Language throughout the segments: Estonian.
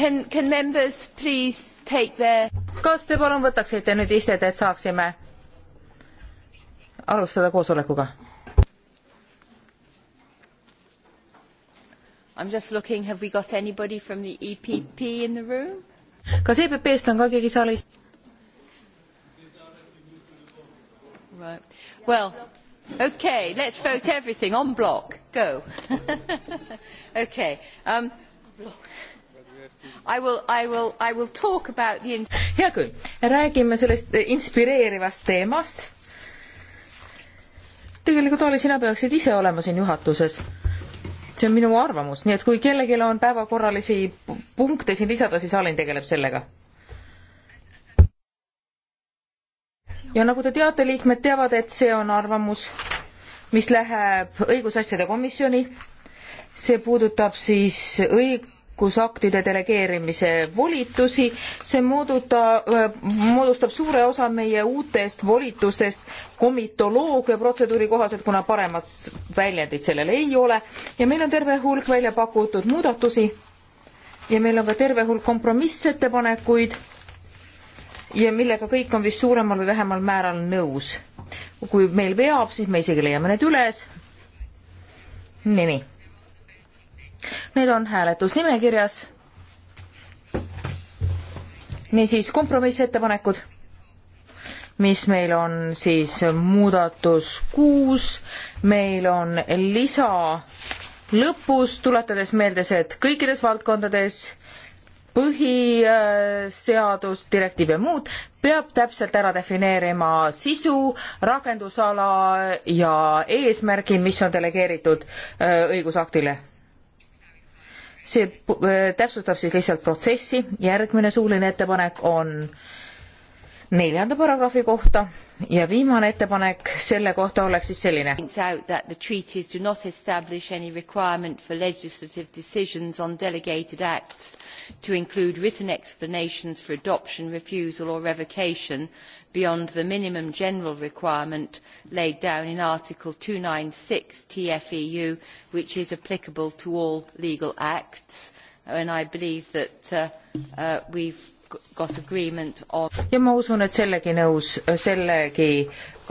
Can, can members please take their... kas te palun võtaksite nüüd istet, et saaksime alustada koosolekuga? I am just looking, have we got anybody from the EPP in the room? kas EPP-st on ka keegi saalis? Right. Well, okay, let's vote everything on block. Go. okay. Um, block hea küll, räägime sellest eh, inspireerivast teemast. tegelikult, Aali, sina peaksid ise olema siin juhatuses. see on minu arvamus, nii et kui kellelgi on päevakorralisi punkte siin lisada, siis Alin tegeleb sellega. ja nagu te teate, liikmed teavad, et see on arvamus, mis läheb õigusasjade komisjoni. see puudutab siis õig-, õigusaktide delegeerimise volitusi. see mooduta, äh, moodustab suure osa meie uutest volitustest komitoloogia protseduuri kohaselt, kuna paremat väljendit sellel ei ole ja meil on terve hulk välja pakutud muudatusi ja meil on ka terve hulk kompromissettepanekuid ja millega kõik on vist suuremal või vähemal määral nõus. kui meil veab, siis me isegi leiame need üles. nii, nii Need on hääletusnimekirjas. niisiis kompromissettepanekud, mis meil on siis muudatus kuus, meil on lisa lõpus, tuletades meelde see, et kõikides valdkondades põhiseadus, direktiiv ja muud, peab täpselt ära defineerima sisu, rakendusala ja eesmärgi, mis on delegeeritud äh, õigusaktile see äh, täpsustab siis lihtsalt protsessi, järgmine suuline ettepanek on äh, neljanda paragrahvi kohta ja viimane ettepanek selle kohta oleks siis selline. to include written explanations for adoption refusal or revocation beyond the minimum general requirement laid down in article two hundred and ninety six tfeu which is applicable to all legal acts and i believe that uh, uh, we have ja ma usun, et sellegi nõus, sellegi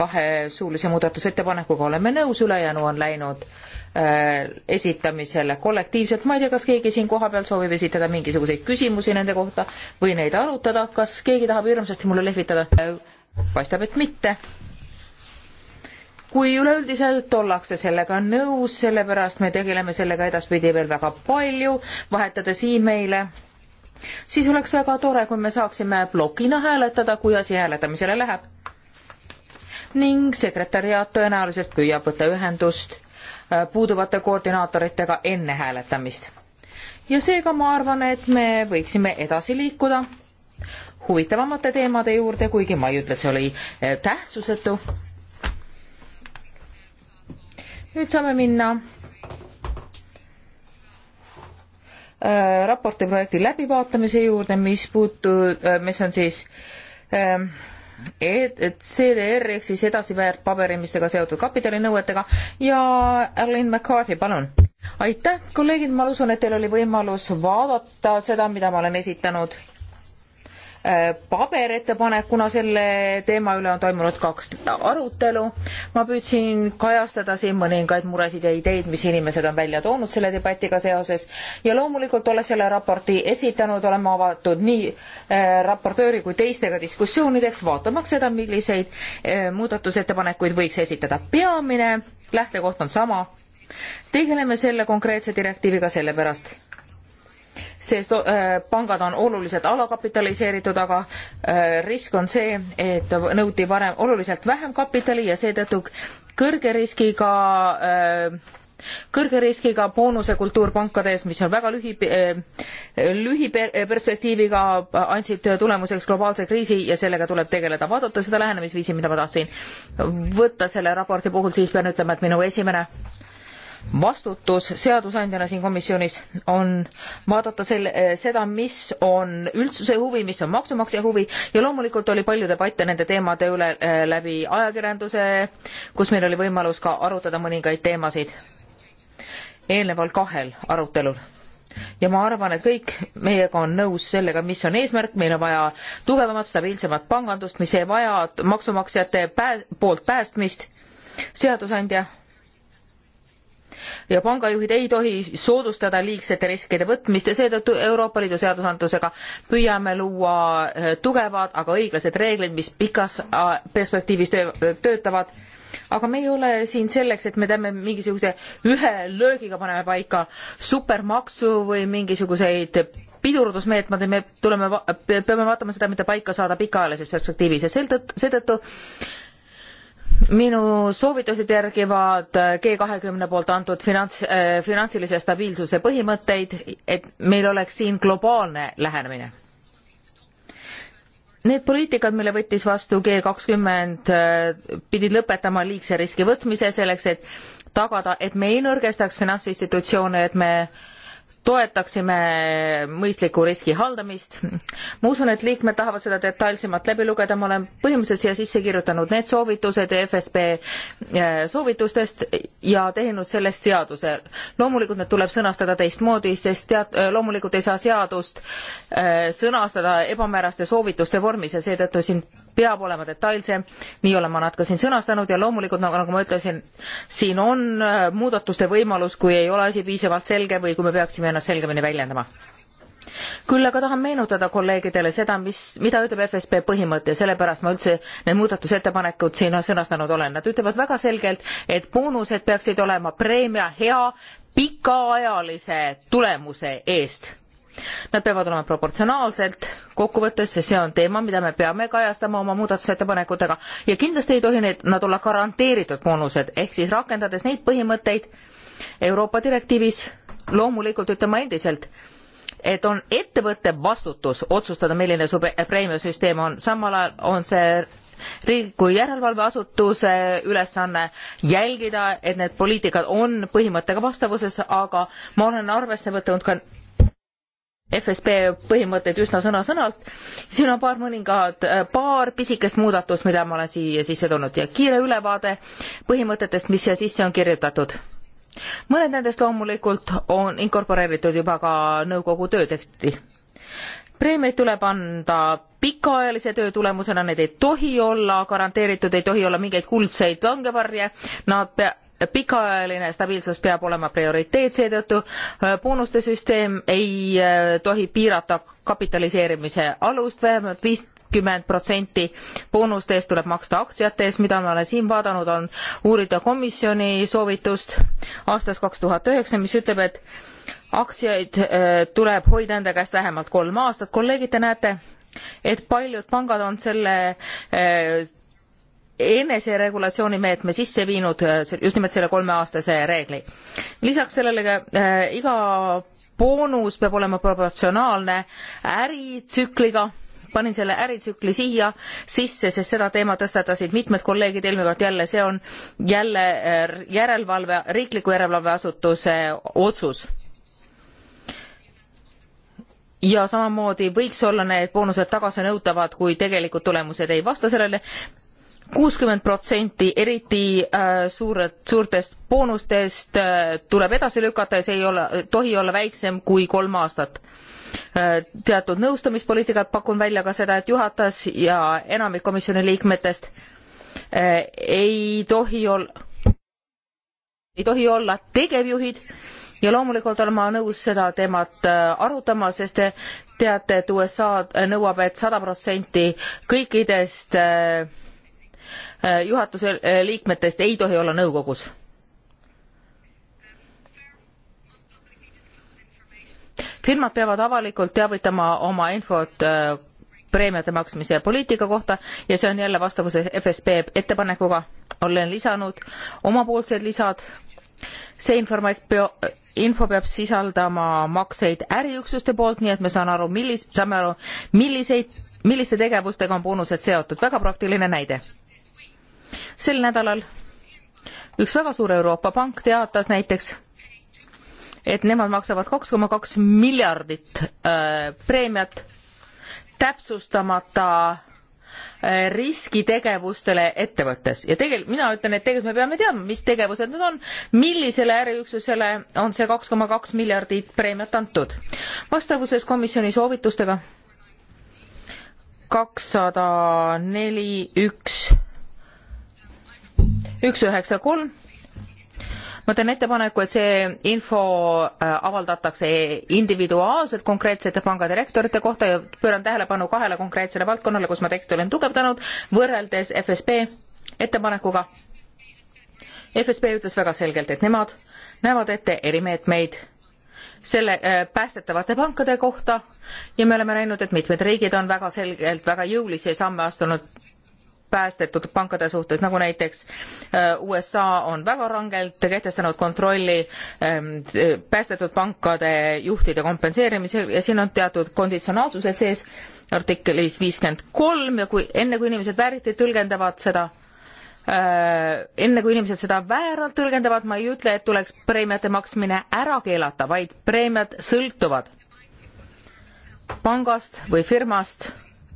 kahe suulise muudatusettepanekuga oleme nõus, ülejäänu on läinud äh, esitamisele kollektiivselt, ma ei tea, kas keegi siin kohapeal soovib esitada mingisuguseid küsimusi nende kohta või neid arutada, kas keegi tahab hirmsasti mulle lehvitada? paistab, et mitte kui üleüldiselt ollakse sellega nõus, sellepärast me tegeleme sellega edaspidi veel väga palju, vahetada siin meile siis oleks väga tore, kui me saaksime plokina hääletada, kui asi hääletamisele läheb. ning sekretäriaat tõenäoliselt püüab võtta ühendust äh, puuduvate koordinaatoritega enne hääletamist. ja seega ma arvan, et me võiksime edasi liikuda huvitavamate teemade juurde, kuigi ma ei ütle, et see oli äh, tähtsusetu. nüüd saame minna äh, raporti projekti läbivaatamise juurde, mis puutu- äh,, mis on siis äh, et, et CDR ehk siis edasiväärtpaberimistega seotud kapitalinõuetega ja Arlene McCarthy, palun. aitäh, kolleegid, ma usun, et teil oli võimalus vaadata seda, mida ma olen esitanud Äh, paberettepanekuna selle teema üle on toimunud kaks arutelu. ma püüdsin kajastada siin mõningaid muresid ja ideid, mis inimesed on välja toonud selle debatiga seoses ja loomulikult olles selle raporti esitanud, oleme avatud nii äh, raportööri kui teistega diskussioonideks, vaatamaks seda, milliseid äh, muudatusettepanekuid võiks esitada. peamine lähtekoht on sama, tegeleme selle konkreetse direktiiviga sellepärast sest äh, pangad on oluliselt alakapitaliseeritud, aga äh, risk on see, et nõuti varem oluliselt vähem kapitali ja seetõttu kõrge riskiga äh, kõrge riskiga boonusekultuur pankades, mis on väga lühi, lühiperspektiiviga, andsid tulemuseks globaalse kriisi ja sellega tuleb tegeleda. vaadata seda lähenemisviisi, mida ma tahtsin võtta selle raporti puhul, siis pean ütlema, et minu esimene vastutus seadusandjana siin komisjonis on vaadata selle, seda, mis on üldsuse huvi, mis on maksumaksja huvi ja loomulikult oli palju debatte nende teemade üle äh, läbi ajakirjanduse, kus meil oli võimalus ka arutada mõningaid teemasid eelneval kahel arutelul ja ma arvan, et kõik meiega on nõus sellega, mis on eesmärk, meil on vaja tugevamat, stabiilsemat pangandust, mis ei vaja maksumaksjate pää-, poolt päästmist, seadusandja ja pangajuhid ei tohi soodustada liigsete riskide võtmist ja seetõttu Euroopa Liidu seadusandlusega püüame luua eh, tugevad, aga õiglased reeglid, mis pikas äh, perspektiivis äh, töötavad aga me ei ole siin selleks, et me teeme mingisuguse ühe löögiga paneme paika supermaksu või mingisuguseid pidurdusmeetmed ja me tuleme, peame vaatama seda, mida paika saada pikaajalises perspektiivis ja seetõttu, seetõttu minu soovitused järgivad G kahekümne poolt antud finants, äh, finantsilise stabiilsuse põhimõtteid, et meil oleks siin globaalne lähenemine. Need poliitikad, mille võttis vastu G kakskümmend, äh, pidid lõpetama liigse riski võtmise selleks, et tagada, et me ei nõrgestaks finantsinstitutsioone, et me toetaksime mõistliku riski haldamist. ma usun, et liikmed tahavad seda detailsemalt läbi lugeda, ma olen põhimõtteliselt siia sisse kirjutanud need soovitused e FSB eh, soovitustest ja teinud sellest seaduse. loomulikult need tuleb sõnastada teistmoodi, sest tead, eh, loomulikult ei saa seadust eh, sõnastada ebamääraste soovituste vormis ja seetõttu siin peab olema detailsem, nii olen ma nad ka siin sõnastanud ja loomulikult nagu, nagu ma ütlesin, siin on muudatuste võimalus, kui ei ole asi piisavalt selge või kui me peaksime peaksime ennast selgemini väljendama küll aga tahan meenutada kolleegidele seda, mis, mida ütleb FSB põhimõte ja sellepärast ma üldse need muudatusettepanekud siin sõnastanud olen. Nad ütlevad väga selgelt, et boonused peaksid olema preemia hea pikaajalise tulemuse eest. Nad peavad olema proportsionaalselt kokkuvõttes, sest see on teema, mida me peame kajastama oma muudatusettepanekutega ja kindlasti ei tohi need, nad olla garanteeritud boonused, ehk siis rakendades neid põhimõtteid Euroopa direktiivis loomulikult ütlen ma endiselt, et on ettevõtte vastutus otsustada, milline su preemiasüsteem on, samal ajal on see riikliku järelevalveasutuse ülesanne jälgida, et need poliitikad on põhimõttega vastavuses, aga ma olen arvesse võtnud ka FSB põhimõtteid üsna sõna-sõnalt. siin on paar mõningad, äh, paar pisikest muudatust, mida ma olen siia sisse toonud ja kiire ülevaade põhimõtetest, mis siia sisse on kirjutatud mõned nendest loomulikult on inkorporeeritud juba ka nõukogu tööteksti. preemiaid tuleb anda pikaajalise töö tulemusena, need ei tohi olla garanteeritud, ei tohi olla mingeid kuldseid langevarje, nad pea-, pikaajaline stabiilsus peab olema prioriteet, seetõttu äh, boonuste süsteem ei äh, tohi piirata kapitaliseerimise alust, vähemalt viis kakskümmend protsenti boonuste eest tuleb maksta aktsiate eest, mida ma olen siin vaadanud, on uurida komisjoni soovitust aastast kaks tuhat üheksa, mis ütleb, et aktsiaid äh, tuleb hoida enda käest vähemalt kolm aastat. kolleegid, te näete, et paljud pangad on selle äh, eneseregulatsiooni meetme sisse viinud äh, just nimelt selle kolmeaastase reegli. lisaks sellele äh, iga boonus peab olema proportsionaalne äritsükliga panin selle äritsükli siia sisse, sest seda teema tõstatasid mitmed kolleegid eelmine kord jälle, see on jälle äh, järelevalve, riikliku järelevalveasutuse otsus ja samamoodi võiks olla need boonused tagasinõutavad, kui tegelikud tulemused ei vasta sellele. kuuskümmend protsenti eriti äh, suured, suurtest boonustest äh, tuleb edasi lükata ja see ei ole, tohi olla väiksem kui kolm aastat Äh, teatud nõustamispoliitikat, pakun välja ka seda, et juhatas ja enamik komisjoni liikmetest äh, ei tohi ol-, ei tohi olla tegevjuhid ja loomulikult olen ma nõus seda teemat äh, arutama, sest te teate, et USA nõuab et, et sada protsenti kõikidest juhatuse liikmetest ei tohi olla nõukogus firmad peavad avalikult teavitama oma infot äh, preemiate maksmise poliitika kohta ja see on jälle vastavuses FSB ettepanekuga. olen lisanud omapoolsed lisad. see informatsioon, info peab sisaldama makseid äriüksuste poolt, nii et me saan aru, millis-, saame aru, milliseid, milliste tegevustega on boonused seotud. väga praktiline näide. sel nädalal üks väga suur Euroopa pank teatas näiteks et nemad maksavad kaks koma kaks miljardit äh, preemiat täpsustamata äh, riskitegevustele ettevõttes ja tegelikult mina ütlen, et tegelikult me peame teadma, mis tegevused need on, millisele äriüksusele on see kaks koma kaks miljardit preemiat antud. vastavuses komisjoni soovitustega kakssada neli üks üks üheksa kolm ma teen ettepaneku, et see info äh, avaldatakse individuaalselt konkreetsete pangadirektorite kohta ja pööran tähelepanu kahele konkreetsele valdkonnale, kus ma teksti olen tugevdanud, võrreldes FSB ettepanekuga. FSB ütles väga selgelt, et nemad näevad ette erimeetmeid selle äh, päästetavate pankade kohta ja me oleme näinud, et mitmed riigid on väga selgelt väga jõulisi samme astunud päästetud pankade suhtes, nagu näiteks äh, USA on väga rangelt kehtestanud kontrolli ähm, päästetud pankade juhtide kompenseerimisel ja siin on teatud konditsionaalsused sees artiklis viiskümmend kolm ja kui enne, kui inimesed vääriti tõlgendavad seda äh, enne kui inimesed seda vääralt tõlgendavad, ma ei ütle, et tuleks preemiate maksmine ära keelata, vaid preemiad sõltuvad pangast või firmast,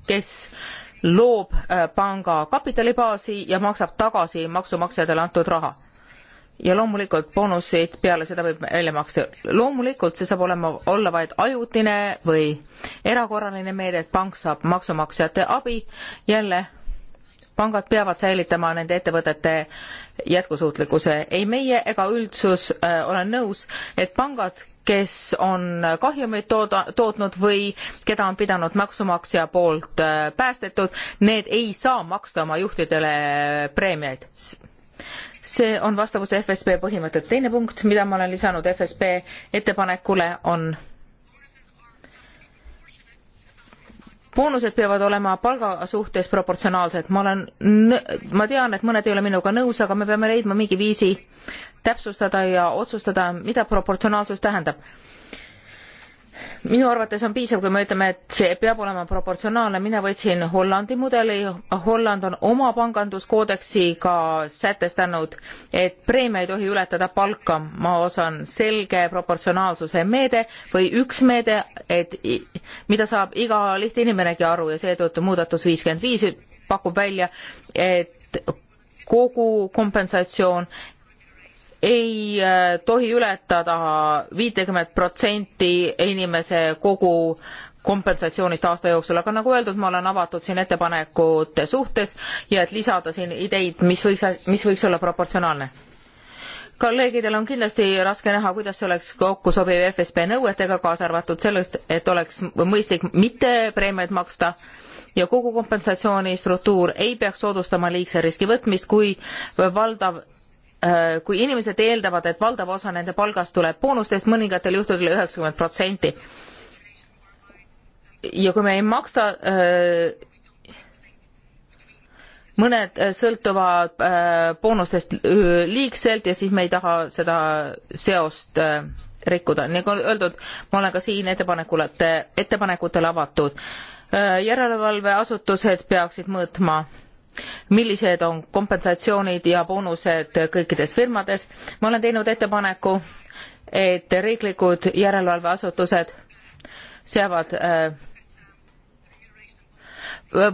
kes äh, loob äh, panga kapitalibaasi ja maksab tagasi maksumaksjatele antud raha ja loomulikult boonuseid peale seda võib välja maksta. loomulikult see saab olema, olla vaid ajutine või erakorraline meede, et pank saab maksumaksjate abi. jälle, pangad peavad säilitama nende ettevõtete jätkusuutlikkuse. ei meie ega üldsus äh, olen nõus, et pangad kes on kahjumeid tooda, tootnud või keda on pidanud maksumaksja poolt äh, päästetud, need ei saa maksta oma juhtidele preemiaid. see on vastavus FSB põhimõtted. teine punkt, mida ma olen lisanud FSB ettepanekule, on boonused peavad olema palga suhtes proportsionaalsed. ma olen, ma tean, et mõned ei ole minuga nõus, aga me peame leidma mingi viisi täpsustada ja otsustada, mida proportsionaalsus tähendab minu arvates on piisav, kui me ütleme, et see peab olema proportsionaalne, mina võtsin Hollandi mudeli, Holland on oma panganduskoodeksiga sätestanud, et preemia ei tohi ületada palka, ma osan selge proportsionaalsuse meede või üks meede, et mida saab iga lihtne inimenegi aru ja seetõttu muudatus viiskümmend viis pakub välja, et kogu kompensatsioon ei äh, tohi ületada viitekümmet protsenti inimese kogu kompensatsioonist aasta jooksul, aga nagu öeldud, ma olen avatud siin ettepanekute suhtes ja et lisada siin ideid, mis võiks, mis võiks olla proportsionaalne. kolleegidel on kindlasti raske näha, kuidas see oleks kokku sobiv FSB nõuetega, kaasa arvatud sellest, et oleks mõistlik mitte preemiaid maksta ja kogu kompensatsiooni struktuur ei peaks soodustama liigse riski võtmist, kui valdav Äh, kui inimesed eeldavad, et valdav osa nende palgast tuleb boonustest, mõningatel juhtudel üheksakümmend protsenti. ja kui me ei maksta äh, mõned äh, sõltuvad boonustest liigselt ja siis me ei taha seda seost rikkuda. nagu öeldud, ma olen ka siin ettepanekule, ettepanekutele avatud. järelevalveasutused peaksid mõõtma millised on kompensatsioonid ja boonused kõikides firmades. ma olen teinud ettepaneku, et riiklikud järelevalveasutused seavad äh,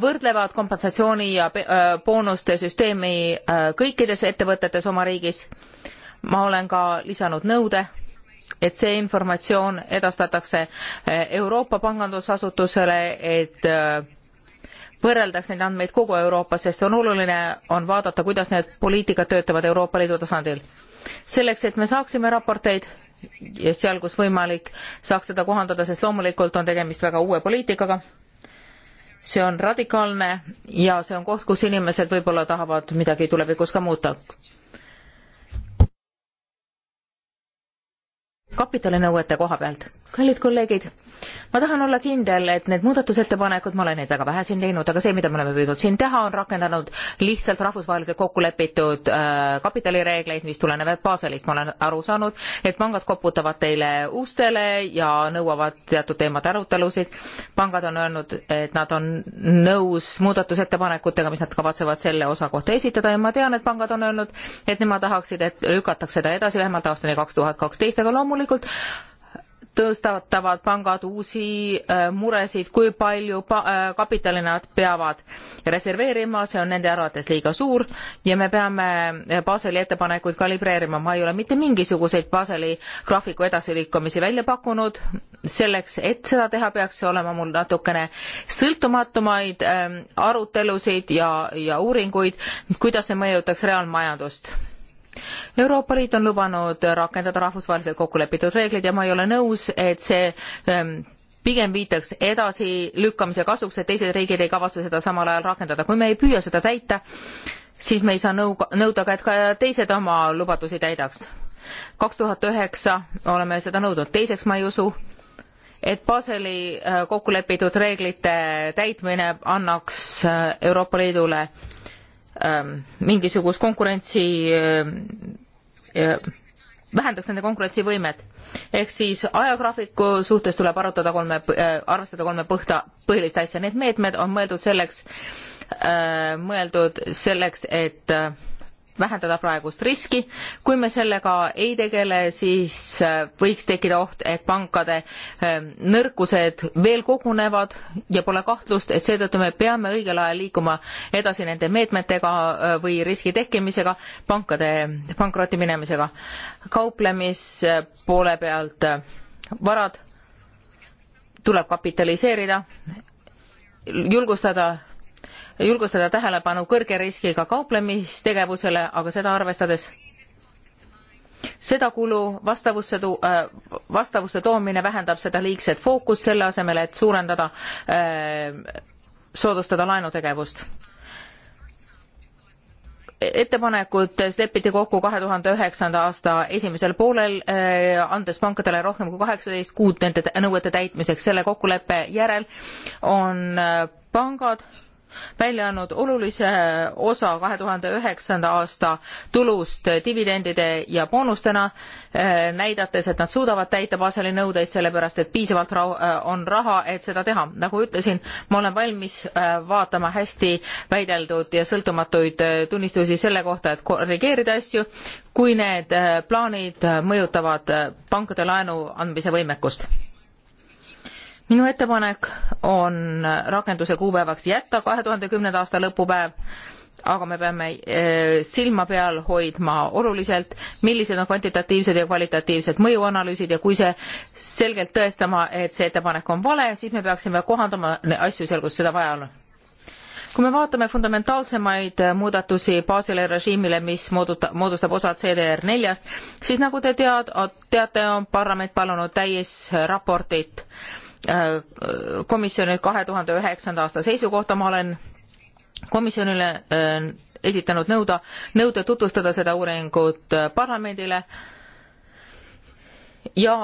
võrdlevad kompensatsiooni ja äh, boonuste süsteemi äh, kõikides ettevõtetes oma riigis. ma olen ka lisanud nõude, et see informatsioon edastatakse Euroopa pangandusasutusele, et võrreldaks neid andmeid kogu Euroopas, sest on oluline, on vaadata, kuidas need poliitikad töötavad Euroopa Liidu tasandil. selleks, et me saaksime raporteid ja seal, kus võimalik, saaks seda kohandada, sest loomulikult on tegemist väga uue poliitikaga. see on radikaalne ja see on koht, kus inimesed võib-olla tahavad midagi tulevikus ka muuta. kapitalinõuete koha pealt kallid kolleegid, ma tahan olla kindel, et need muudatusettepanekud, ma olen neid väga vähe siin teinud, aga see, mida me oleme püüdnud siin teha, on rakendanud lihtsalt rahvusvaheliselt kokku lepitud äh, kapitalireegleid, mis tulenevad Baselist. ma olen aru saanud, et pangad koputavad teile ustele ja nõuavad teatud teemade arutelusid. pangad on öelnud, et nad on nõus muudatusettepanekutega, mis nad kavatsevad selle osa kohta esitada ja ma tean, et pangad on öelnud, et nemad tahaksid, et lükataks seda edasi vähemalt aastani kaks tuhat kaksteist, aga loomulikult tõstatavad pangad uusi äh, muresid, kui palju pa-, äh, kapitali nad peavad reserveerima, see on nende arvates liiga suur ja me peame äh, Baseli ettepanekuid kalibreerima, ma ei ole mitte mingisuguseid Baseli graafiku edasiliikumisi välja pakkunud, selleks, et seda teha, peaks see olema mul natukene sõltumatumaid ähm, arutelusid ja, ja uuringuid, kuidas see mõjutaks reaalmajandust Euroopa Liit on lubanud rakendada rahvusvaheliselt kokku lepitud reeglid ja ma ei ole nõus, et see ehm, pigem viitaks edasilükkamise kasuks, et teised riigid ei kavatse seda samal ajal rakendada. kui me ei püüa seda täita, siis me ei saa nõu-, nõuda ka, et ka teised oma lubadusi täidaks. kaks tuhat üheksa oleme seda nõudnud. teiseks ma ei usu, et Baseli äh, kokku lepitud reeglite täitmine annaks äh, Euroopa Liidule Ähm, mingisugust konkurentsi äh, äh, vähendaks nende konkurentsivõimet. ehk siis ajagraafiku suhtes tuleb arutada kolme, äh, arvestada kolme põhta, põhilist asja. Need meetmed on mõeldud selleks, mõeldud selleks, et äh, vähendada praegust riski. kui me sellega ei tegele, siis äh, võiks tekkida oht, et pankade ähm, nõrkused veel kogunevad ja pole kahtlust, et seetõttu me peame õigel ajal liikuma edasi nende meetmetega äh, või riski tekkimisega, pankade pankrotti minemisega. kauplemispoole äh, pealt varad tuleb kapitaliseerida, julgustada julgustada tähelepanu kõrge riskiga kauplemistegevusele, aga seda arvestades seda kulu vastavusse tu-, äh, vastavusse toomine vähendab seda liigset fookust selle asemel, et suurendada, äh, soodustada laenutegevust. ettepanekutes lepiti kokku kahe tuhande üheksanda aasta esimesel poolel, äh, andes pankadele rohkem kui kaheksateist kuud nende nõuete täitmiseks. selle kokkuleppe järel on pangad välja andnud olulise osa kahe tuhande üheksanda aasta tulust dividendide ja boonustena, eh, näidates, et nad suudavad täita Baseli nõudeid, sellepärast et piisavalt eh, on raha, et seda teha. nagu ütlesin, ma olen valmis eh, vaatama hästi väideldud ja sõltumatuid tunnistusi selle kohta, et korrigeerida asju, kui need plaanid mõjutavad pankade laenu andmise võimekust minu ettepanek on rakenduse kuupäevaks jätta kahe tuhande kümnenda aasta lõpupäev, aga me peame eh, silma peal hoidma oluliselt, millised on kvantitatiivsed ja kvalitatiivsed mõjuanalüüsid ja kui see selgelt tõestama, et see ettepanek on vale, siis me peaksime kohandama asju seal, kus seda vaja on kui me vaatame fundamentaalsemaid muudatusi Baseli režiimile, mis mooduta, moodustab osa CDR neljast, siis nagu te tead, teate, on parlament palunud täisraportit äh, Äh, komisjoni kahe tuhande üheksanda aasta seisukohta, ma olen komisjonile äh, esitanud nõuda, nõude tutvustada seda uuringut äh, parlamendile ja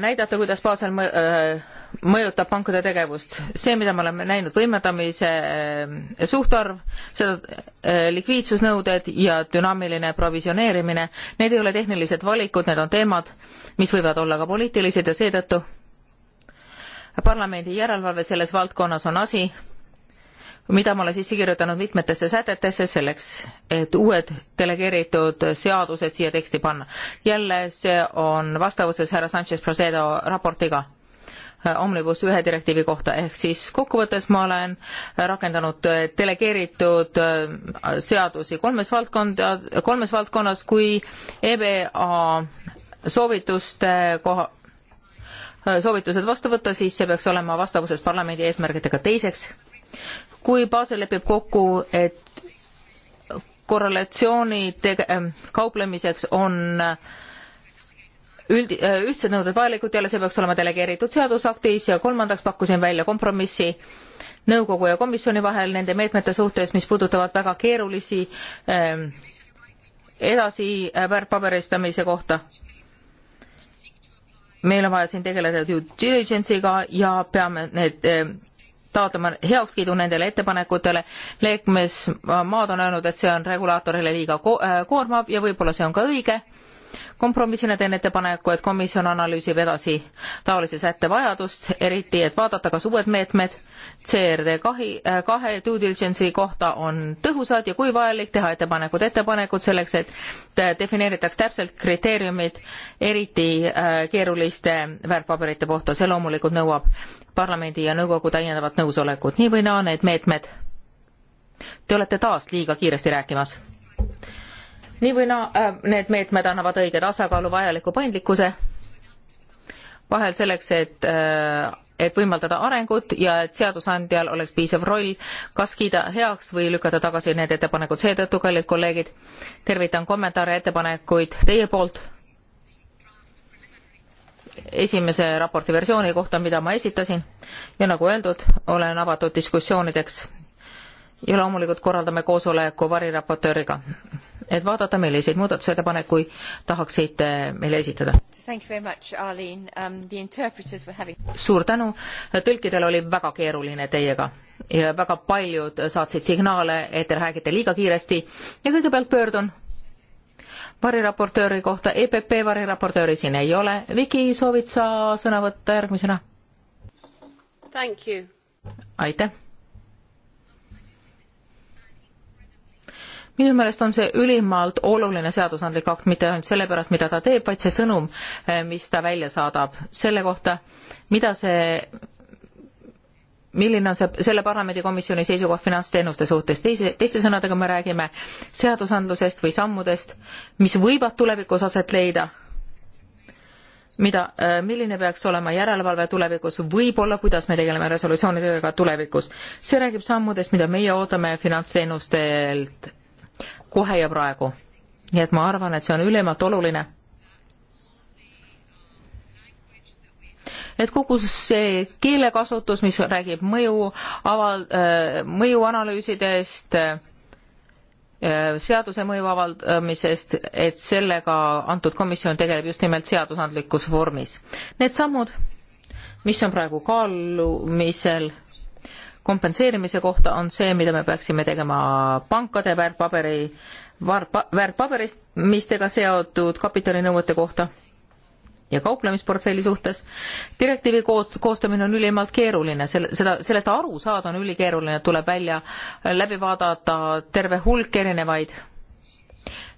näidata, kuidas baasel mõjutab pankade tegevust. see, mida me oleme näinud, võimendamise suhtarv, seda likviidsusnõuded ja dünaamiline provisioneerimine, need ei ole tehnilised valikud, need on teemad, mis võivad olla ka poliitilised ja seetõttu parlamendi järelevalve selles valdkonnas on asi, mida ma olen sisse kirjutanud mitmetesse sätetesse selleks, et uued delegeeritud seadused siia teksti panna. jälle see on vastavuses härra Sanchez Procedo raportiga äh, Omnibus ühe direktiivi kohta, ehk siis kokkuvõttes ma olen äh, rakendanud äh, delegeeritud seadusi kolmes valdkonda, kolmes valdkonnas, kui EBA soovituste koha, soovitused vastu võtta, siis see peaks olema vastavuses parlamendi eesmärgidega. teiseks, kui Basel lepib kokku, et korrelatsiooni tege-, äh, kauplemiseks on äh, üld-, äh, ühtsed nõuded vajalikud, jälle see peaks olema delegeeritud seadusaktis ja kolmandaks pakkusin välja kompromissi nõukogu ja komisjoni vahel nende meetmete suhtes, mis puudutavad väga keerulisi ähm, edasi väärtpaberistamise kohta meil on vaja siin tegeleda due diligence'iga ja peame need eh, taotlema heakskiidu nendele ettepanekutele. liikmesmaad on öelnud, et see on regulaatorile liiga ko eh, koormav ja võib-olla see on ka õige kompromissina teen ettepaneku, et komisjon analüüsib edasi taolise sätte vajadust, eriti et vaadata, kas uued meetmed CRD kahi, äh, kahe due diligence'i kohta on tõhusad ja kui vajalik, teha ettepanekud, ettepanekud selleks, et äh, defineeritaks täpselt kriteeriumid eriti äh, keeruliste väärtpaberite kohta, see loomulikult nõuab parlamendi ja nõukogu täiendavat nõusolekut, nii või naa need meetmed Te olete taas liiga kiiresti rääkimas nii või naa, äh, need meetmed annavad õige tasakaalu vajaliku paindlikkuse vahel selleks, et äh, et võimaldada arengut ja et seadusandjal oleks piisav roll kas kiida heaks või lükata tagasi need ettepanekud. seetõttu, kallid kolleegid, tervitan kommentaare ja ettepanekuid teie poolt esimese raporti versiooni kohta, mida ma esitasin ja nagu öeldud, olen avatud diskussioonideks ja loomulikult korraldame koosoleku variraportööriga et vaadata, milliseid muudatusettepanekuid tahaksite meile esitada. Um, suur tänu, tõlkidel oli väga keeruline teiega ja väga paljud saatsid signaale, et te räägite liiga kiiresti ja kõigepealt pöördun variraportööri kohta, EPP variraportööri siin ei ole. Viki, soovid sa sõna võtta järgmisena? aitäh minu meelest on see ülimalt oluline seadusandlik akt, mitte ainult sellepärast, mida ta teeb, vaid see sõnum, eh, mis ta välja saadab selle kohta, mida see milline on see, selle parlamendikomisjoni seisukoht finantsteenuste suhtes, teise, teiste sõnadega me räägime seadusandlusest või sammudest, mis võivad tulevikus aset leida, mida, eh, milline peaks olema järelevalve tulevikus, võib-olla kuidas me tegeleme resolutsioonidega tulevikus. see räägib sammudest, mida meie ootame finantsteenustelt kohe ja praegu. nii et ma arvan, et see on ülimalt oluline. et kogu see keelekasutus, mis räägib mõju aval- äh,, mõjuanalüüsidest äh,, seaduse mõju avaldamisest, et sellega antud komisjon tegeleb just nimelt seadusandlikus vormis. Need sammud, mis on praegu kaalumisel kompenseerimise kohta on see, mida me peaksime tegema pankade väärtpaberi, väärtpaberimistega seotud kapitalinõuete kohta ja kauplemisportfelli suhtes. direktiivi koos, koostamine on ülimalt keeruline, selle, seda, sellest aru saada on ülikeeruline, tuleb välja läbi vaadata terve hulk erinevaid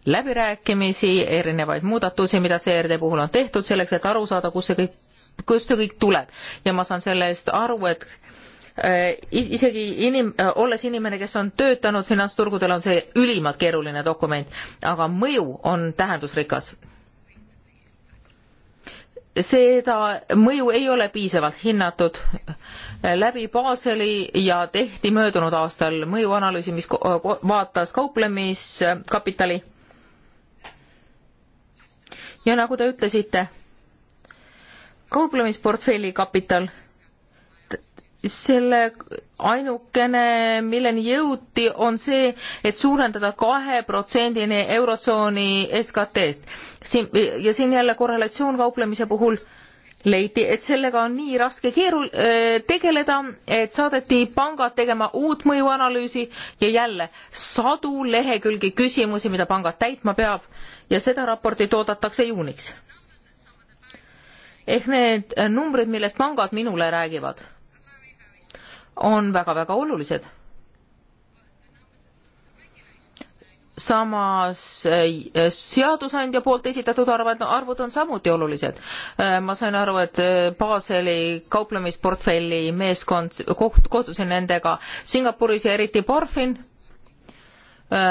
läbirääkimisi, erinevaid muudatusi, mida CRD puhul on tehtud selleks, et aru saada, kus see kõik, kust see kõik tuleb. ja ma saan selle eest aru, et Äh, isegi inim-, äh, olles inimene, kes on töötanud finantsturgudel, on see ülimalt keeruline dokument, aga mõju on tähendusrikas. seda mõju ei ole piisavalt hinnatud. läbi Baseli ja tehti möödunud aastal mõjuanalüüsi, mis vaatas kauplemiskapitali. ja nagu te ütlesite, kauplemisportfelli kapital selle ainukene, milleni jõuti, on see, et suurendada kahe protsendini eurotsooni SKT-st. siin ja siin jälle korrelatsioon kauplemise puhul leiti, et sellega on nii raske keeru-, tegeleda, et saadeti pangad tegema uut mõjuanalüüsi ja jälle sadu lehekülgi küsimusi, mida pangad täitma peab ja seda raportit oodatakse juuniks. ehk need numbrid, millest pangad minule räägivad on väga-väga olulised. samas eh, seadusandja poolt esitatud arvad, arvud on samuti olulised. Eh, ma sain aru, et eh, Baseli kauplemisportfelli meeskond, koht, kohtusin nendega Singapuris ja eriti Barfin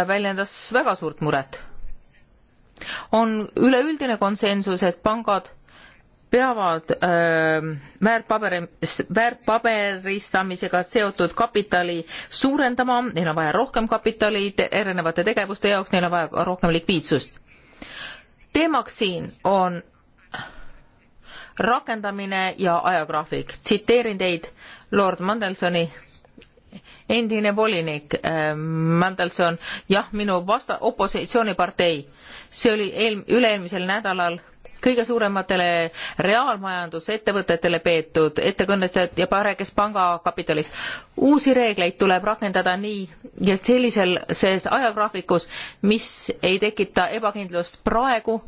väljendas väga suurt muret. on üleüldine konsensus, et pangad peavad äh, väärtpaberi, väärtpaberistamisega seotud kapitali suurendama, neil on vaja rohkem kapitali erinevate tegevuste jaoks, neil on vaja rohkem likviidsust. teemaks siin on rakendamine ja ajagraafik. tsiteerin teid, Lord Mandelsoni endine volinik äh, Mandelson, jah, minu vasta-, opositsioonipartei, see oli eel-, üle-eelmisel nädalal äh, kõige suurematele reaalmajandusettevõtetele peetud ettekõnnetajad ja rääkis pangakapitalist. uusi reegleid tuleb rakendada nii ja sellisel sees ajagraafikus, mis ei tekita ebakindlust praegu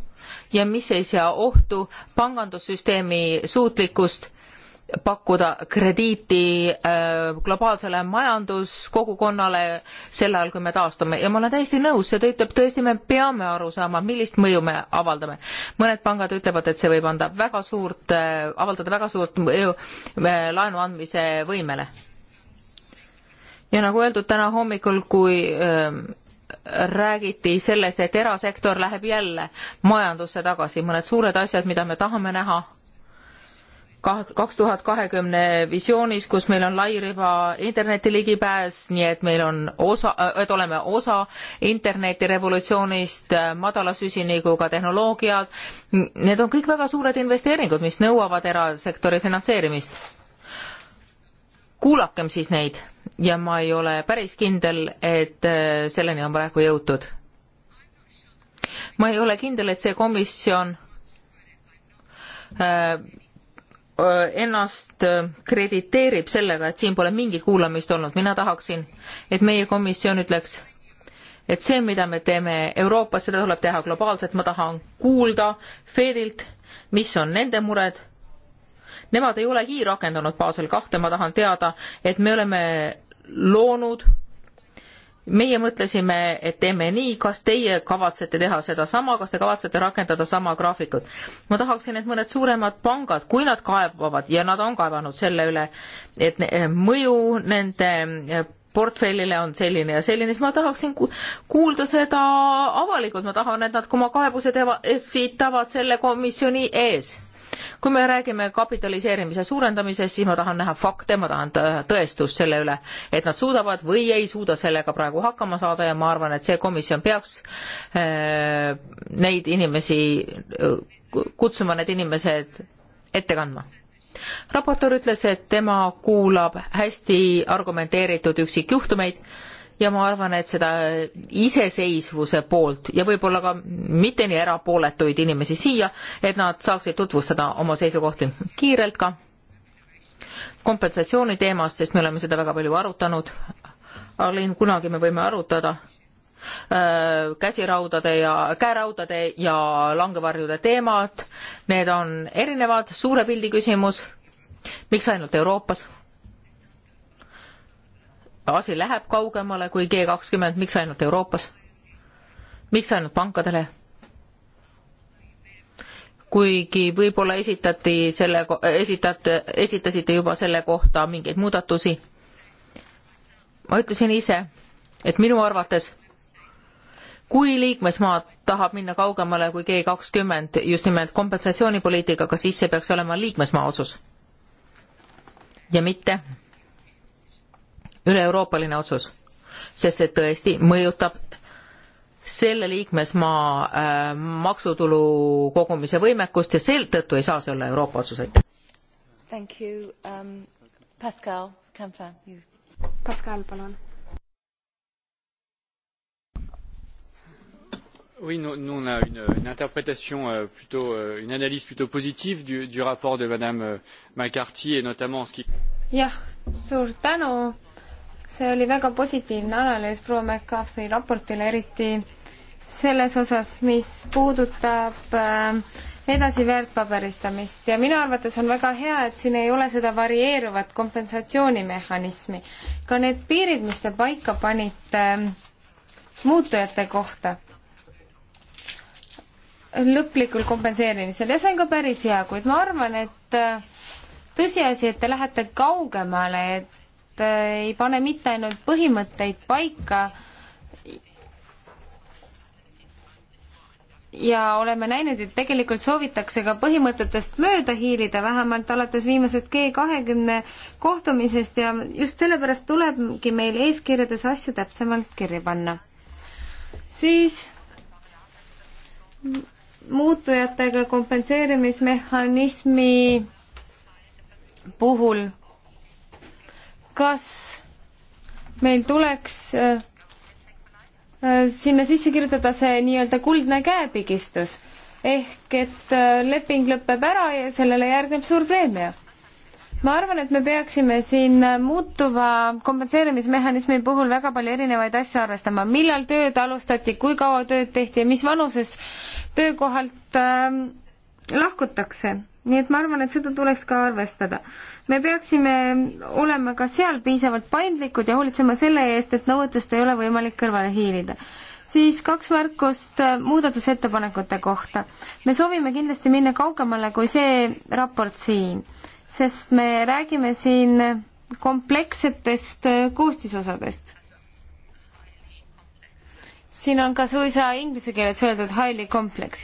ja mis ei sea ohtu pangandussüsteemi suutlikkust pakkuda krediiti äh, globaalsele majanduskogukonnale sel ajal, kui me taastume ja ma olen täiesti nõus, see töötab tõesti, me peame aru saama, millist mõju me avaldame. mõned pangad ütlevad, et see võib anda väga suurt, äh, avaldada väga suurt mõju äh, laenu andmise võimele. ja nagu öeldud täna hommikul, kui räägiti sellest, et erasektor läheb jälle majandusse tagasi, mõned suured asjad, mida me tahame näha kaks tuhat kahekümne visioonis, kus meil on lairiba interneti ligipääs, nii et meil on osa, et oleme osa internetirevolutsioonist, madala süsinikuga tehnoloogiad, need on kõik väga suured investeeringud, mis nõuavad erasektori finantseerimist. kuulakem siis neid ja ma ei ole päris kindel, et äh, selleni on praegu jõutud. ma ei ole kindel, et see komisjon äh, Äh, ennast äh, krediteerib sellega, et siin pole mingit kuulamist olnud. mina tahaksin, et meie komisjon ütleks, et see, mida me teeme Euroopas, seda tuleb teha globaalselt. ma tahan kuulda Fedilt, mis on nende mured. Nemad ei olegi rakendanud Basel kahte, ma tahan teada, et me oleme loonud meie mõtlesime, et teeme nii, kas teie kavatsete teha sedasama, kas te kavatsete rakendada sama graafikut? ma tahaksin, et mõned suuremad pangad, kui nad kaebavad ja nad on kaevanud selle üle, et mõju nende eh, portfellile on selline ja selline, siis ma tahaksin kuulda seda avalikult, ma tahan, et nad oma kaebused esitavad selle komisjoni ees kui me räägime kapitaliseerimise suurendamisest, siis ma tahan näha fakte, ma tahan tõestust selle üle, et nad suudavad või ei suuda sellega praegu hakkama saada ja ma arvan, et see komisjon peaks äh, neid inimesi, äh, kutsuma need inimesed ette kandma raportöör ütles, et tema kuulab hästi argumenteeritud üksikjuhtumeid ja ma arvan, et seda iseseisvuse poolt ja võib-olla ka mitte nii erapooletuid inimesi siia, et nad saaksid tutvustada oma seisukohti kiirelt ka kompensatsiooni teemast, sest me oleme seda väga palju arutanud. Arlin, kunagi me võime arutada äh, käsiraudade ja käeraudade ja langevarjude teemad, need on erinevad, suure pildi küsimus, miks ainult Euroopas? asi läheb kaugemale kui G kakskümmend, miks ainult Euroopas? miks ainult pankadele? kuigi võib-olla esitati selle, esitate, esitasite juba selle kohta mingeid muudatusi. ma ütlesin ise, et minu arvates kui liikmesmaa tahab minna kaugemale kui G kakskümmend just nimelt kompensatsioonipoliitikaga, siis see peaks olema liikmesmaa otsus ja mitte üle-euroopaline otsus, sest see tõesti mõjutab selle liikmesmaa äh, maksutulu kogumise võimekust ja seetõttu ei saa see olla Euroopa otsus, aitäh. Thank you um,, Pascal Canfa. Pascal, palun. Oui, nous, nous on a une, une interprétation euh, plutôt, euh, une analyse plutôt positive du, du rapport de Madame euh, McCarthy et notamment en ce qui. jah, suur tänu see oli väga positiivne analüüs proua McCarthy raportile, eriti selles osas, mis puudutab äh, edasi väärtpaberistamist ja minu arvates on väga hea, et siin ei ole seda varieeruvat kompensatsioonimehhanismi. ka need piirid, mis te paika panite äh, muutujate kohta lõplikul kompenseerimisel ja see on ka päris hea, kuid ma arvan, et äh, tõsiasi, et te lähete kaugemale, et Äh, ei pane mitte ainult põhimõtteid paika ja oleme näinud, et tegelikult soovitakse ka põhimõtetest mööda hiilida, vähemalt alates viimasest G kahekümne kohtumisest ja just sellepärast tulebki meil eeskirjades asju täpsemalt kirja panna. siis muutujatega kompenseerimismehhanismi puhul kas meil tuleks äh, äh, sinna sisse kirjutada see nii-öelda kuldne käepigistus ehk et äh, leping lõpeb ära ja sellele järgneb suur preemia. ma arvan, et me peaksime siin muutuva kompenseerimismehhanismi puhul väga palju erinevaid asju arvestama, millal tööd alustati, kui kaua tööd tehti ja mis vanuses töökohalt äh, lahkutakse. nii et ma arvan, et seda tuleks ka arvestada me peaksime olema ka seal piisavalt paindlikud ja hoolitsema selle eest, et nõuetest ei ole võimalik kõrvale hiilida. siis kaks märkust äh, muudatusettepanekute kohta. me soovime kindlasti minna kaugemale kui see raport siin, sest me räägime siin komplekssetest äh, koostisosadest siin on ka suisa inglise keeles öeldud highly complex.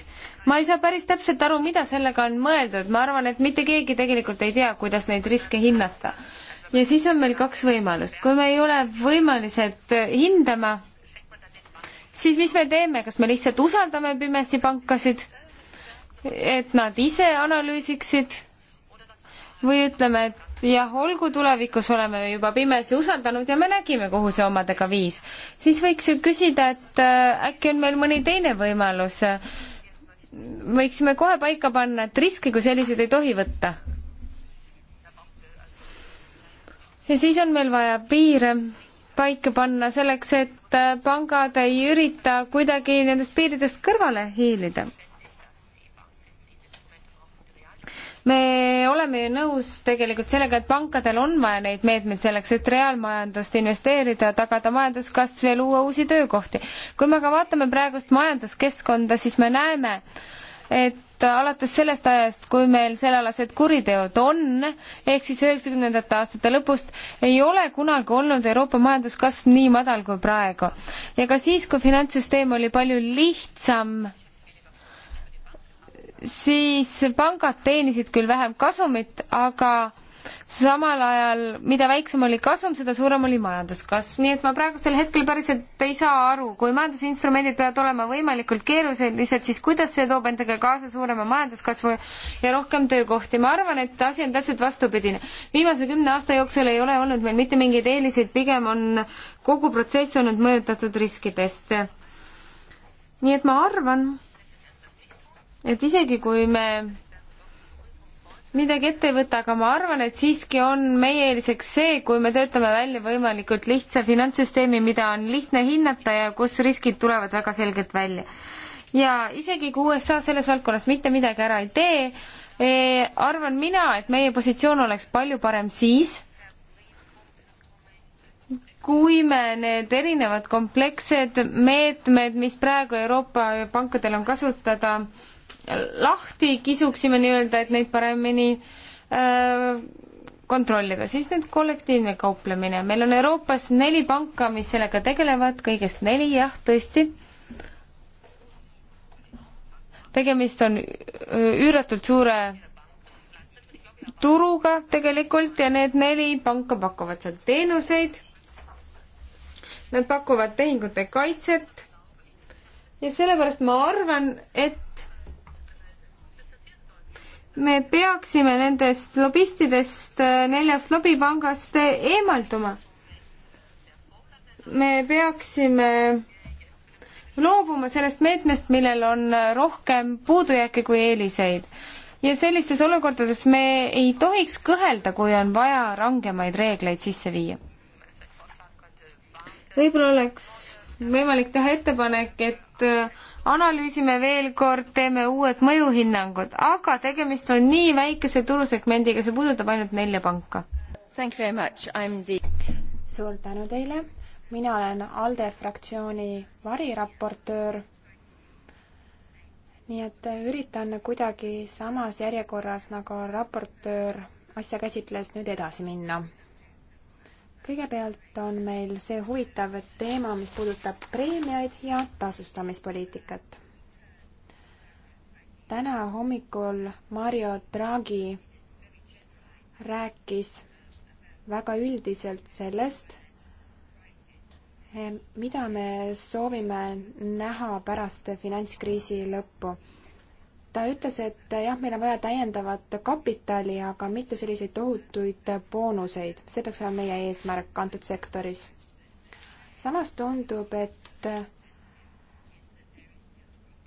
ma ei saa päris täpselt aru, mida sellega on mõeldud, ma arvan, et mitte keegi tegelikult ei tea, kuidas neid riske hinnata. ja siis on meil kaks võimalust, kui me ei ole võimelised hindama, siis mis me teeme, kas me lihtsalt usaldame pimesi pankasid, et nad ise analüüsiksid või ütleme, et jah, olgu, tulevikus oleme juba pimesi usaldanud ja me nägime, kuhu see omadega viis, siis võiks ju küsida, et äh, äkki on meil mõni teine võimalus. võiksime kohe paika panna, et riske kui selliseid ei tohi võtta. ja siis on meil vaja piire paika panna selleks, et äh, pangad ei ürita kuidagi nendest piiridest kõrvale hiilida me oleme ju nõus tegelikult sellega, et pankadel on vaja neid meetmeid selleks, et reaalmajandust investeerida, tagada majanduskasv ja luua uusi töökohti. kui me aga vaatame praegust majanduskeskkonda, siis me näeme, et alates sellest ajast, kui meil sellealased kuriteod on, ehk siis üheksakümnendate aastate lõpust, ei ole kunagi olnud Euroopa majanduskasv nii madal kui praegu. ja ka siis, kui finantssüsteem oli palju lihtsam siis pangad teenisid küll vähem kasumit, aga samal ajal, mida väiksem oli kasum, seda suurem oli majanduskasv, nii et ma praegusel hetkel päriselt ei saa aru, kui majandusinstrumendid peavad olema võimalikult keerulised, siis kuidas see toob endaga kaasa suurema majanduskasvu ja rohkem töökohti, ma arvan, et asi on täpselt vastupidine. viimase kümne aasta jooksul ei ole olnud meil mitte mingeid eeliseid, pigem on kogu protsess olnud mõjutatud riskidest. nii et ma arvan, et isegi kui me midagi ette ei võta, aga ma arvan, et siiski on meie eeliseks see, kui me töötame välja võimalikult lihtsa finantssüsteemi, mida on lihtne hinnata ja kus riskid tulevad väga selgelt välja. ja isegi kui USA selles valdkonnas mitte midagi ära ei tee eh,, arvan mina, et meie positsioon oleks palju parem siis, kui me need erinevad komplekssed meetmed, mis praegu Euroopa pankadel on kasutada, lahti kisuksime nii-öelda, et neid paremini öö, äh, kontrollida, siis nüüd kollektiivne kauplemine. meil on Euroopas neli panka, mis sellega tegelevad, kõigest neli, jah, tõesti. tegemist on üüratult suure turuga tegelikult ja need neli panka pakuvad seal teenuseid. Nad pakuvad tehingute kaitset. ja sellepärast ma arvan, et me peaksime nendest lobistidest, äh, neljast lobipangast eemalduma. me peaksime loobuma sellest meetmest, millel on rohkem puudujääke kui eeliseid. ja sellistes olukordades me ei tohiks kõhelda, kui on vaja rangemaid reegleid sisse viia. võib-olla oleks võimalik teha ettepanek, et äh, analüüsime veel kord, teeme uued mõjuhinnangud, aga tegemist on nii väikese turusegmendiga, see puudutab ainult nelja panka. The... suur tänu teile, mina olen ALDE fraktsiooni variraportöör. nii et üritan kuidagi samas järjekorras, nagu raportöör asja käsitles, nüüd edasi minna kõigepealt on meil see huvitav teema, mis puudutab preemiaid ja tasustamispoliitikat. täna hommikul Mario Draghi rääkis väga üldiselt sellest, eh, mida me soovime näha pärast finantskriisi lõppu ta ütles, et jah, meil on vaja täiendavat kapitali, aga mitte selliseid tohutuid boonuseid. see peaks olema meie eesmärk antud sektoris. samas tundub, et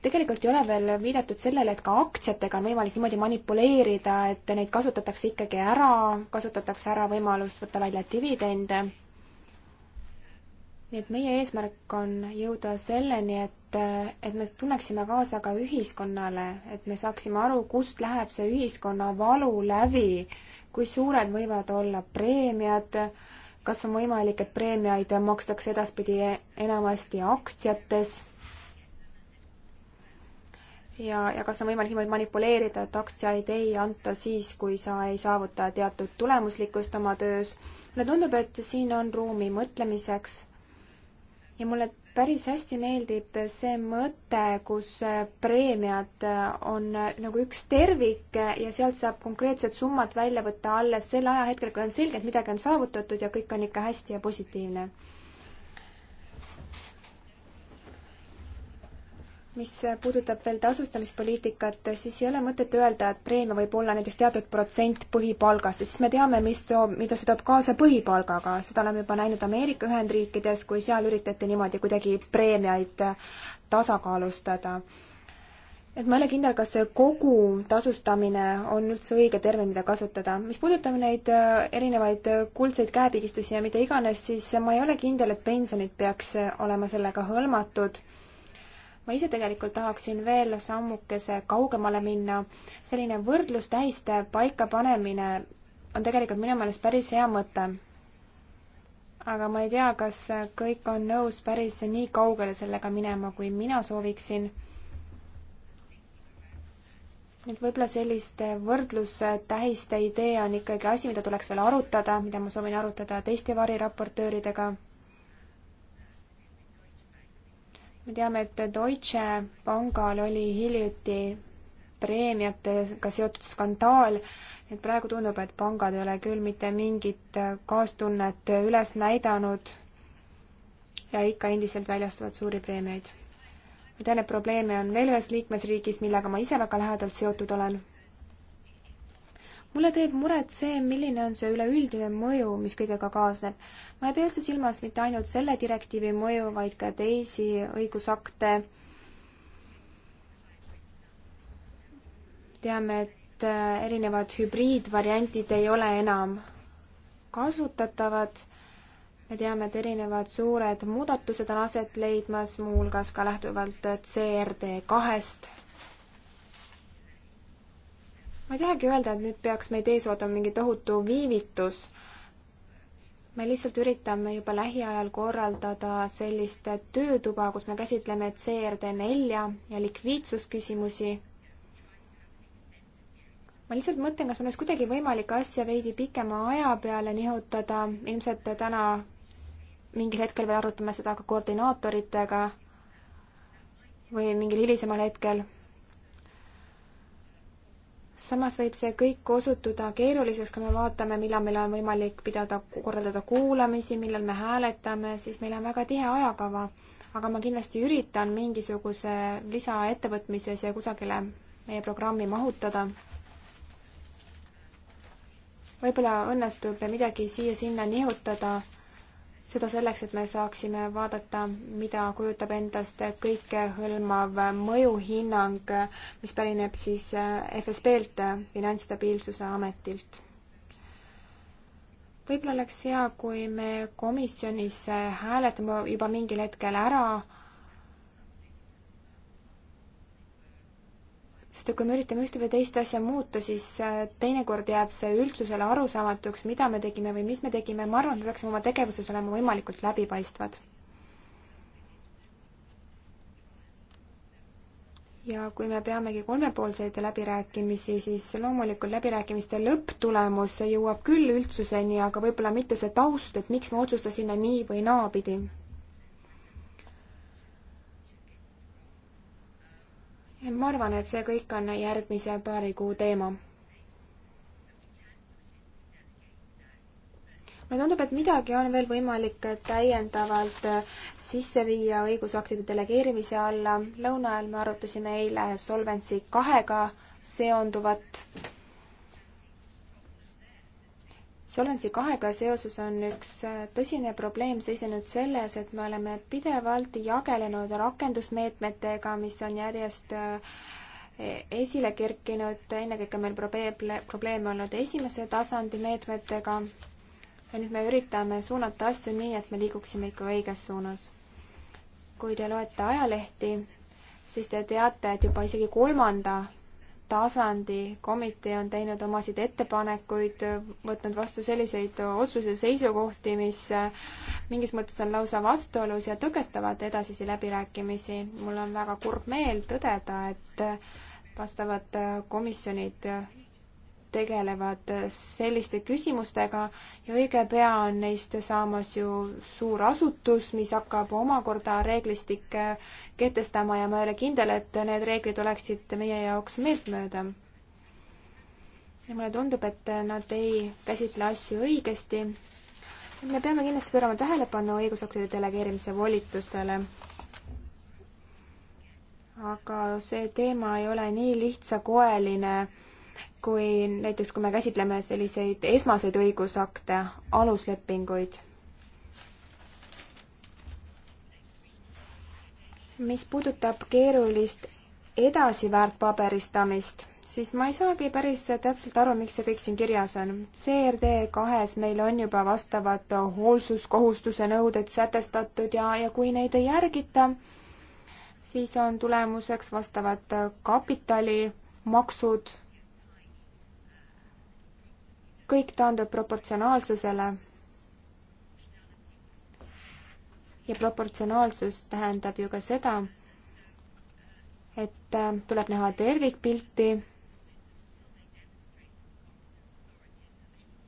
tegelikult ei ole veel viidatud sellele, et ka aktsiatega on võimalik niimoodi manipuleerida, et neid kasutatakse ikkagi ära, kasutatakse ära võimalust võtta välja dividende. nii et meie eesmärk on jõuda selleni, et et, et me tunneksime kaasa ka ühiskonnale, et me saaksime aru, kust läheb see ühiskonna valu läbi, kui suured võivad olla preemiad, kas on võimalik, et preemiaid makstakse edaspidi enamasti aktsiates ja, ja kas on võimalik niimoodi manipuleerida, et aktsiaid ei anta siis, kui sa ei saavuta teatud tulemuslikkust oma töös. mulle tundub, et siin on ruumi mõtlemiseks. ja mulle päris hästi meeldib see mõte, kus preemiad on nagu üks tervik ja sealt saab konkreetsed summad välja võtta alles sel ajahetkel, kui on selge, et midagi on saavutatud ja kõik on ikka hästi ja positiivne mis puudutab veel tasustamispoliitikat, siis ei ole mõtet öelda, et preemia võib olla näiteks teatud protsent põhipalgast, sest siis me teame, mis toob, mida see toob kaasa põhipalgaga, seda oleme juba näinud Ameerika Ühendriikides, kui seal üritati niimoodi kuidagi preemiaid tasakaalustada. et ma ei ole kindel, kas see kogu tasustamine on üldse õige termin, mida kasutada. mis puudutab neid äh, erinevaid kuldseid käepigistusi ja mida iganes, siis ma ei ole kindel, et pensionid peaks äh, olema sellega hõlmatud ma ise tegelikult tahaksin veel sammukese kaugemale minna. selline võrdlustähiste paikapanemine on tegelikult minu meelest päris hea mõte. aga ma ei tea, kas kõik on nõus päris nii kaugele sellega minema, kui mina sooviksin. et võib-olla selliste võrdlustähiste idee on ikkagi asi, mida tuleks veel arutada, mida ma soovin arutada teiste variraportööridega me teame, et Deutsche Pangal oli hiljuti preemiatega seotud skandaal, et praegu tundub, et pangad ei ole küll mitte mingit kaastunnet üles näidanud ja ikka endiselt väljastavad suuri preemiaid. ma tean, et probleeme on veel ühes liikmesriigis, millega ma ise väga lähedalt seotud olen mulle teeb muret see, milline on see üleüldine mõju, mis kõigega kaasneb. ma ei pea üldse silmas mitte ainult selle direktiivi mõju, vaid ka teisi õigusakte. teame, et äh, erinevad hübriidvariandid ei ole enam kasutatavad. me teame, et erinevad suured muudatused on aset leidmas, muuhulgas ka lähtuvalt CRD kahest ma ei tahagi öelda, et nüüd peaks meid ees ootama mingi tohutu viivitus. me lihtsalt üritame juba lähiajal korraldada sellist töötuba, kus me käsitleme CRD nelja ja likviidsusküsimusi. ma lihtsalt mõtlen, kas meil oleks kuidagi võimalik asja veidi pikema aja peale nihutada, ilmselt täna mingil hetkel veel arutame seda ka koordinaatoritega või mingil hilisemal hetkel samas võib see kõik osutuda keeruliseks, kui me vaatame, millal meil on võimalik pidada, korraldada kuulamisi, millal me hääletame, siis meil on väga tihe ajakava. aga ma kindlasti üritan mingisuguse lisaettevõtmise siia kusagile meie programmi mahutada. võib-olla õnnestub midagi siia-sinna nihutada seda selleks, et me saaksime vaadata, mida kujutab endast kõikehõlmav mõjuhinnang, mis pärineb siis FSB-lt, Finantsstabiilsuse Ametilt. võib-olla oleks hea, kui me komisjonis hääletame juba mingil hetkel ära sest et kui me üritame ühte või teist asja muuta, siis äh, teinekord jääb see üldsusele arusaamatuks, mida me tegime või mis me tegime, ma arvan, et me peaksime oma tegevuses olema võimalikult läbipaistvad. ja kui me peamegi kolmepoolseid läbirääkimisi, siis loomulikult läbirääkimiste lõpptulemus jõuab küll üldsuseni, aga võib-olla mitte see taust, et miks me otsustasime nii või naapidi ma arvan, et see kõik on järgmise paari kuu teema. mulle tundub, et midagi on veel võimalik täiendavalt sisse viia õigusaktide delegeerimise alla. lõuna ajal me arutasime eile Solvency kahega seonduvat Solvency kahega seoses on üks äh, tõsine probleem seisnenud selles, et me oleme pidevalt jagelenud rakendusmeetmetega, mis on järjest äh, e-, esile kerkinud, ennekõike meil probleem, probleeme olnud esimese tasandi meetmetega. ja nüüd me üritame suunata asju nii, et me liiguksime ikka õiges suunas. kui te loete ajalehti, siis te teate, et juba isegi kolmanda tasandi komitee on teinud omasid ettepanekuid, võtnud vastu selliseid otsuse seisukohti, mis äh, mingis mõttes on lausa vastuolus ja tõkestavad edasisi läbirääkimisi. mul on väga kurb meel tõdeda, et vastavad äh, komisjonid tegelevad selliste küsimustega ja õige pea on neist saamas ju suur asutus, mis hakkab omakorda reeglistikke kehtestama ja ma ei ole kindel, et need reeglid oleksid meie jaoks meeltmööda. ja mulle tundub, et nad ei käsitle asju õigesti. me peame kindlasti pöörama tähelepanu õigusaktide delegeerimise volitustele aga see teema ei ole nii lihtsakoeline kui näiteks, kui me käsitleme selliseid esmaseid õigusakte, aluslepinguid. mis puudutab keerulist edasi väärtpaberistamist, siis ma ei saagi päris täpselt aru, miks see kõik siin kirjas on. CRD kahes meil on juba vastavad hoolsuskohustuse nõuded sätestatud ja, ja kui neid ei järgita, siis on tulemuseks vastavad kapitalimaksud kõik taandub proportsionaalsusele. ja proportsionaalsus tähendab ju ka seda, et äh, tuleb näha tervikpilti.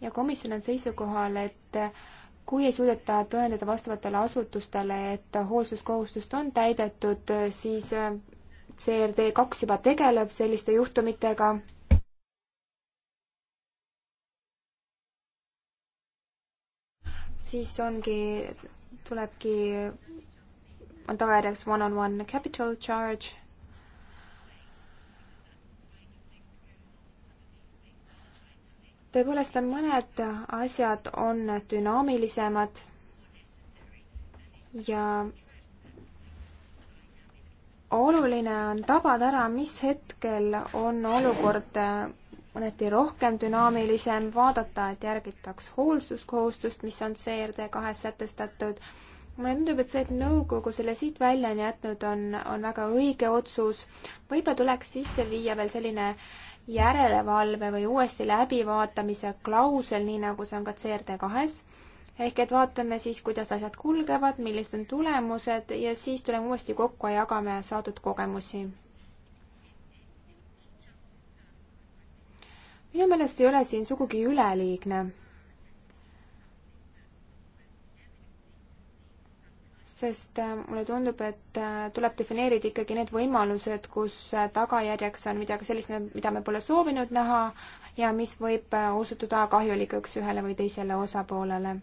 ja komisjon on seisukohal, et äh, kui ei suudeta tõendada vastavatele asutustele, et äh, hoolsuskohustust on täidetud, siis CRD kaks juba tegeleb selliste juhtumitega siis ongi, tulebki, on tagajärjeks one-on-one -on -one capital charge. tõepoolest on mõned asjad on dünaamilisemad ja oluline on tabada ära, mis hetkel on olukord mõneti rohkem dünaamilisem, vaadata, et järgitaks hoolsuskohustust, mis on CRD kahes sätestatud. mulle tundub, et see, et nõukogu selle siit välja on jätnud, on, on väga õige otsus. võib-olla tuleks sisse viia veel selline järelevalve või uuesti läbivaatamise klausel, nii nagu see on ka CRD kahes ehk et vaatame siis, kuidas asjad kulgevad, millised on tulemused ja siis tuleme uuesti kokku ja jagame saadud kogemusi minu meelest ei ole siin sugugi üleliigne. sest äh, mulle tundub, et äh, tuleb defineerida ikkagi need võimalused, kus äh, tagajärjeks on midagi sellist, mida me pole soovinud näha ja mis võib osutuda kahjulikuks ühele või teisele osapoolele.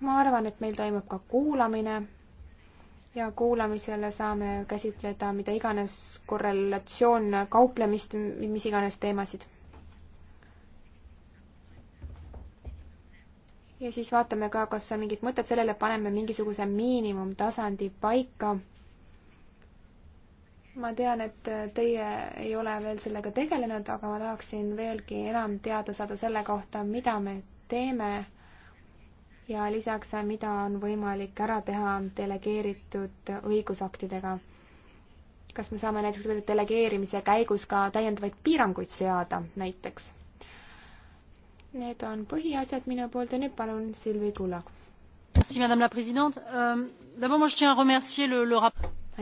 ma arvan, et meil toimub ka kuulamine ja kuulamisel saame käsitleda mida iganes korrelatsioon kauplemist, mis iganes teemasid. ja siis vaatame ka, kas on mingit mõtet sellele, paneme mingisuguse miinimumtasandi paika. ma tean, et teie ei ole veel sellega tegelenud, aga ma tahaksin veelgi enam teada saada selle kohta, mida me teeme ja lisaks, mida on võimalik ära teha delegeeritud õigusaktidega. kas me saame näiteks delegeerimise käigus ka täiendavaid piiranguid seada näiteks? Need on põhiasjad minu poolt ja nüüd palun Silvi Kulak. Euh,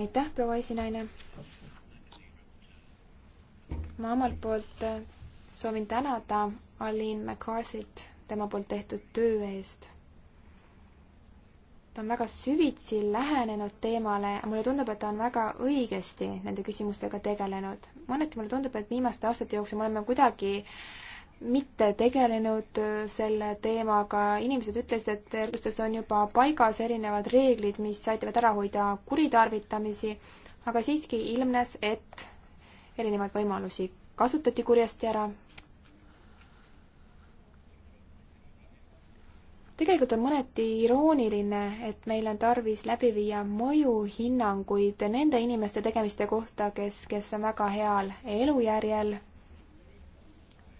aitäh, proua esinaine. ma omalt poolt äh, soovin tänada Arlene McCarthy't tema poolt tehtud töö eest. ta on väga süvitsi lähenenud teemale ja mulle tundub, et ta on väga õigesti nende küsimustega tegelenud. mõneti mulle tundub, et viimaste aastate jooksul me oleme kuidagi mitte tegelenud äh, selle teemaga, inimesed ütlesid, et seadustes on juba paigas erinevad reeglid, mis aitavad ära hoida kuritarvitamisi, aga siiski ilmnes, et erinevaid võimalusi kasutati kurjasti ära. tegelikult on mõneti irooniline, et meil on tarvis läbi viia mõjuhinnanguid nende inimeste tegemiste kohta, kes, kes on väga heal elujärjel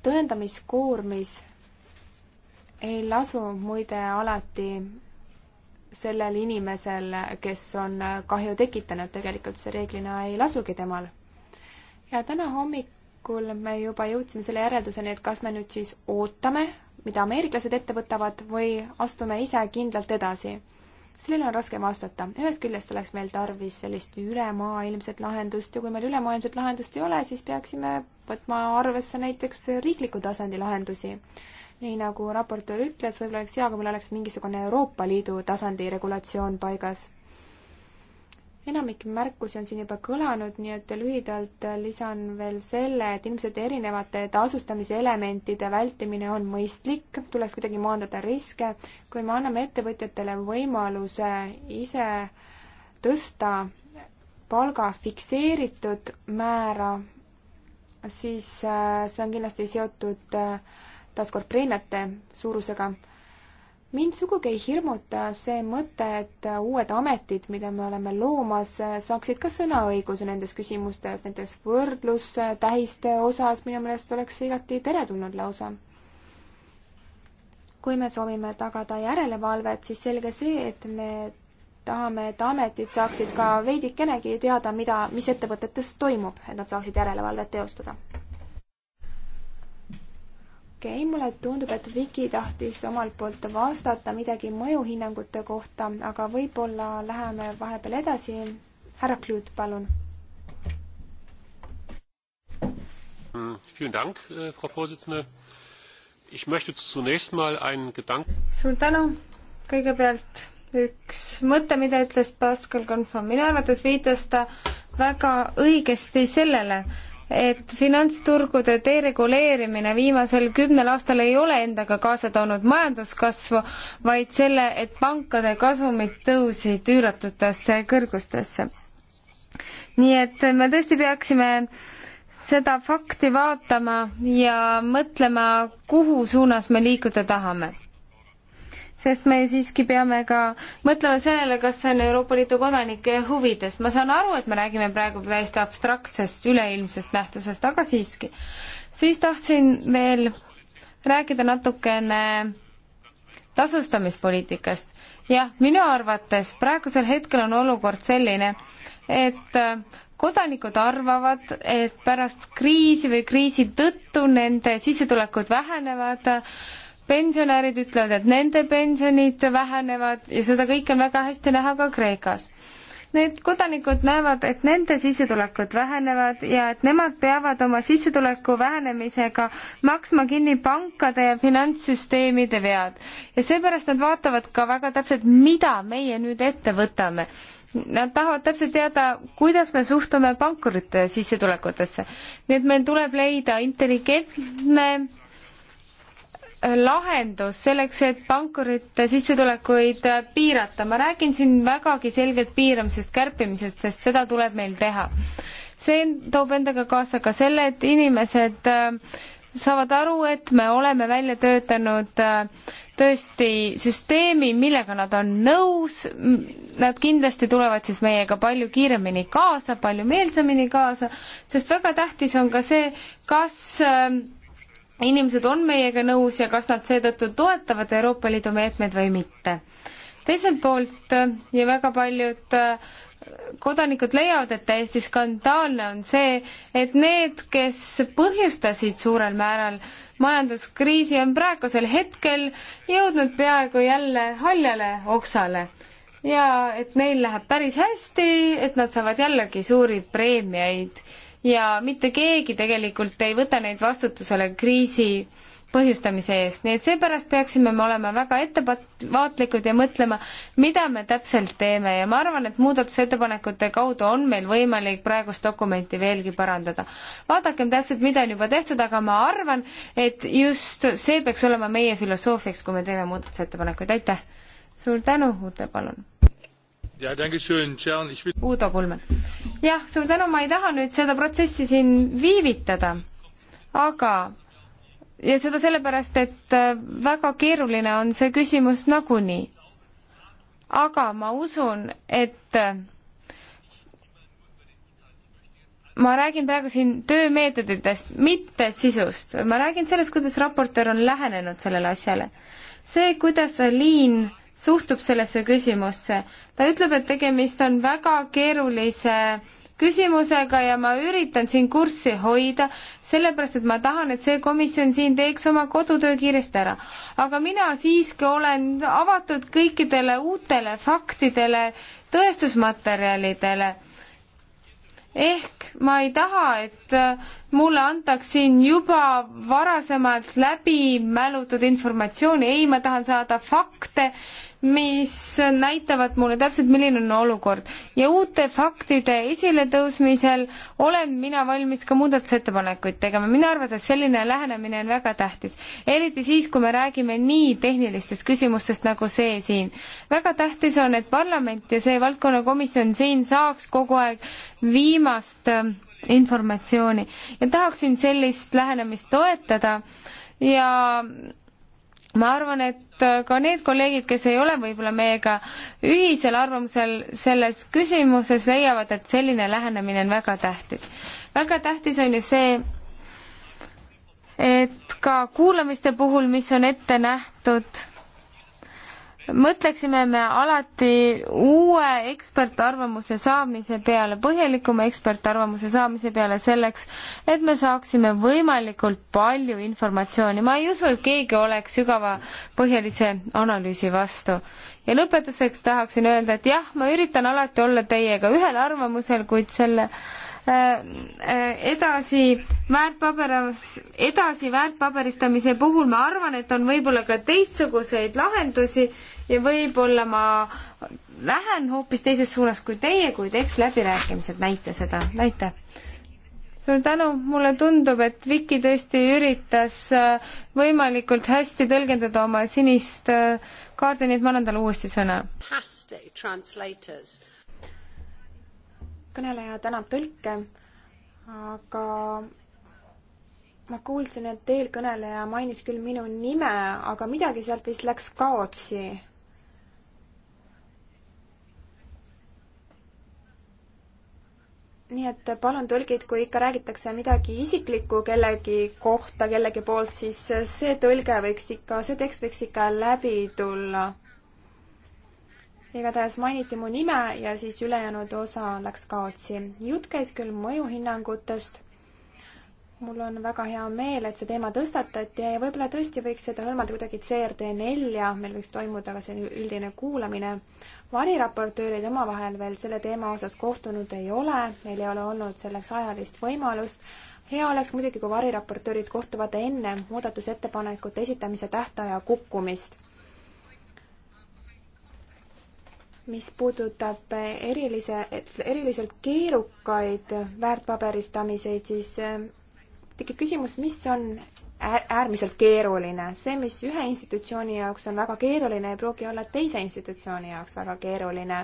tõendamiskoormis ei lasu muide alati sellel inimesel, kes on kahju tekitanud, tegelikult see reeglina ei lasugi temal. ja täna hommikul me juba jõudsime selle järelduseni, et kas me nüüd siis ootame, mida ameeriklased ette võtavad või astume ise kindlalt edasi sellele on raskem vastata. ühest küljest oleks meil tarvis sellist ülemaailmset lahendust ja kui meil ülemaailmset lahendust ei ole, siis peaksime võtma arvesse näiteks riikliku tasandi lahendusi. nii nagu raportöör ütles, võib-olla oleks hea, kui meil oleks mingisugune Euroopa Liidu tasandi regulatsioon paigas enamik märkusi on siin juba kõlanud, nii et lühidalt lisan veel selle, et ilmselt erinevate tasustamise elementide vältimine on mõistlik, tuleks kuidagi maandada riske. kui me anname ettevõtjatele võimaluse ise tõsta palga fikseeritud määra, siis äh, see on kindlasti seotud äh, taaskord preemiate suurusega mind sugugi ei hirmuta see mõte, et uued ametid, mida me oleme loomas, saaksid ka sõnaõiguse nendes küsimustes, näiteks võrdlustähiste osas minu meelest oleks igati teretulnud lausa. kui me soovime tagada järelevalvet, siis selge see, et me tahame, et ametid saaksid ka veidikenegi teada, mida, mis ettevõtetes toimub, et nad saaksid järelevalvet teostada okei okay,, mulle tundub, et Viki tahtis omalt poolt vastata midagi mõjuhinnangute kohta, aga võib-olla läheme vahepeal edasi. härra Klüüt, palun mm, Vielen Dank, äh, Frau Vorsitzende. Ich möchte zunächst mal einen Gedanken. Suur tänu. Kõigepealt üks mõte, mida ütles Pascal Confon. Minu arvates viitas ta väga õigesti sellele, et finantsturgude dereguleerimine viimasel kümnel aastal ei ole endaga kaasa toonud majanduskasvu, vaid selle, et pankade kasumid tõusid üüratutesse kõrgustesse. nii et me tõesti peaksime seda fakti vaatama ja mõtlema, kuhu suunas me liikuda tahame sest me siiski peame ka mõtlema sellele, kas see on Euroopa Liidu kodanike huvides. ma saan aru, et me räägime praegu täiesti abstraktsest üleilmsest nähtusest, aga siiski. siis tahtsin veel rääkida natukene tasustamispoliitikast. jah, minu arvates praegusel hetkel on olukord selline, et äh, kodanikud arvavad, et pärast kriisi või kriisi tõttu nende sissetulekud vähenevad pensionärid ütlevad, et nende pensionid vähenevad ja seda kõike on väga hästi näha ka Kreekas. Need kodanikud näevad, et nende sissetulekud vähenevad ja et nemad peavad oma sissetuleku vähenemisega maksma kinni pankade ja finantssüsteemide vead. ja seepärast nad vaatavad ka väga täpselt, mida meie nüüd ette võtame Nad tahavad täpselt teada, kuidas me suhtume pankurite sissetulekutesse. nii et meil tuleb leida intelligentne lahendus selleks, et pankurite sissetulekuid piirata. ma räägin siin vägagi selgelt piiramisest, kärpimisest, sest seda tuleb meil teha. see toob endaga kaasa ka selle, et inimesed äh, saavad aru, et me oleme välja töötanud äh, tõesti süsteemi, millega nad on nõus, nad kindlasti tulevad siis meiega palju kiiremini kaasa, palju meelsamini kaasa, sest väga tähtis on ka see, kas äh, inimesed on meiega nõus ja kas nad seetõttu toetavad Euroopa Liidu meetmeid või mitte. teiselt poolt äh, ja väga paljud äh, kodanikud leiavad, et täiesti skandaalne on see, et need, kes põhjustasid suurel määral majanduskriisi, on praegusel hetkel jõudnud peaaegu jälle haljale oksale. ja et neil läheb päris hästi, et nad saavad jällegi suuri preemiaid ja mitte keegi tegelikult ei võta neid vastutusele kriisi põhjustamise eest, nii et seepärast peaksime me olema väga ettevaatlikud ja mõtlema, mida me täpselt teeme ja ma arvan, et muudatusettepanekute kaudu on meil võimalik praegust dokumenti veelgi parandada. vaadakem täpselt, mida on juba tehtud, aga ma arvan, et just see peaks olema meie filosoofiaks, kui me teeme muudatusettepanekuid, aitäh! suur tänu, Ute, palun! Uudo Pulmen. jah, suur tänu, ma ei taha nüüd seda protsessi siin viivitada, aga ja seda sellepärast, et äh, väga keeruline on see küsimus nagunii. aga ma usun, et äh, ma räägin praegu siin töömeetoditest, mitte sisust. ma räägin sellest, kuidas raportöör on lähenenud sellele asjale. see, kuidas Liin suhtub sellesse küsimusse. ta ütleb, et tegemist on väga keerulise küsimusega ja ma üritan siin kurssi hoida, sellepärast et ma tahan, et see komisjon siin teeks oma kodutöö kiiresti ära. aga mina siiski olen avatud kõikidele uutele faktidele, tõestusmaterjalidele. ehk ma ei taha, et mulle antaks siin juba varasemalt läbi mälutud informatsiooni, ei, ma tahan saada fakte, mis näitavad mulle täpselt, milline on olukord. ja uute faktide esiletõusmisel olen mina valmis ka muudatusettepanekuid tegema, minu arvates selline lähenemine on väga tähtis. eriti siis, kui me räägime nii tehnilistest küsimustest nagu see siin. väga tähtis on, et parlament ja see valdkonnakomisjon siin saaks kogu aeg viimast äh, informatsiooni ja tahaksin sellist lähenemist toetada ja ma arvan, et ka need kolleegid, kes ei ole võib-olla meiega ühisel arvamusel selles küsimuses, leiavad, et selline lähenemine on väga tähtis. väga tähtis on ju see, et ka kuulamiste puhul, mis on ette nähtud, mõtleksime me alati uue ekspertarvamuse saamise peale, põhjalikuma ekspertarvamuse saamise peale selleks, et me saaksime võimalikult palju informatsiooni. ma ei usu, et keegi oleks sügava põhjalise analüüsi vastu. ja lõpetuseks tahaksin öelda, et jah, ma üritan alati olla teiega ühel arvamusel, kuid selle äh, Äh, äh, edasi väärtpaberas, edasi väärtpaberistamise puhul ma arvan, et on võib-olla ka teistsuguseid lahendusi ja võib-olla ma lähen hoopis teises suunas kui teie, kuid eks läbirääkimised näita seda, aitäh! suur tänu, mulle tundub, et Viki tõesti üritas äh, võimalikult hästi tõlgendada oma sinist kaardi, nii et ma annan talle uuesti sõna. Fantastic translators kõneleja tänab tõlke, aga ma kuulsin, et eelkõneleja mainis küll minu nime, aga midagi sealt vist läks kaotsi. nii et palun tõlgid, kui ikka räägitakse midagi isiklikku kellegi kohta kellegi poolt, siis see tõlge võiks ikka, see tekst võiks ikka läbi tulla igatahes mainiti mu nime ja siis ülejäänud osa läks kaotsi. jutt käis küll mõjuhinnangutest. mul on väga hea meel, et see teema tõstatati ja võib-olla tõesti võiks seda hõlmata kuidagi CRD nelja, meil võiks toimuda ka selline üldine kuulamine. variraportöörid omavahel veel selle teema osas kohtunud ei ole, meil ei ole olnud selleks ajalist võimalust hea oleks muidugi, kui variraportöörid kohtuvad enne muudatusettepanekute esitamise tähtaja kukkumist mis puudutab erilise, eriliselt keerukaid väärtpaberistamiseid, siis eh, tekib küsimus, mis on äärmiselt keeruline. see, mis ühe institutsiooni jaoks on väga keeruline, ei pruugi olla teise institutsiooni jaoks väga keeruline.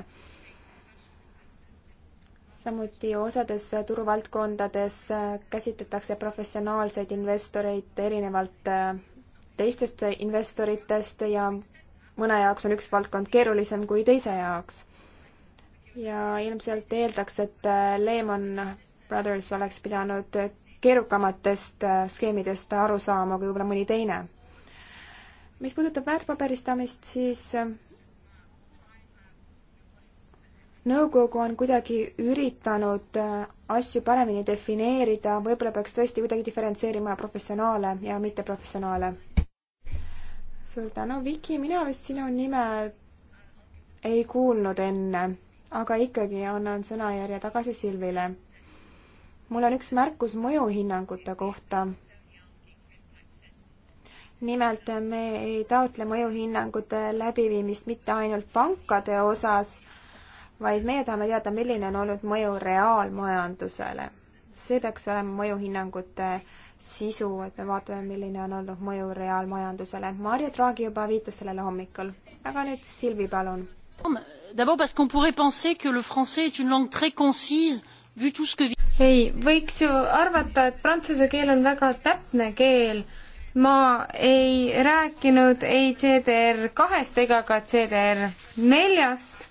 samuti osades turuvaldkondades eh, käsitletakse professionaalseid investoreid erinevalt eh, teistest investoritest ja mõne jaoks on üks valdkond keerulisem kui teise jaoks. ja ilmselt eeldaks, et äh, Lehman Brothers oleks pidanud keerukamatest äh, skeemidest aru saama kui võib-olla mõni teine. mis puudutab väärtpaberistamist, siis äh, nõukogu on kuidagi üritanud asju paremini defineerida, võib-olla peaks tõesti kuidagi diferentseerima professionaale ja mitteprofessionaale suur tänu, Viki, mina vist sinu nime ei kuulnud enne, aga ikkagi annan sõnajärje tagasi Silvile. mul on üks märkus mõjuhinnangute kohta. nimelt me ei taotle mõjuhinnangute läbiviimist mitte ainult pankade osas, vaid meie tahame teada, milline on olnud mõju reaalmajandusele. see peaks olema mõjuhinnangute sisu, et me vaatame, milline on olnud mõju reaalmajandusele. Maarja Draagi juba viitas sellele hommikul. aga nüüd Silvi, palun. D'abord parce qu'on pourrait penser que le français est une langue très concise vu tout ce que ei, võiks ju arvata, et prantsuse keel on väga täpne keel. ma ei rääkinud ei CDR kahest ega ka CDR neljast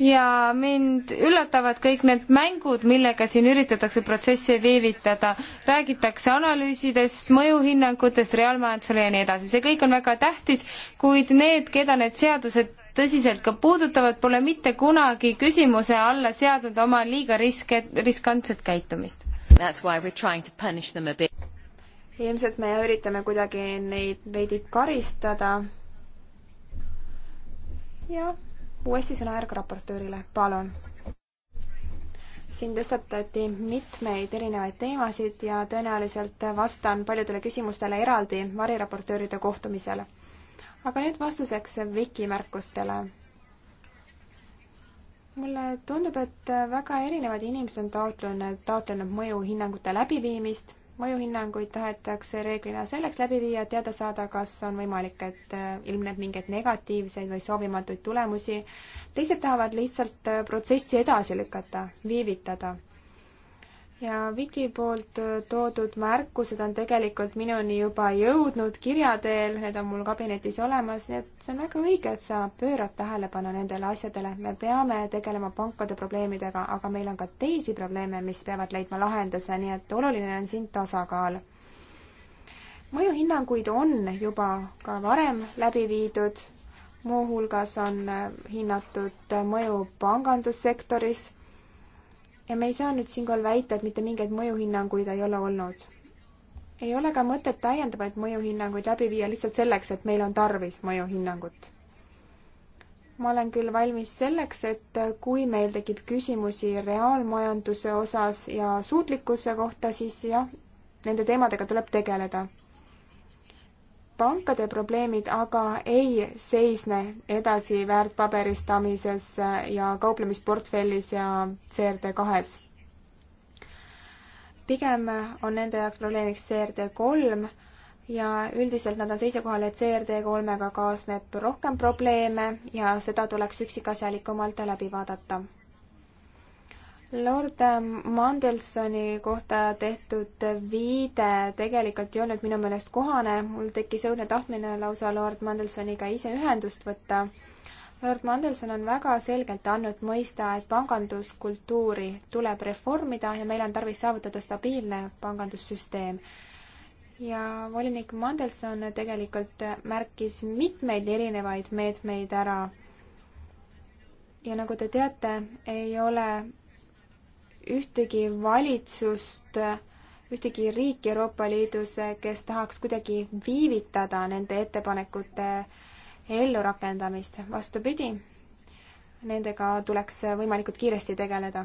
ja mind üllatavad kõik need mängud, millega siin üritatakse protsessi viivitada. räägitakse analüüsidest, mõjuhinnangutest reaalmajandusele ja nii edasi, see kõik on väga tähtis, kuid need, keda need seadused tõsiselt ka puudutavad, pole mitte kunagi küsimuse alla seadnud oma liiga riske, riskantset käitumist. ilmselt me üritame kuidagi neid veidi karistada. jah uuesti sõna järg raportöörile, palun. siin tõstatati mitmeid erinevaid teemasid ja tõenäoliselt vastan paljudele küsimustele eraldi variraportööride kohtumisel. aga nüüd vastuseks Viki märkustele. mulle tundub, et väga erinevad inimesed on taotlenud, taotlenud mõjuhinnangute läbiviimist mõjuhinnanguid tahetakse reeglina selleks läbi viia, et teada saada, kas on võimalik, et äh, ilmneb mingeid negatiivseid või soovimatuid tulemusi. teised tahavad lihtsalt äh, protsessi edasi lükata, viivitada ja Viki poolt äh, toodud märkused on tegelikult minuni juba jõudnud kirja teel, need on mul kabinetis olemas, nii et see on väga õige, et sa pöörad tähelepanu nendele asjadele. me peame tegelema pankade probleemidega, aga meil on ka teisi probleeme, mis peavad leidma lahenduse, nii et oluline on siin tasakaal. mõjuhinnanguid on juba ka varem läbi viidud, muuhulgas on äh, hinnatud äh, mõju pangandussektoris ja me ei saa nüüd siinkohal väita, et mitte mingeid mõjuhinnanguid ei ole olnud. ei ole ka mõtet täiendavaid mõjuhinnanguid läbi viia lihtsalt selleks, et meil on tarvis mõjuhinnangut. ma olen küll valmis selleks, et kui meil tekib küsimusi reaalmajanduse osas ja suutlikkuse kohta, siis jah, nende teemadega tuleb tegeleda pankade probleemid aga ei seisne edasi väärtpaberistamises ja kauplemisportfellis ja CRD kahes. pigem on nende jaoks probleemiks CRD kolm ja üldiselt nad on seisukohal, et CRD kolmega kaasneb rohkem probleeme ja seda tuleks üksikasjalikumalt läbi vaadata Lord Mandelsoni kohta tehtud viide tegelikult ei olnud minu meelest kohane, mul tekkis õudne tahtmine lausa Lord Mandelsoniga ise ühendust võtta. Lord Mandelson on väga selgelt andnud mõista, et panganduskultuuri tuleb reformida ja meil on tarvis saavutada stabiilne pangandussüsteem. ja volinik Mandelson tegelikult märkis mitmeid erinevaid meetmeid ära ja nagu te teate, ei ole ühtegi valitsust, ühtegi riiki Euroopa Liidus, kes tahaks kuidagi viivitada nende ettepanekute ellurakendamist. vastupidi, nendega tuleks võimalikult kiiresti tegeleda.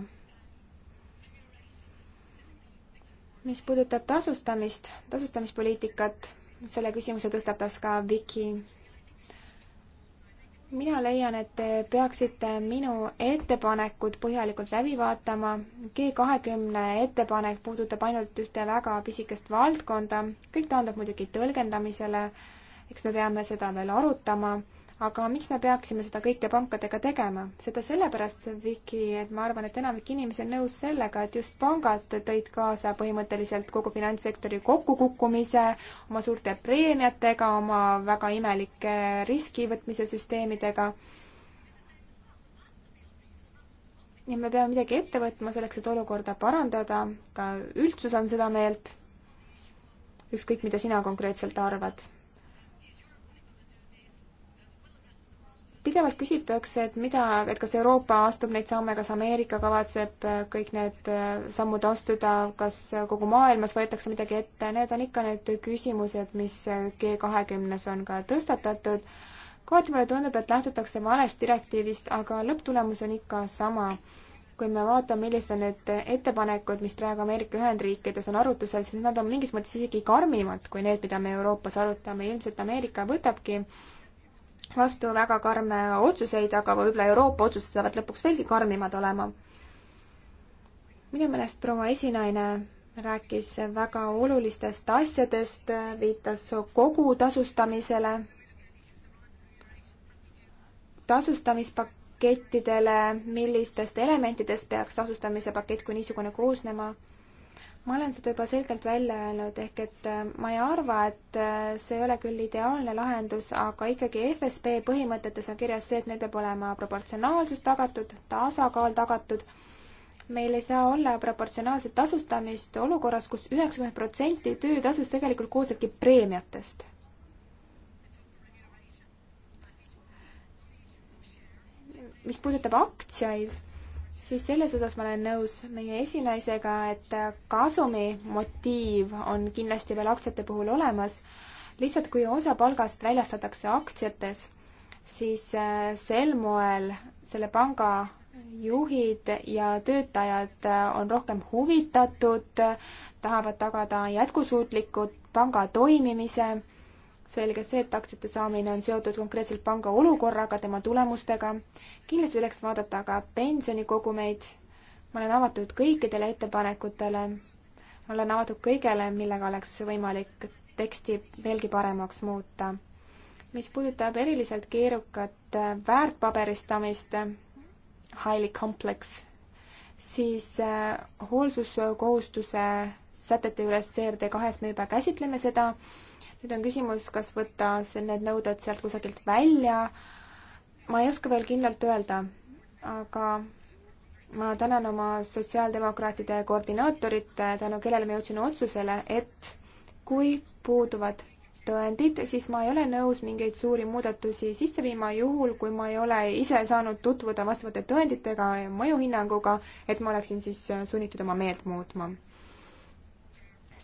mis puudutab tasustamist, tasustamispoliitikat, selle küsimuse tõstatas ka Viki mina leian, et te peaksite minu ettepanekud põhjalikult läbi vaatama. G kahekümne ettepanek puudutab ainult ühte väga pisikest valdkonda, kõik taandub muidugi tõlgendamisele. eks me peame seda veel arutama aga miks me peaksime seda kõike pankadega tegema? seda sellepärast, Viki, et ma arvan, et enamik inimesi on nõus sellega, et just pangad tõid kaasa põhimõtteliselt kogu finantssektori kokkukukkumise oma suurte preemiatega, oma väga imelike riskivõtmise süsteemidega. ja me peame midagi ette võtma selleks, et olukorda parandada, ka üldsus on seda meelt. ükskõik, mida sina konkreetselt arvad pidevalt küsitakse, et mida, et kas Euroopa astub neid samme, kas Ameerika kavatseb äh, kõik need äh, sammud astuda, kas äh, kogu maailmas võetakse midagi ette, need on ikka need küsimused, mis G kahekümnes on ka tõstatatud. kohati mulle tundub, et lähtutakse valest direktiivist, aga lõpptulemus on ikka sama kui me vaatame, millised on need ettepanekud, mis praegu Ameerika Ühendriikides on arutusel, siis nad on mingis mõttes isegi karmimad kui need, mida me Euroopas arutame. ilmselt Ameerika võtabki äh, vastu väga karme otsuseid, aga võib-olla Euroopa otsused saavad lõpuks veelgi karmimad olema. minu meelest proua esinaine rääkis väga olulistest asjadest, viitas kogu tasustamisele, tasustamispakkettidele, millistest elementidest peaks tasustamise pakett kui niisugune koosnema ma olen seda juba selgelt välja öelnud, ehk et äh, ma ei arva, et äh, see ei ole küll ideaalne lahendus, aga ikkagi FSB põhimõtetes on kirjas see, et meil peab olema proportsionaalsus tagatud, tasakaal tagatud. meil ei saa olla proportsionaalset tasustamist olukorras kus, kus üheksakümmend protsenti töötasust tegelikult koosnebki preemiatest mis puudutab aktsiaid, siis selles osas ma olen nõus meie esinaisega, et kasumi motiiv on kindlasti veel aktsiate puhul olemas. lihtsalt kui osa palgast väljastatakse aktsiates, siis äh, sel moel selle panga juhid ja töötajad äh, on rohkem huvitatud, tahavad tagada jätkusuutliku panga toimimise selge see, et aktsiate saamine on seotud konkreetselt panga olukorraga, tema tulemustega. kindlasti tuleks vaadata ka pensionikogumeid. ma olen avatud kõikidele ettepanekutele. olen avatud kõigele, millega oleks võimalik teksti veelgi paremaks muuta. mis puudutab eriliselt keerukat väärtpaberistamist, highly complex, siis äh, hoolsuskohustuse sätete juures CRD kahes me juba käsitleme seda nüüd on küsimus, kas võtta need nõuded sealt kusagilt välja. ma ei oska veel kindlalt öelda, aga ma tänan oma sotsiaaldemokraatide koordinaatorit, tänu kellele me jõudsime otsusele, et kui puuduvad tõendid, siis ma ei ole nõus mingeid suuri muudatusi sisse viima, juhul kui ma ei ole ise saanud tutvuda vastavate tõenditega ja mõjuhinnanguga, et ma oleksin siis sunnitud oma meelt muutma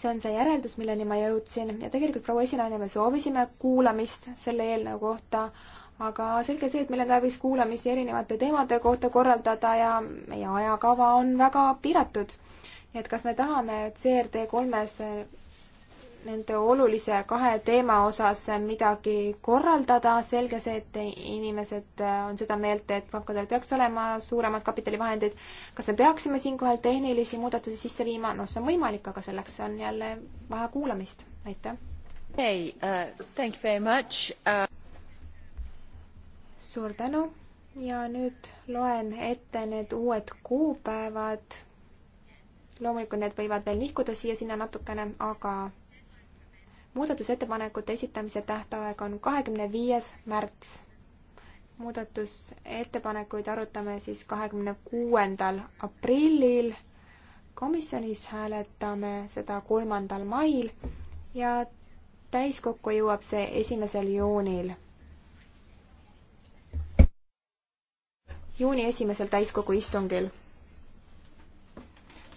see on see järeldus, milleni ma jõudsin ja tegelikult proua esinaine, me soovisime kuulamist selle eelnõu kohta, aga selge see, et meil on tarvis kuulamisi erinevate teemade kohta korraldada ja meie ajakava on väga piiratud. nii et kas me tahame CRD kolmes nende olulise kahe teema osas midagi korraldada, selge see, et inimesed äh, on seda meelt, et pankadel peaks olema suuremad kapitalivahendid. kas me peaksime siinkohal tehnilisi muudatusi sisse viima? noh, see on võimalik, aga selleks on jälle vaja kuulamist. aitäh! Hey, uh, thank you very much uh.... suur tänu ja nüüd loen ette need uued kuupäevad loomulikult need võivad veel nihkuda siia-sinna natukene, aga muudatusettepanekute esitamise tähtaeg on kahekümne viies märts. muudatusettepanekuid arutame siis kahekümne kuuendal aprillil. komisjonis hääletame seda kolmandal mail ja täiskokku jõuab see esimesel juunil. juuni esimesel täiskogu istungil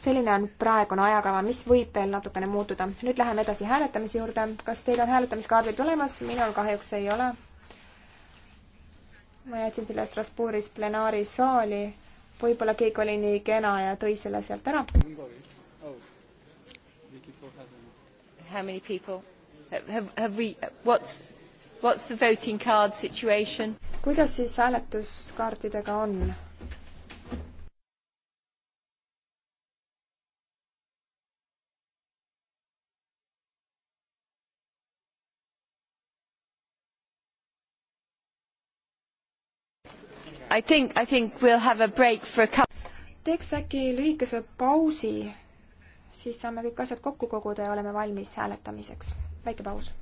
selline on praegune ajakava, mis võib veel natukene muutuda. nüüd läheme edasi hääletamise juurde. kas teil on hääletamiskaardid olemas? minul kahjuks ei ole. ma jätsin selle Strasbourgis plenaarisaali. võib-olla keegi oli nii kena ja tõi selle sealt ära. How many people have, have we, what's, what's the voting card situation? kuidas siis hääletuskaartidega on? I think, I think we'll have a break for a couple teeks äkki lühikese pausi, siis saame kõik asjad kokku koguda ja oleme valmis hääletamiseks. väike paus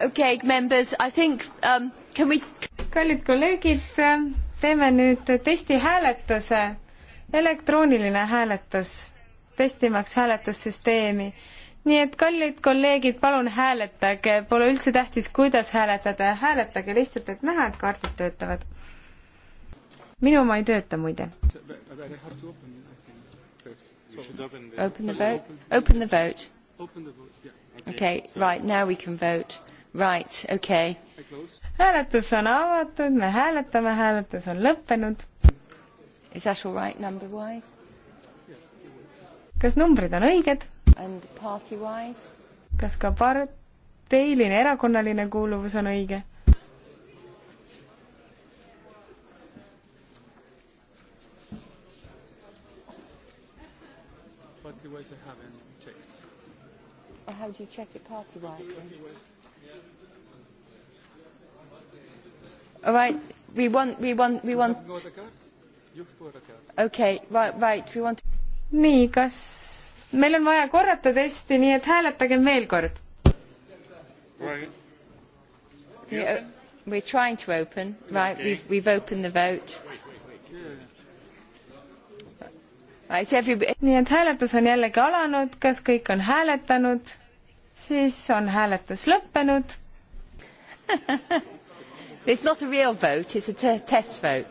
Okay, members, I think um,, can we kallid kolleegid, ähm, teeme nüüd testihääletuse, elektrooniline hääletus, testimaks hääletussüsteemi. nii et kallid kolleegid, palun hääletage, pole üldse tähtis, kuidas hääletada, hääletage lihtsalt, et näha, et kaardid töötavad. minu oma ei tööta muide. Open the vote. Open the vote. okei okay,, right, now we can vote Right, okay. hääletus on avatud, me hääletame, hääletus on lõppenud. Is that all right number wise? kas numbrid on õiged? And party wise? kas ka parteiline, erakonnaline kuuluvus on õige? Party wise I haven't checked. How do you check it party wise? All right, we want, we want, we want. okei okay,, right, we want. nii, kas meil on vaja korrata testi, nii et hääletagem veel kord. We are uh, trying to open, right, we've, we've opened the vote. Right, every... nii et hääletus on jällegi alanud, kas kõik on hääletanud, siis on hääletus lõppenud It's not a real vote, it's a t- test vote.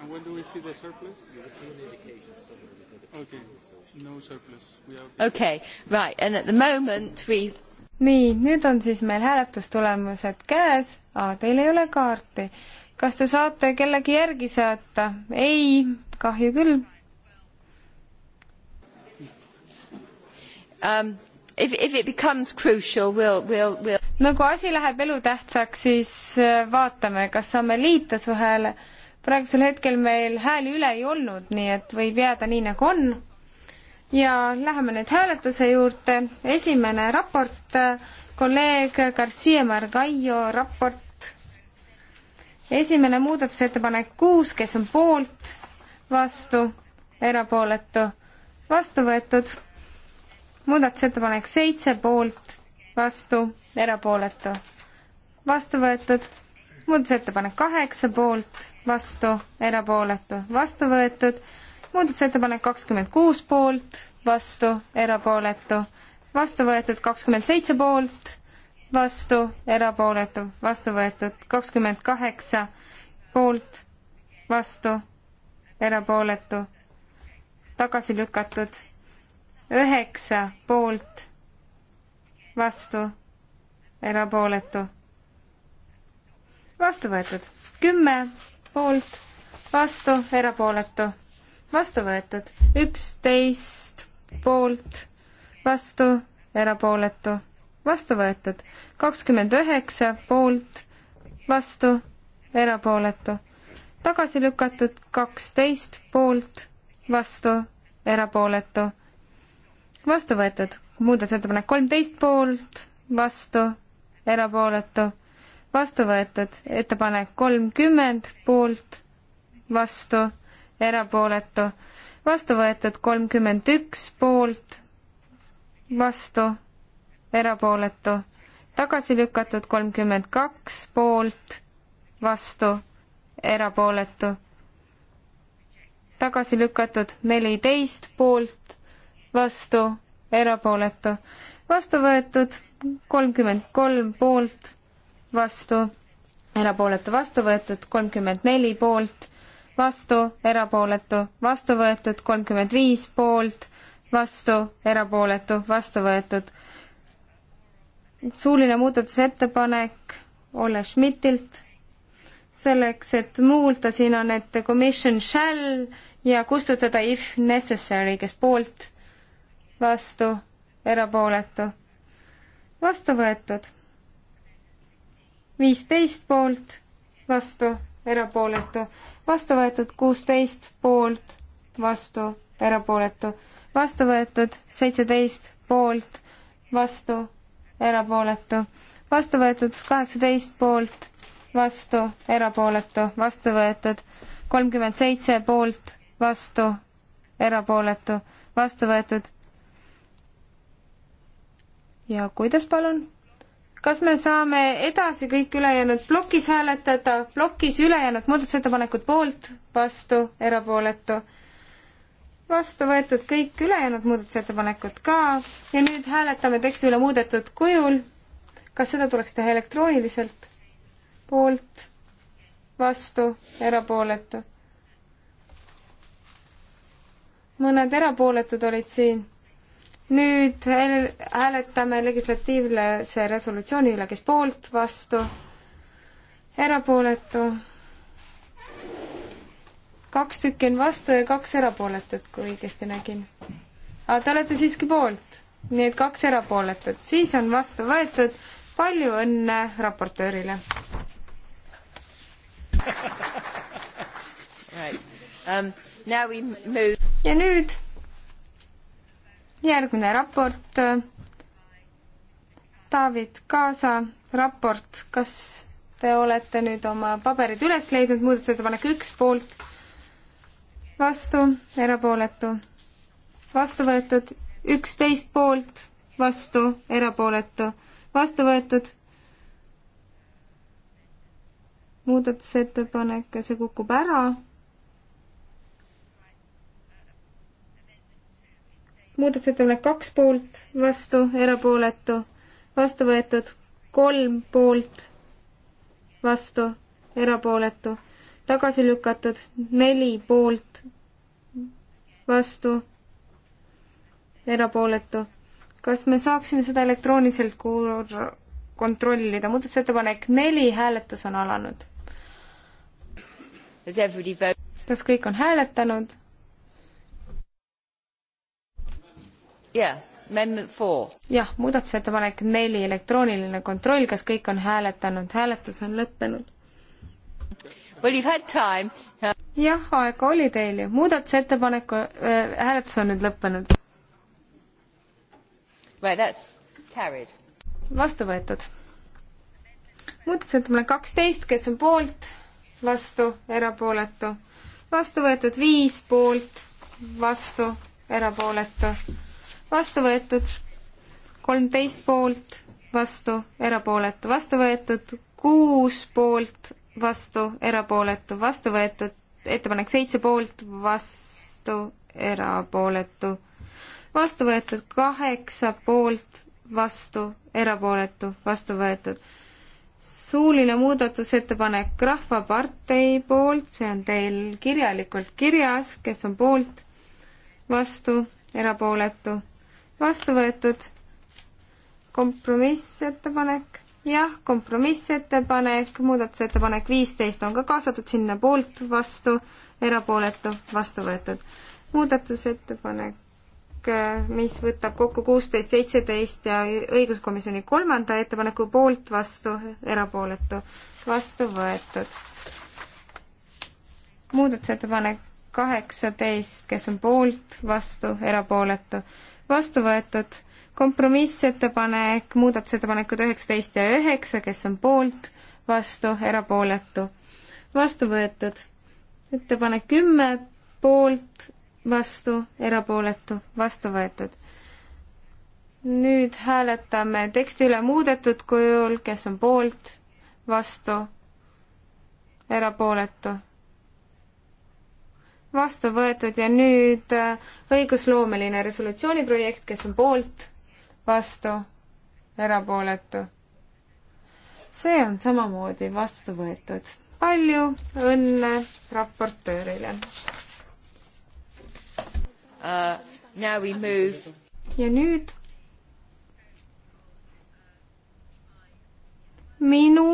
And when do we see the surplus? Okay, no surplus. We are okay. okay, right, and at the moment we nii, nüüd on siis meil hääletustulemused käes. aa, teil ei ole kaarti. kas te saate kellegi järgi saata? ei, kahju küll um,. If, if it becomes crucial, we'll, we'll, we'll... no nagu kui asi läheb elutähtsaks, siis äh, vaatame, kas saame liita su hääle. praegusel hetkel meil hääli üle ei olnud, nii et võib jääda nii, nagu on. ja läheme nüüd hääletuse juurde. esimene raport, äh, kolleeg Garcia Margallo raport. esimene muudatusettepanek kuus, kes on poolt, vastu, erapooletu, vastu võetud muudatusettepanek seitse poolt, vastu, erapooletu, vastu võetud. muudatusettepanek kaheksa poolt, vastu, erapooletu, vastu võetud. muudatusettepanek kakskümmend kuus poolt, vastu, erapooletu, vastu võetud kakskümmend seitse poolt, vastu, erapooletu, vastu võetud kakskümmend kaheksa poolt, vastu, erapooletu, tagasi lükatud üheksa poolt, vastu, erapooletu. vastu võetud. kümme poolt, vastu, erapooletu. vastu võetud. üksteist poolt, vastu, erapooletu. vastu võetud. kakskümmend üheksa poolt, vastu, erapooletu. tagasi lükatud kaksteist poolt, vastu, erapooletu vastu võetud. muudatusettepanek kolmteist poolt, vastu, erapooletu, vastu võetud. ettepanek kolmkümmend poolt, vastu, erapooletu, vastu võetud kolmkümmend üks poolt, vastu, erapooletu, tagasi lükatud kolmkümmend kaks poolt, vastu, erapooletu tagasi lükatud neliteist poolt, vastu, erapooletu, vastu võetud, kolmkümmend kolm poolt, vastu, erapooletu, vastu võetud, kolmkümmend neli poolt, vastu, erapooletu, vastu võetud, kolmkümmend viis poolt, vastu, erapooletu, vastu võetud. suuline muudatusettepanek Olle Schmidtilt selleks, et muulda, siin on, et commission shall ja kustutada if necessary, kes poolt, vastu, erapooletu, vastu võetud. viisteist poolt, vastu, erapooletu, vastu võetud kuusteist poolt, vastu, erapooletu, vastu võetud seitseteist poolt, vastu, erapooletu, vastu võetud kaheksateist poolt, vastu, erapooletu, vastu võetud kolmkümmend seitse poolt, vastu, erapooletu, vastu võetud ja kuidas, palun? kas me saame edasi kõik ülejäänud plokis hääletada, plokis ülejäänud muudatusettepanekud poolt, vastu, erapooletu? vastu võetud kõik ülejäänud muudatusettepanekud ka ja nüüd hääletame teksti üle muudetud kujul. kas seda tuleks teha elektrooniliselt? poolt, vastu, erapooletu. mõned erapooletud olid siin nüüd hääletame legislatiivse resolutsiooni üle, kes poolt, vastu, erapooletu. kaks tükki on vastu ja kaks erapooletut, kui õigesti nägin. aga te olete siiski poolt, nii et kaks erapooletut, siis on vastu võetud. palju õnne raportöörile. Right. Um, now we move. ja nüüd järgmine raport, David Kaasa raport, kas te olete nüüd oma paberid üles leidnud, muudatusettepanek üks poolt, vastu, erapooletu, vastu võetud, üksteist poolt, vastu, erapooletu, vastu võetud, muudatusettepanek ja see kukub ära muudatusettepanek kaks poolt, vastu, erapooletu, vastu võetud, kolm poolt, vastu, erapooletu, tagasi lükatud, neli poolt, vastu, erapooletu. kas me saaksime seda elektrooniliselt kontrollida, muudatusettepanek neli, hääletus on alanud. kas kõik on hääletanud? jah, muudatusettepanek neli, elektrooniline kontroll, kas kõik on hääletanud, hääletus on lõppenud. jah, aega oli teil ju, muudatusettepaneku äh, hääletus on nüüd lõppenud. vastu võetud. muudatusettepanek kaksteist, kes on poolt, vastu, erapooletu, vastu võetud viis poolt, vastu, erapooletu vastu võetud, kolmteist poolt, vastu, erapooletu, vastu võetud, kuus poolt, vastu, erapooletu, vastu võetud, ettepanek seitse poolt, vastu, erapooletu, vastu võetud, kaheksa poolt, vastu, erapooletu, vastu võetud. suuline muudatusettepanek Rahvapartei poolt, see on teil kirjalikult kirjas, kes on poolt, vastu, erapooletu vastu võetud. kompromissettepanek, jah, kompromissettepanek, muudatusettepanek viisteist on ka kaasatud sinna poolt, vastu, erapooletu, vastu võetud. muudatusettepanek, mis võtab kokku kuusteist, seitseteist ja õiguskomisjoni kolmanda ettepaneku poolt, vastu, erapooletu, vastu võetud. muudatusettepanek kaheksateist, kes on poolt, vastu, erapooletu vastu võetud. kompromissettepanek, muudatusettepanekud üheksateist ja üheksa, kes on poolt, vastu, erapooletu, vastu võetud. ettepanek kümme, poolt, vastu, erapooletu, vastu võetud. nüüd hääletame teksti üle muudetud kujul, kes on poolt, vastu, erapooletu vastu võetud ja nüüd äh, õigusloomeline resolutsiooniprojekt, kes on poolt, vastu, erapooletu. see on samamoodi vastu võetud. palju õnne raportöörile uh,! Now we move. ja nüüd minu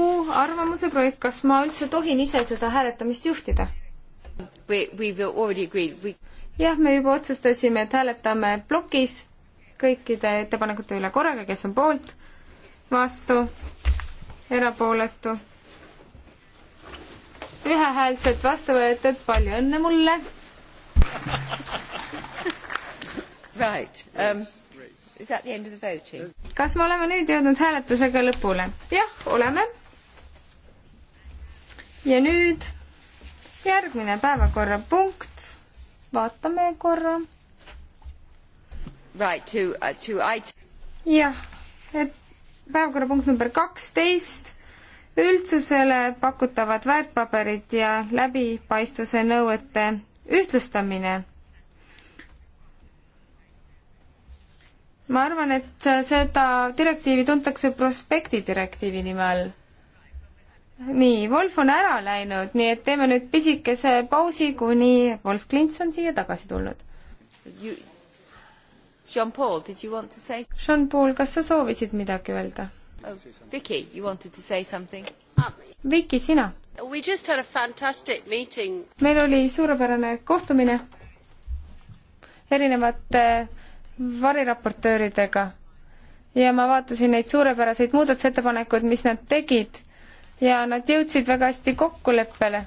arvamuse projekt, kas ma üldse tohin ise seda hääletamist juhtida? jah, me juba otsustasime, et hääletame plokis kõikide ettepanekute üle korraga, kes on poolt, vastu, erapooletu. ühehäälselt vastu võetud, palju õnne mulle Right um,. Is that the end of the voting? kas me oleme nüüd jõudnud hääletusega lõpule? jah, oleme. ja nüüd järgmine päevakorrapunkt, vaatame korra. Right, to uh,, to IT. jah, et päevakorrapunkt number kaksteist, üldsusele pakutavad väärtpaberid ja läbipaistvuse nõuete ühtlustamine. ma arvan, et seda direktiivi tuntakse prospekti direktiivi nime all nii, Wolf on ära läinud, nii et teeme nüüd pisikese pausi, kuni Wolf Klints on siia tagasi tulnud. Jean-Paul, did you want to say? Jean-Paul, kas sa soovisid midagi öelda oh,? Vicky, you wanted to say something? Um, Vicky, sina? We just had a fantastic meeting. meil oli suurepärane kohtumine erinevate eh, variraportööridega ja ma vaatasin neid suurepäraseid muudatusettepanekuid, mis nad tegid ja nad jõudsid väga hästi kokkuleppele.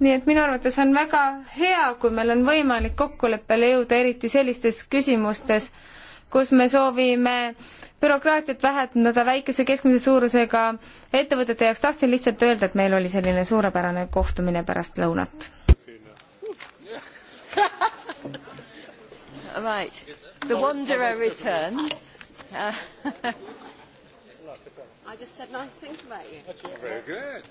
nii et minu arvates on väga hea, kui meil on võimalik kokkuleppele jõuda, eriti sellistes küsimustes, kus me soovime bürokraatiat vähendada väikese keskmise suurusega ettevõtete jaoks. tahtsin lihtsalt öelda, et meil oli selline suurepärane kohtumine pärast lõunat. Right, the wanderer returns I just said nice things about you. Very good.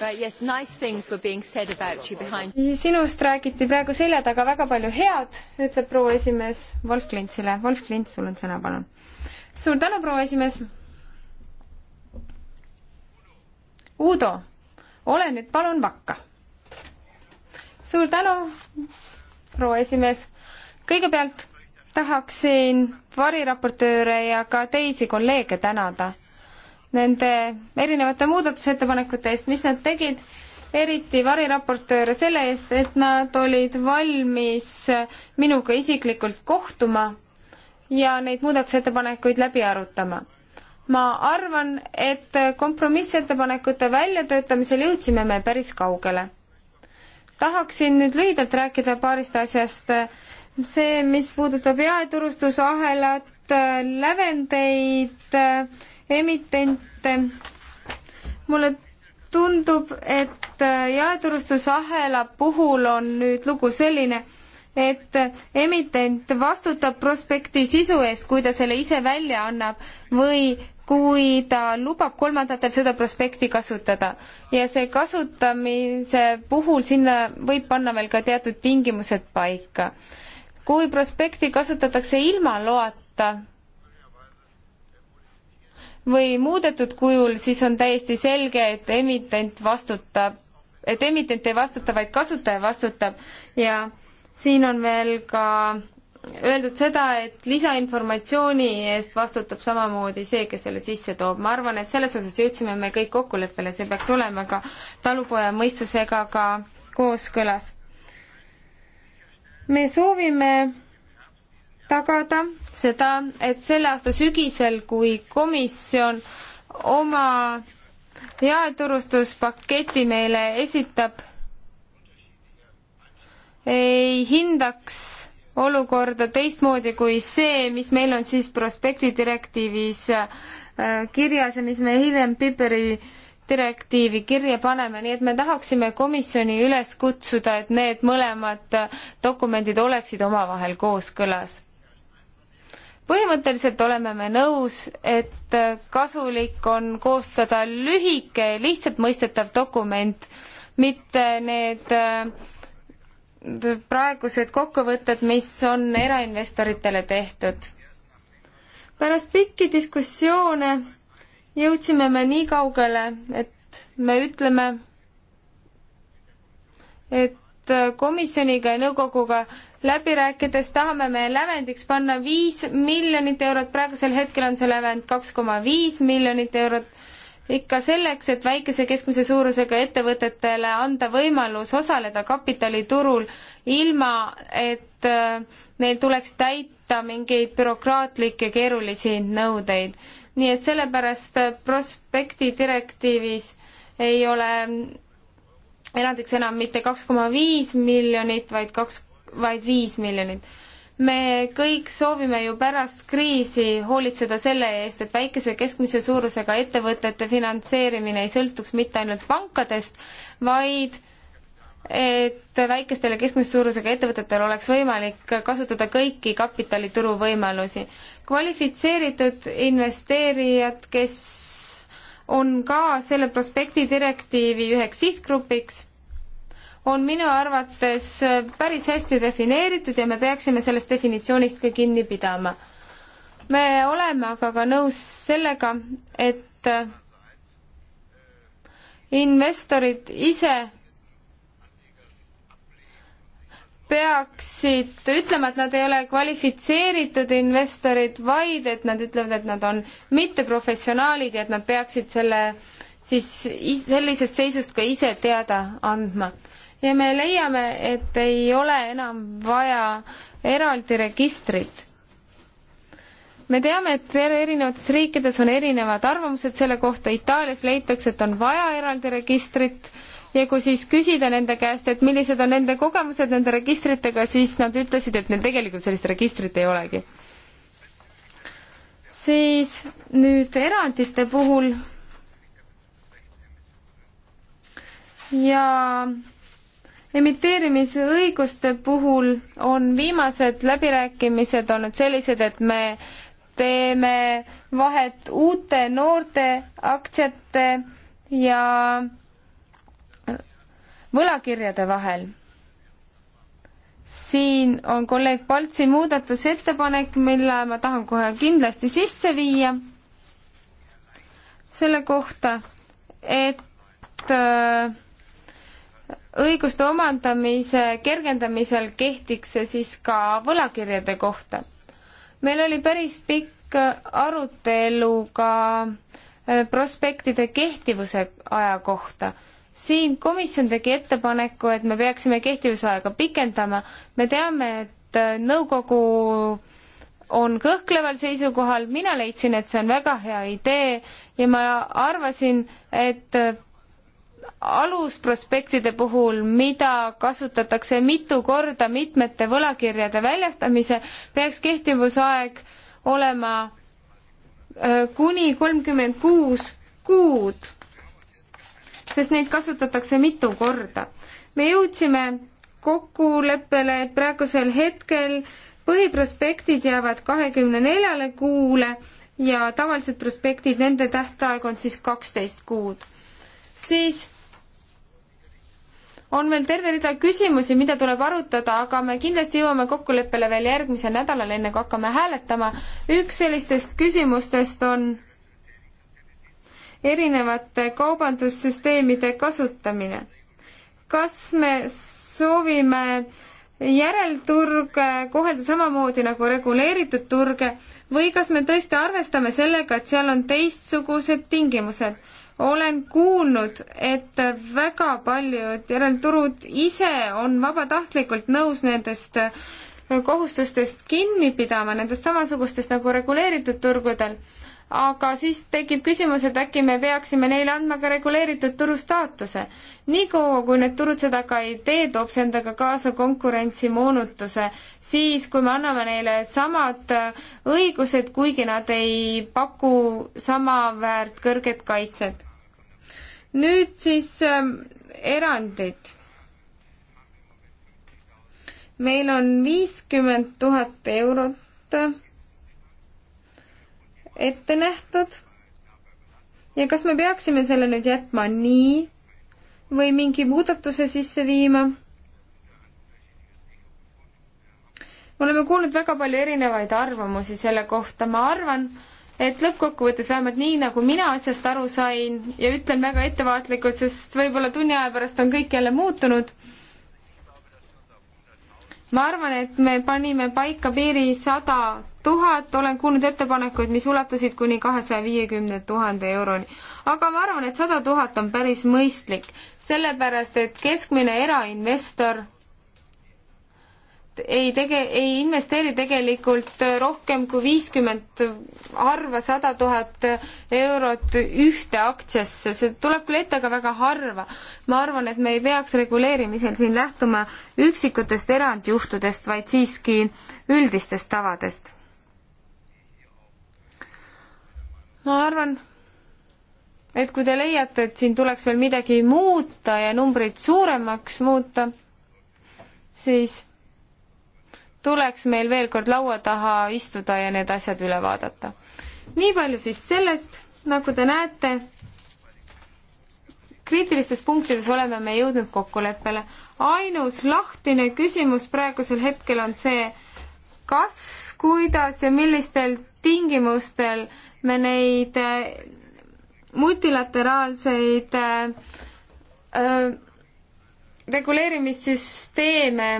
Right, yes, nice things were being said about you behind. sinust räägiti praegu selja taga väga palju head, ütleb proua esimees Wolf Klintsile. Wolf Klints, sul on sõna, palun. suur tänu, proua esimees. Uudo, ole nüüd palun vakka. suur tänu, proua esimees. kõigepealt tahaksin variraportööre ja ka teisi kolleege tänada nende erinevate muudatusettepanekute eest, mis nad tegid, eriti variraportööre selle eest, et nad olid valmis minuga isiklikult kohtuma ja neid muudatusettepanekuid läbi arutama. ma arvan, et kompromissettepanekute väljatöötamisel jõudsime me päris kaugele. tahaksin nüüd lühidalt rääkida paarist asjast, see, mis puudutab jaeturustusahelat, lävendeid, emitente, mulle tundub, et jaeturustusahela puhul on nüüd lugu selline, et emitent vastutab prospekti sisu eest, kui ta selle ise välja annab või kui ta lubab kolmandatel seda prospekti kasutada. ja see kasutamise puhul sinna võib panna veel ka teatud tingimused paika kui prospekti kasutatakse ilma loata või muudetud kujul, siis on täiesti selge, et emitent vastutab, et emitent ei vastuta, vaid kasutaja vastutab ja siin on veel ka öeldud seda, et lisainformatsiooni eest vastutab samamoodi see, kes selle sisse toob. ma arvan, et selles osas jõudsime me kõik kokkuleppele, see peaks olema ka talupoja mõistusega ka kooskõlas me soovime tagada seda, et selle aasta sügisel, kui komisjon oma jaeturustuspaketi meile esitab, ei hindaks olukorda teistmoodi kui see, mis meil on siis prospekti direktiivis äh, kirjas ja mis me hiljem Piperi äh, direktiivi kirja paneme, nii et me tahaksime komisjoni üles kutsuda, et need mõlemad dokumendid oleksid omavahel kooskõlas. põhimõtteliselt oleme me nõus, et kasulik on koostada lühike, lihtsalt mõistetav dokument, mitte need äh, praegused kokkuvõtted, mis on erainvestoritele tehtud. pärast pikki diskussioone jõudsime me nii kaugele, et me ütleme, et komisjoniga ja nõukoguga läbi rääkides tahame me lävendiks panna viis miljonit eurot, praegusel hetkel on see lävend kaks koma viis miljonit eurot, ikka selleks, et väikese keskmise suurusega ettevõtetele anda võimalus osaleda kapitaliturul, ilma et äh, neil tuleks täita mingeid bürokraatlikke keerulisi nõudeid nii et sellepärast äh, prospekti direktiivis ei ole erandiks enam mitte kaks koma viis miljonit, vaid kaks, vaid viis miljonit. me kõik soovime ju pärast kriisi hoolitseda selle eest, et väikese ja keskmise suurusega ettevõtete finantseerimine ei sõltuks mitte ainult pankadest, vaid et väikestel ja keskmise suurusega ettevõtetel oleks võimalik kasutada kõiki kapitalituru võimalusi. kvalifitseeritud investeerijad, kes on ka selle prospekti direktiivi üheks sihtgrupiks, on minu arvates päris hästi defineeritud ja me peaksime sellest definitsioonist ka kinni pidama. me oleme aga ka nõus sellega, et investorid ise peaksid ütlema, et nad ei ole kvalifitseeritud investorid, vaid et nad ütlevad, et nad on mitteprofessionaalid ja et nad peaksid selle siis sellisest seisust ka ise teada andma. ja me leiame, et ei ole enam vaja eraldi registrit. me teame, et erinevates riikides on erinevad arvamused selle kohta, Itaalias leitakse, et on vaja eraldi registrit ja kui siis küsida nende käest, et millised on nende kogemused nende registritega, siis nad ütlesid, et neil tegelikult sellist registrit ei olegi. siis nüüd erandite puhul ja emiteerimisõiguste puhul on viimased läbirääkimised olnud sellised, et me teeme vahet uute noorte aktsiate ja võlakirjade vahel. siin on kolleeg Paltsi muudatusettepanek, mille ma tahan kohe kindlasti sisse viia selle kohta, et äh, õiguste omandamise kergendamisel kehtiks see siis ka võlakirjade kohta. meil oli päris pikk arutelu ka äh, prospektide kehtivuse aja kohta siin komisjon tegi ettepaneku, et me peaksime kehtivusaega pikendama. me teame, et äh, nõukogu on kõhkleval seisukohal, mina leidsin, et see on väga hea idee ja ma arvasin, et äh, alusprospektide puhul, mida kasutatakse mitu korda mitmete võlakirjade väljastamise, peaks kehtivusaeg olema äh, kuni kolmkümmend kuus kuud sest neid kasutatakse mitu korda. me jõudsime kokkuleppele, et praegusel hetkel põhiprospektid jäävad kahekümne neljale kuule ja tavalised prospektid, nende tähtaeg on siis kaksteist kuud. siis on veel terve rida küsimusi, mida tuleb arutada, aga me kindlasti jõuame kokkuleppele veel järgmisel nädalal, enne kui hakkame hääletama. üks sellistest küsimustest on erinevate kaubandussüsteemide kasutamine. kas me soovime järelturge kohelda samamoodi nagu reguleeritud turge või kas me tõesti arvestame sellega, et seal on teistsugused tingimused? olen kuulnud, et väga paljud järelturud ise on vabatahtlikult nõus nendest kohustustest kinni pidama, nendest samasugustest nagu reguleeritud turgudel aga siis tekib küsimus, et äkki me peaksime neile andma ka reguleeritud turu staatuse. niikaua, kui need turud seda ka ei tee, toob see endaga kaasa konkurentsimoonutuse, siis kui me anname neile samad äh, õigused, kuigi nad ei paku samaväärt kõrget kaitset. nüüd siis ähm, erandid. meil on viiskümmend tuhat eurot ette nähtud ja kas me peaksime selle nüüd jätma nii või mingi muudatuse sisse viima? me oleme kuulnud väga palju erinevaid arvamusi selle kohta, ma arvan, et lõppkokkuvõttes vähemalt nii, nagu mina asjast aru sain ja ütlen väga ettevaatlikult, sest võib-olla tunni aja pärast on kõik jälle muutunud ma arvan, et me panime paika piiri sada tuhat, olen kuulnud ettepanekuid, mis ulatusid kuni kahesaja viiekümne tuhande euroni. aga ma arvan, et sada tuhat on päris mõistlik, sellepärast et keskmine erainvestor ei tege-, ei investeeri tegelikult rohkem kui viiskümmend, harva sada tuhat eurot ühte aktsiasse, see tuleb küll ette, aga väga harva. ma arvan, et me ei peaks reguleerimisel siin lähtuma üksikutest erandjuhtudest, vaid siiski üldistest tavadest. ma arvan, et kui te leiate, et siin tuleks veel midagi muuta ja numbreid suuremaks muuta, siis tuleks meil veel kord laua taha istuda ja need asjad üle vaadata. nii palju siis sellest, nagu te näete, kriitilistes punktides oleme me jõudnud kokkuleppele. ainus lahtine küsimus praegusel hetkel on see, kas, kuidas ja millistel tingimustel me neid äh, multilateraalseid äh, äh reguleerimissüsteeme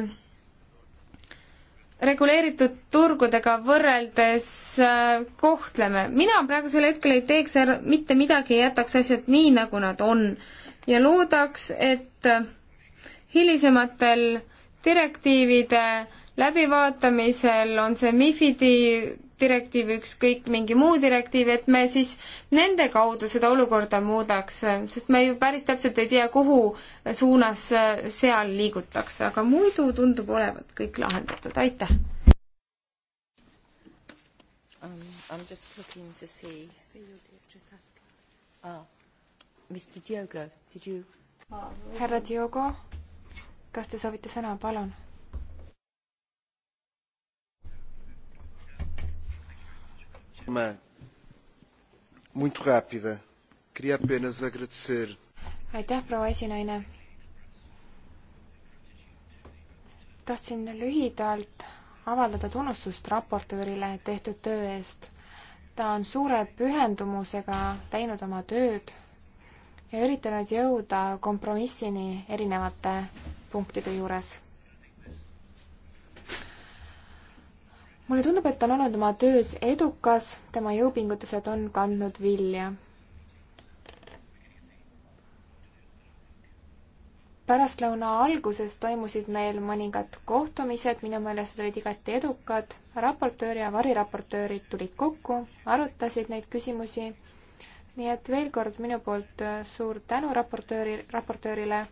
reguleeritud turgudega võrreldes äh, kohtleme. mina praegusel hetkel ei teeks mitte midagi, jätaks asjad nii, nagu nad on ja loodaks, et äh, hilisematel direktiivide läbivaatamisel on see MIFIDi direktiiv, ükskõik mingi muu direktiiv, et me siis nende kaudu seda olukorda muudaks, sest me ju päris täpselt ei tea, kuhu suunas seal liigutakse, aga muidu tundub olevat kõik lahendatud, aitäh um,. I m just looking to see. Ah, Mr Diogo, did you? härra Diogo, kas te soovite sõna, palun? aitäh, proua esinaine. tahtsin lühidalt avaldada tunnustust raportöörile tehtud töö eest. ta on suure pühendumusega teinud oma tööd ja üritanud jõuda kompromissini erinevate punktide juures mulle tundub, et ta on olnud oma töös edukas, tema jõupingutused on kandnud vilja. pärastlõuna alguses toimusid meil mõningad kohtumised, minu meelest olid igati edukad. raportöör ja variraportöörid tulid kokku, arutasid neid küsimusi. nii et veel kord minu poolt äh, suur tänu raportööri, raportöörile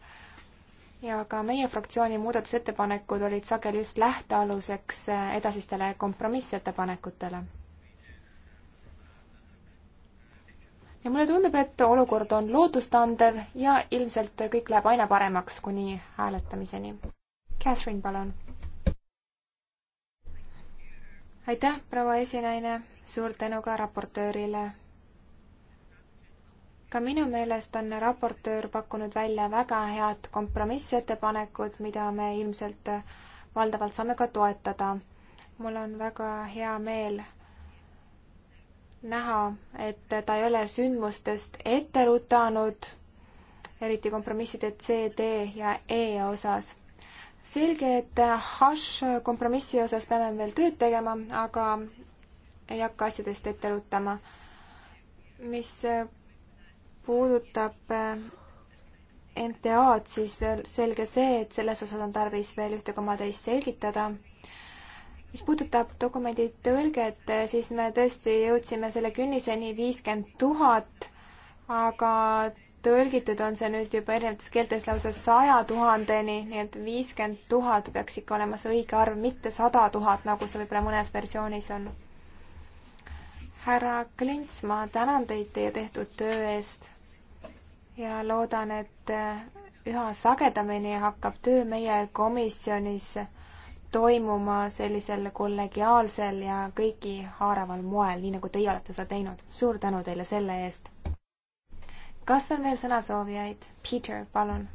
ja ka meie fraktsiooni muudatusettepanekud olid sageli just lähtealuseks eh, edasistele kompromissettepanekutele. ja mulle tundub, et olukord on lootustandev ja ilmselt kõik läheb aina paremaks kuni hääletamiseni. Catherine, palun. aitäh, proua esinaine, suur tänu ka raportöörile ka minu meelest on raportöör pakkunud välja väga head kompromissettepanekud, mida me ilmselt valdavalt saame ka toetada. mul on väga hea meel näha, et ta ei ole sündmustest ette rutanud, eriti kompromisside C, D ja E osas selge, et hash kompromissi osas peame veel tööd tegema, aga ei hakka asjadest ette rutama. mis puudutab MTA-d, äh, siis selge see, et selles osas on tarvis veel ühte koma teist selgitada. mis puudutab dokumendi tõlget, siis me tõesti jõudsime selle künniseni viiskümmend tuhat, aga tõlgitud on see nüüd juba erinevates keeltes lausa saja tuhandeni, nii et viiskümmend tuhat peaks ikka olema see õige arv, mitte sada tuhat, nagu see võib-olla mõnes versioonis on. härra Klints, ma tänan teid teie tehtud töö eest ja loodan, et äh, üha sagedamini hakkab töö meie komisjonis toimuma sellisel kollegiaalsel ja kõiki haaraval moel, nii nagu teie olete seda teinud. suur tänu teile selle eest! kas on veel sõnasoovijaid? Peter, palun!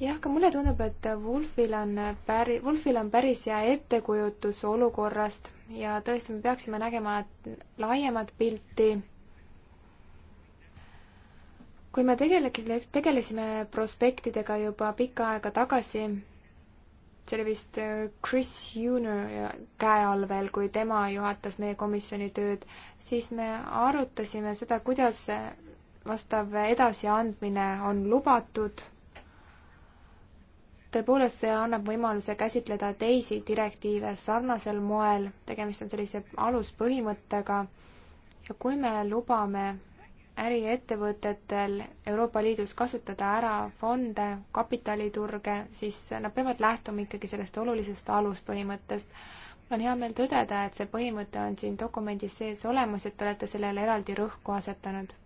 jah, ka mulle tundub, et Wolfil on päri-, Wolfil on päris hea ettekujutus olukorrast ja tõesti, me peaksime nägema laiemat pilti. kui me tegelikult tegelesime prospektidega juba pikka aega tagasi, see oli vist äh, Chris Huner käe all veel, kui tema juhatas meie komisjoni tööd, siis me arutasime seda, kuidas vastav edasiandmine on lubatud tõepoolest, see annab võimaluse käsitleda teisi direktiive sarnasel moel, tegemist on sellise aluspõhimõttega ja kui me lubame äriettevõtetel Euroopa Liidus kasutada ära fonde, kapitaliturge, siis nad peavad lähtuma ikkagi sellest olulisest aluspõhimõttest. mul on hea meel tõdeda, et see põhimõte on siin dokumendis sees olemas, et te olete sellele eraldi rõhku asetanud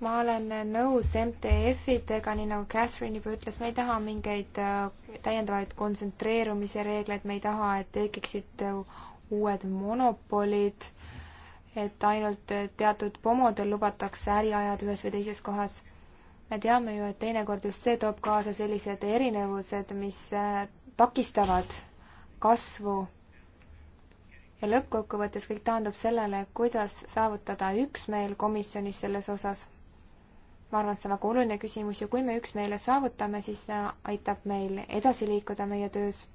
ma olen nõus MTF-idega, nii nagu Catherine juba ütles, me ei taha mingeid äh, täiendavaid kontsentreerumise reegleid, me ei taha, et tekiksid äh, uued monopolid, et ainult äh, teatud pomodel lubatakse äriajad ühes või teises kohas. me teame ju, et teinekord just see toob kaasa sellised erinevused, mis takistavad kasvu ja lõppkokkuvõttes kõik taandub sellele, kuidas saavutada üksmeel komisjonis selles osas ma arvan, et see on väga oluline küsimus ja kui me üksmeele saavutame, siis see aitab meil edasi liikuda meie töös.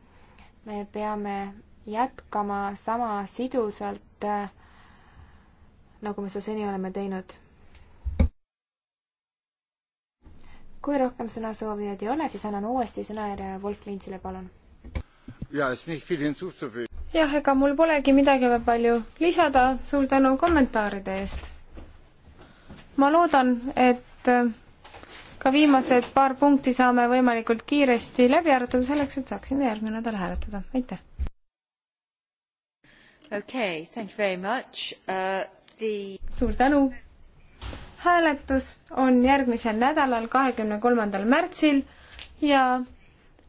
me peame jätkama sama sidusalt, äh, nagu me seda seni oleme teinud. kui rohkem sõnasoovijaid ei ole, siis annan uuesti sõnajärje Wolf Lintsile, palun. jah, ega mul polegi midagi palju lisada, suur tänu kommentaaride eest ma loodan, et et äh, ka viimased paar punkti saame võimalikult kiiresti läbi arutada selleks, et saaksime järgmine nädal hääletada. aitäh! Okay, thank you very much uh,. The... suur tänu! hääletus on järgmisel nädalal, kahekümne kolmandal märtsil ja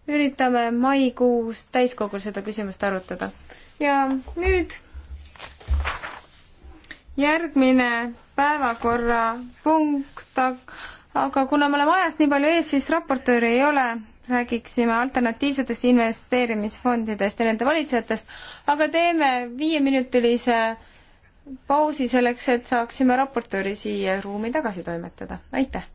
üritame maikuus täiskogul seda küsimust arutada. ja nüüd järgmine päevakorrapunkt, aga kuna me oleme ajast nii palju ees, siis raportööri ei ole, räägiksime alternatiivsetest investeerimisfondidest ja nende valitsejatest, aga teeme viieminutilise pausi selleks, et saaksime raportööri siia ruumi tagasi toimetada, aitäh!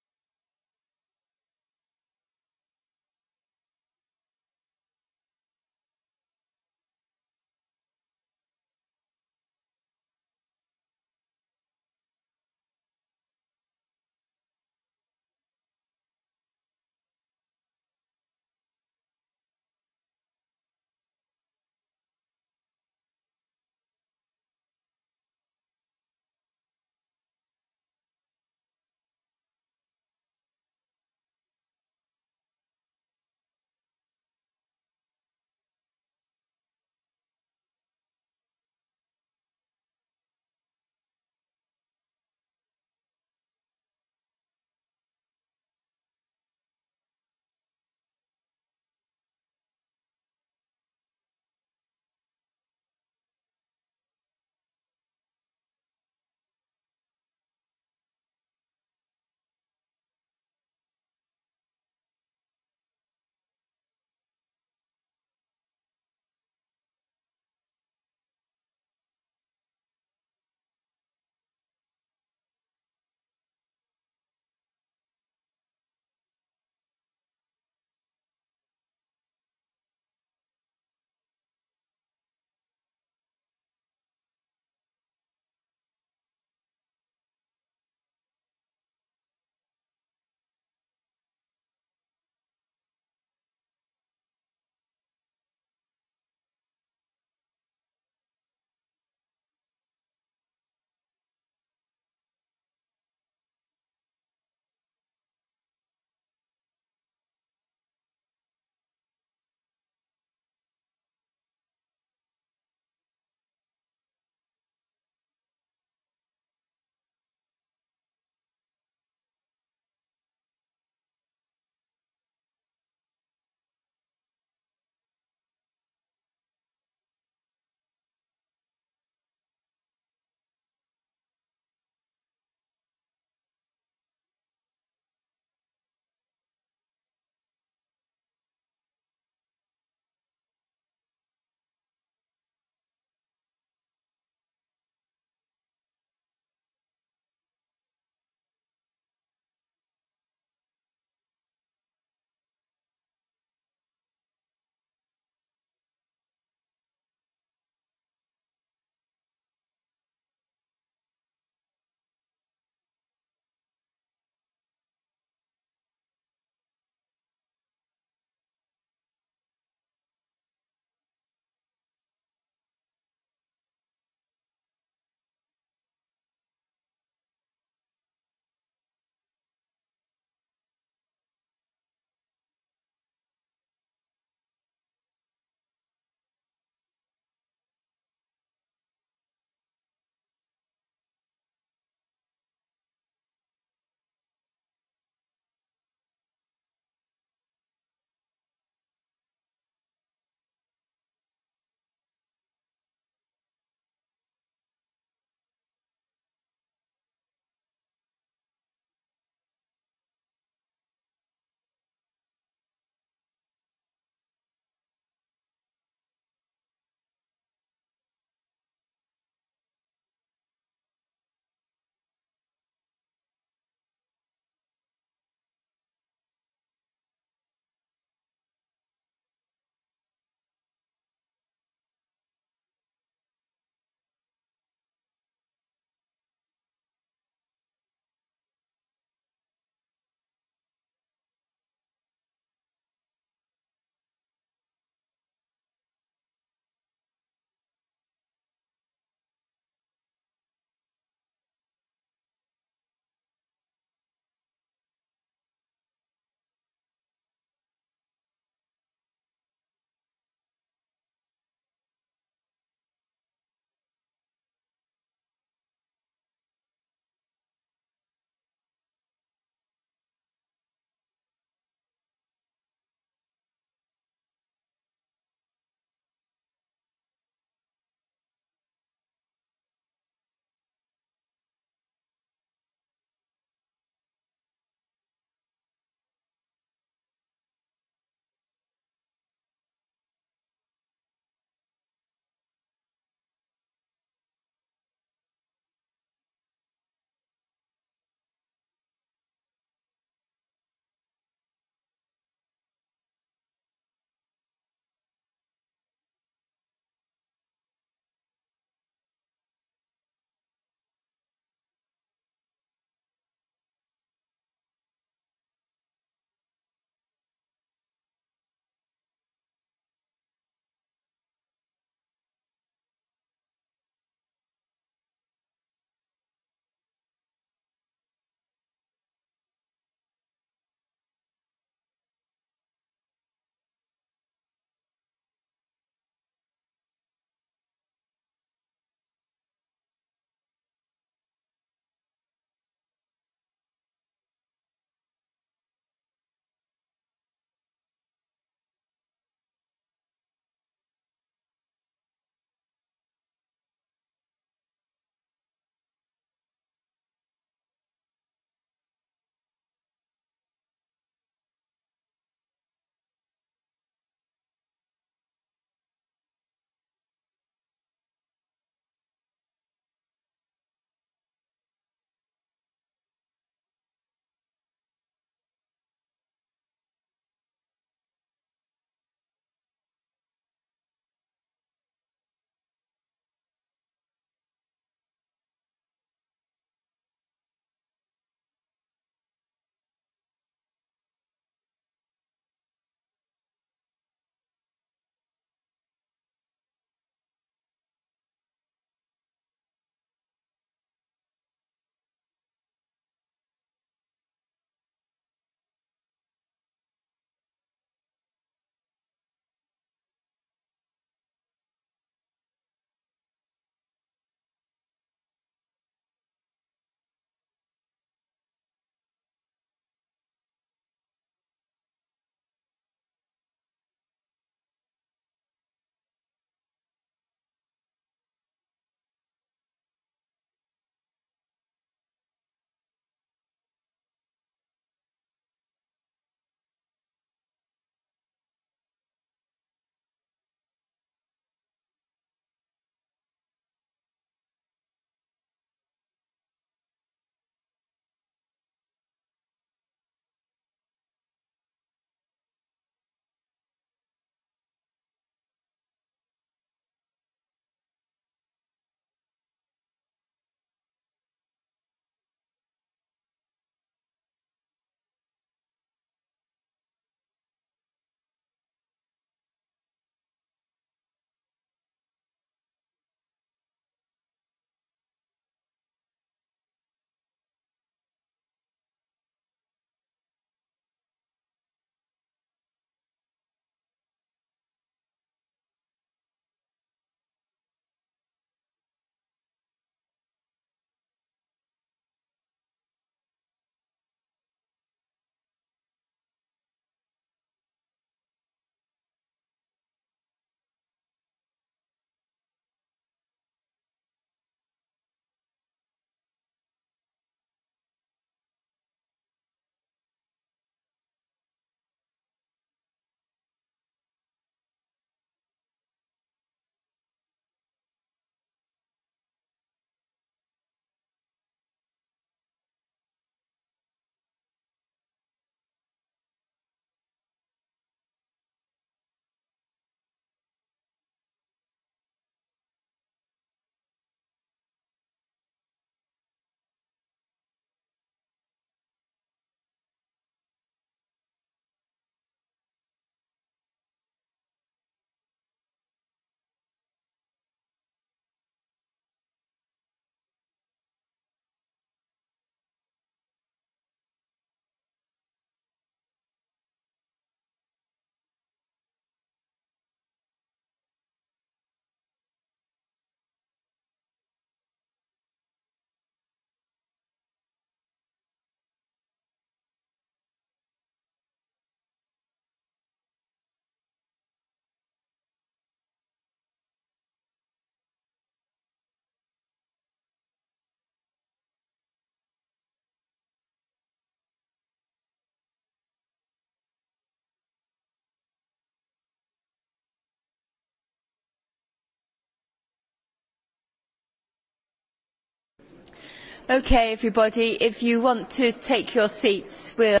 Okay, everybody, if you want to take your seats, we'll...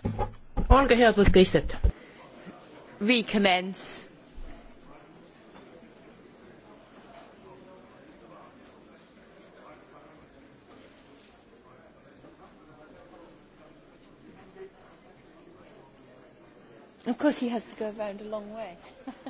olge head, võtke istet. Recommence. Of course, he has to go around a long way.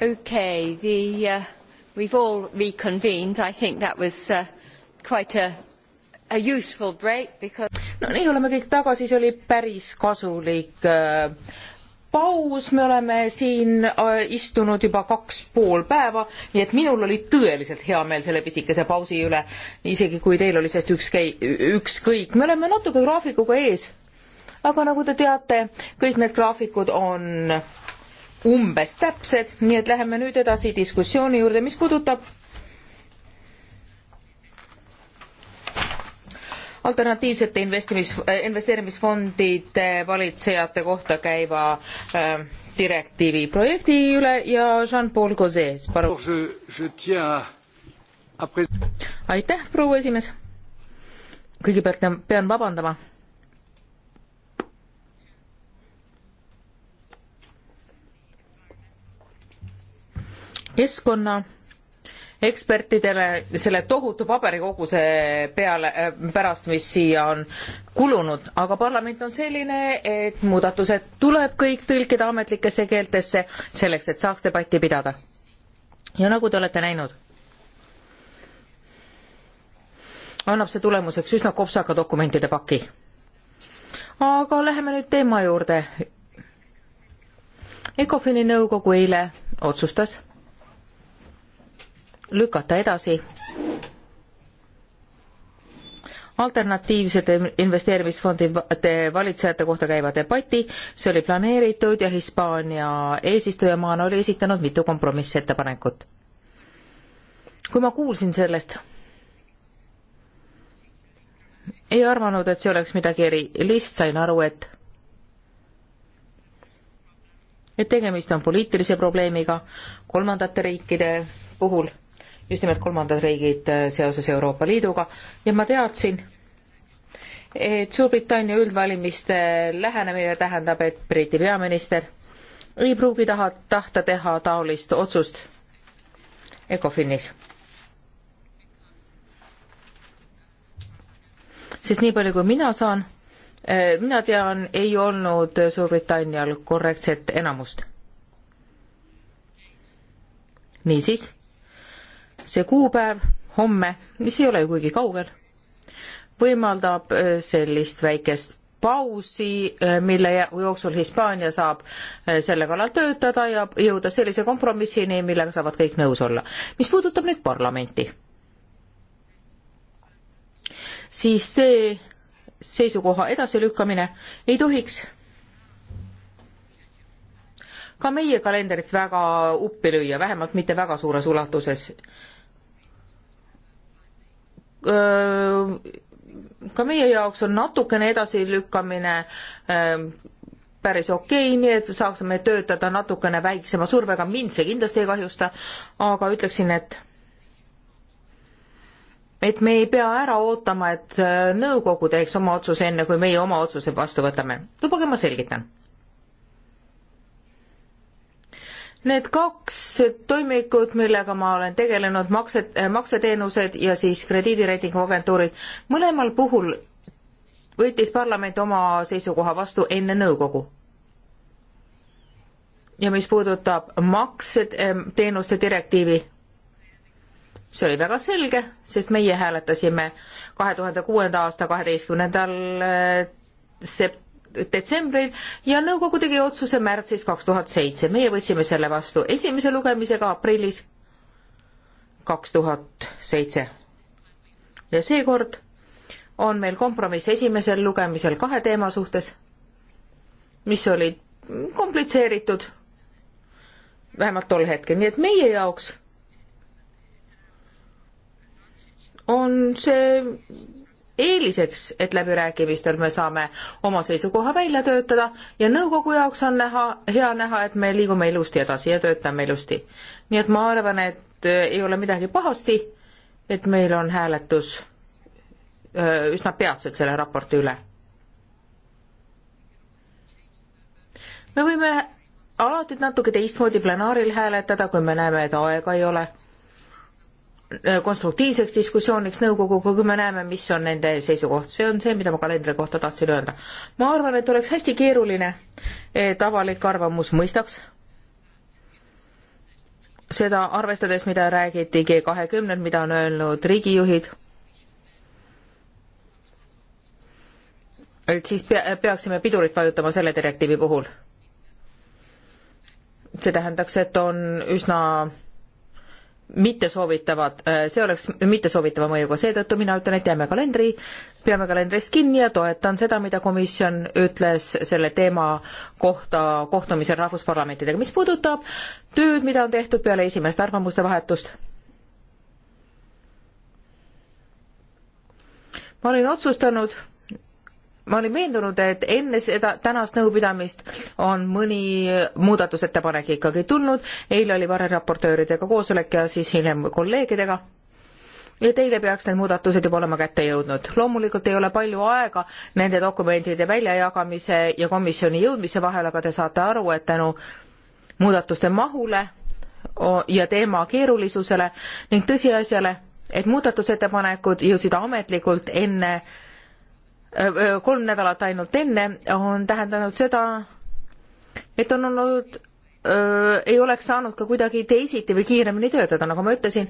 Okay, the, uh, we've all reconvened. I think that was uh, quite a, a useful break because... no nii, oleme kõik tagasi, see oli päris kasulik äh, paus, me oleme siin äh, istunud juba kaks pool päeva, nii et minul oli tõeliselt hea meel selle pisikese pausi üle, isegi kui teil oli sellest ükskõik, ükskõik, me oleme natuke graafikuga ees aga nagu te teate, kõik need graafikud on umbes täpsed, nii et läheme nüüd edasi diskussiooni juurde, mis puudutab alternatiivsete investimis, investeerimisfondide valitsejate kohta käiva äh, direktiivi projekti üle ja Jean-Paul Gauzes, palun. aitäh, proua esimees. kõigepealt pean vabandama keskkonna ekspertidele selle tohutu paberikoguse peale, äh, pärast, mis siia on kulunud, aga parlament on selline, et muudatused tuleb kõik tõlkida ametlikesse keeltesse, selleks et saaks debatti pidada. ja nagu te olete näinud, annab see tulemuseks üsna kopsaka dokumentide paki. aga läheme nüüd teema juurde. ECOFIN-i nõukogu eile otsustas lükata edasi alternatiivsete investeerimisfondide valitsejate kohta käiva debati, see oli planeeritud ja Hispaania eesistujamaana oli esitanud mitu kompromissettepanekut. kui ma kuulsin sellest, ei arvanud, et see oleks midagi erilist, sain aru, et et tegemist on poliitilise probleemiga kolmandate riikide puhul just nimelt kolmandad riigid äh, seoses Euroopa Liiduga ja ma teadsin, et Suurbritannia üldvalimiste lähenemine tähendab, et Briti peaminister ei pruugi taha, tahta teha taolist otsust ECOFINis. sest nii palju, kui mina saan, äh, mina tean, ei olnud Suurbritannial korrektset enamust. niisiis see kuupäev homme, mis ei ole ju kuigi kaugel, võimaldab äh, sellist väikest pausi, äh, mille jooksul Hispaania saab äh, selle kallal töötada ja jõuda sellise kompromissini, millega saavad kõik nõus olla. mis puudutab nüüd parlamenti, siis see seisukoha edasilükkamine ei tohiks ka meie kalendrit väga uppi lüüa, vähemalt mitte väga suures ulatuses ka meie jaoks on natukene edasilükkamine päris okei okay,, nii et saaksime töötada natukene väiksema survega, mind see kindlasti ei kahjusta, aga ütleksin, et et me ei pea ära ootama, et nõukogu teeks oma otsuse, enne kui meie oma otsuse vastu võtame. lubage, ma selgitan. Need kaks toimikut, millega ma olen tegelenud, maksed, eh, makseteenused ja siis krediidireitingu agentuurid, mõlemal puhul võttis parlament oma seisukoha vastu enne nõukogu. ja mis puudutab makseteenuste eh, direktiivi, see oli väga selge, sest meie hääletasime kahe tuhande kuuenda aasta kaheteistkümnendal eh, sept-, detsembril ja nõukogu tegi otsuse märtsis kaks tuhat seitse. meie võtsime selle vastu esimese lugemisega aprillis kaks tuhat seitse. ja seekord on meil kompromiss esimesel lugemisel kahe teema suhtes, mis olid komplitseeritud, vähemalt tol hetkel, nii et meie jaoks on see eeliseks, et läbirääkimistel me saame oma seisukoha välja töötada ja nõukogu jaoks on näha, hea näha, et me liigume ilusti edasi ja töötame ilusti. nii et ma arvan, et äh, ei ole midagi pahasti, et meil on hääletus äh, üsna peatselt selle raporti üle. me võime alati natuke teistmoodi plenaaril hääletada, kui me näeme, et aega ei ole Äh, konstruktiivseks diskussiooniks nõukoguga, kui me näeme, mis on nende seisukoht, see on see, mida ma kalendri kohta tahtsin öelda. ma arvan, et oleks hästi keeruline, et avalik arvamus mõistaks seda, arvestades, mida räägiti G kahekümnel, mida on öelnud riigijuhid, et siis pea, peaksime pidurit vajutama selle direktiivi puhul. see tähendaks, et on üsna mittesoovitavad, äh, see oleks mittesoovitava mõjuga, seetõttu mina ütlen, et jääme kalendri, peame kalendrist kinni ja toetan seda, mida komisjon ütles selle teema kohta kohtumisel rahvusparlamentidega. mis puudutab tööd, mida on tehtud peale esimest arvamuste vahetust, ma olin otsustanud ma olin veendunud, et enne seda tänast nõupidamist on mõni muudatusettepanek ikkagi tulnud, eile oli vareraportööridega koosolek ja siis hiljem kolleegidega. ja teile peaks need muudatused juba olema kätte jõudnud. loomulikult ei ole palju aega nende dokumentide väljajagamise ja komisjoni jõudmise vahel, aga te saate aru, et tänu muudatuste mahule ja teema keerulisusele ning tõsiasjale, et muudatusettepanekud jõudsid ametlikult enne Äh, äh, kolm nädalat ainult enne, on tähendanud seda, et on olnud, äh, ei oleks saanud ka kuidagi teisiti või kiiremini töötada, nagu ma ütlesin,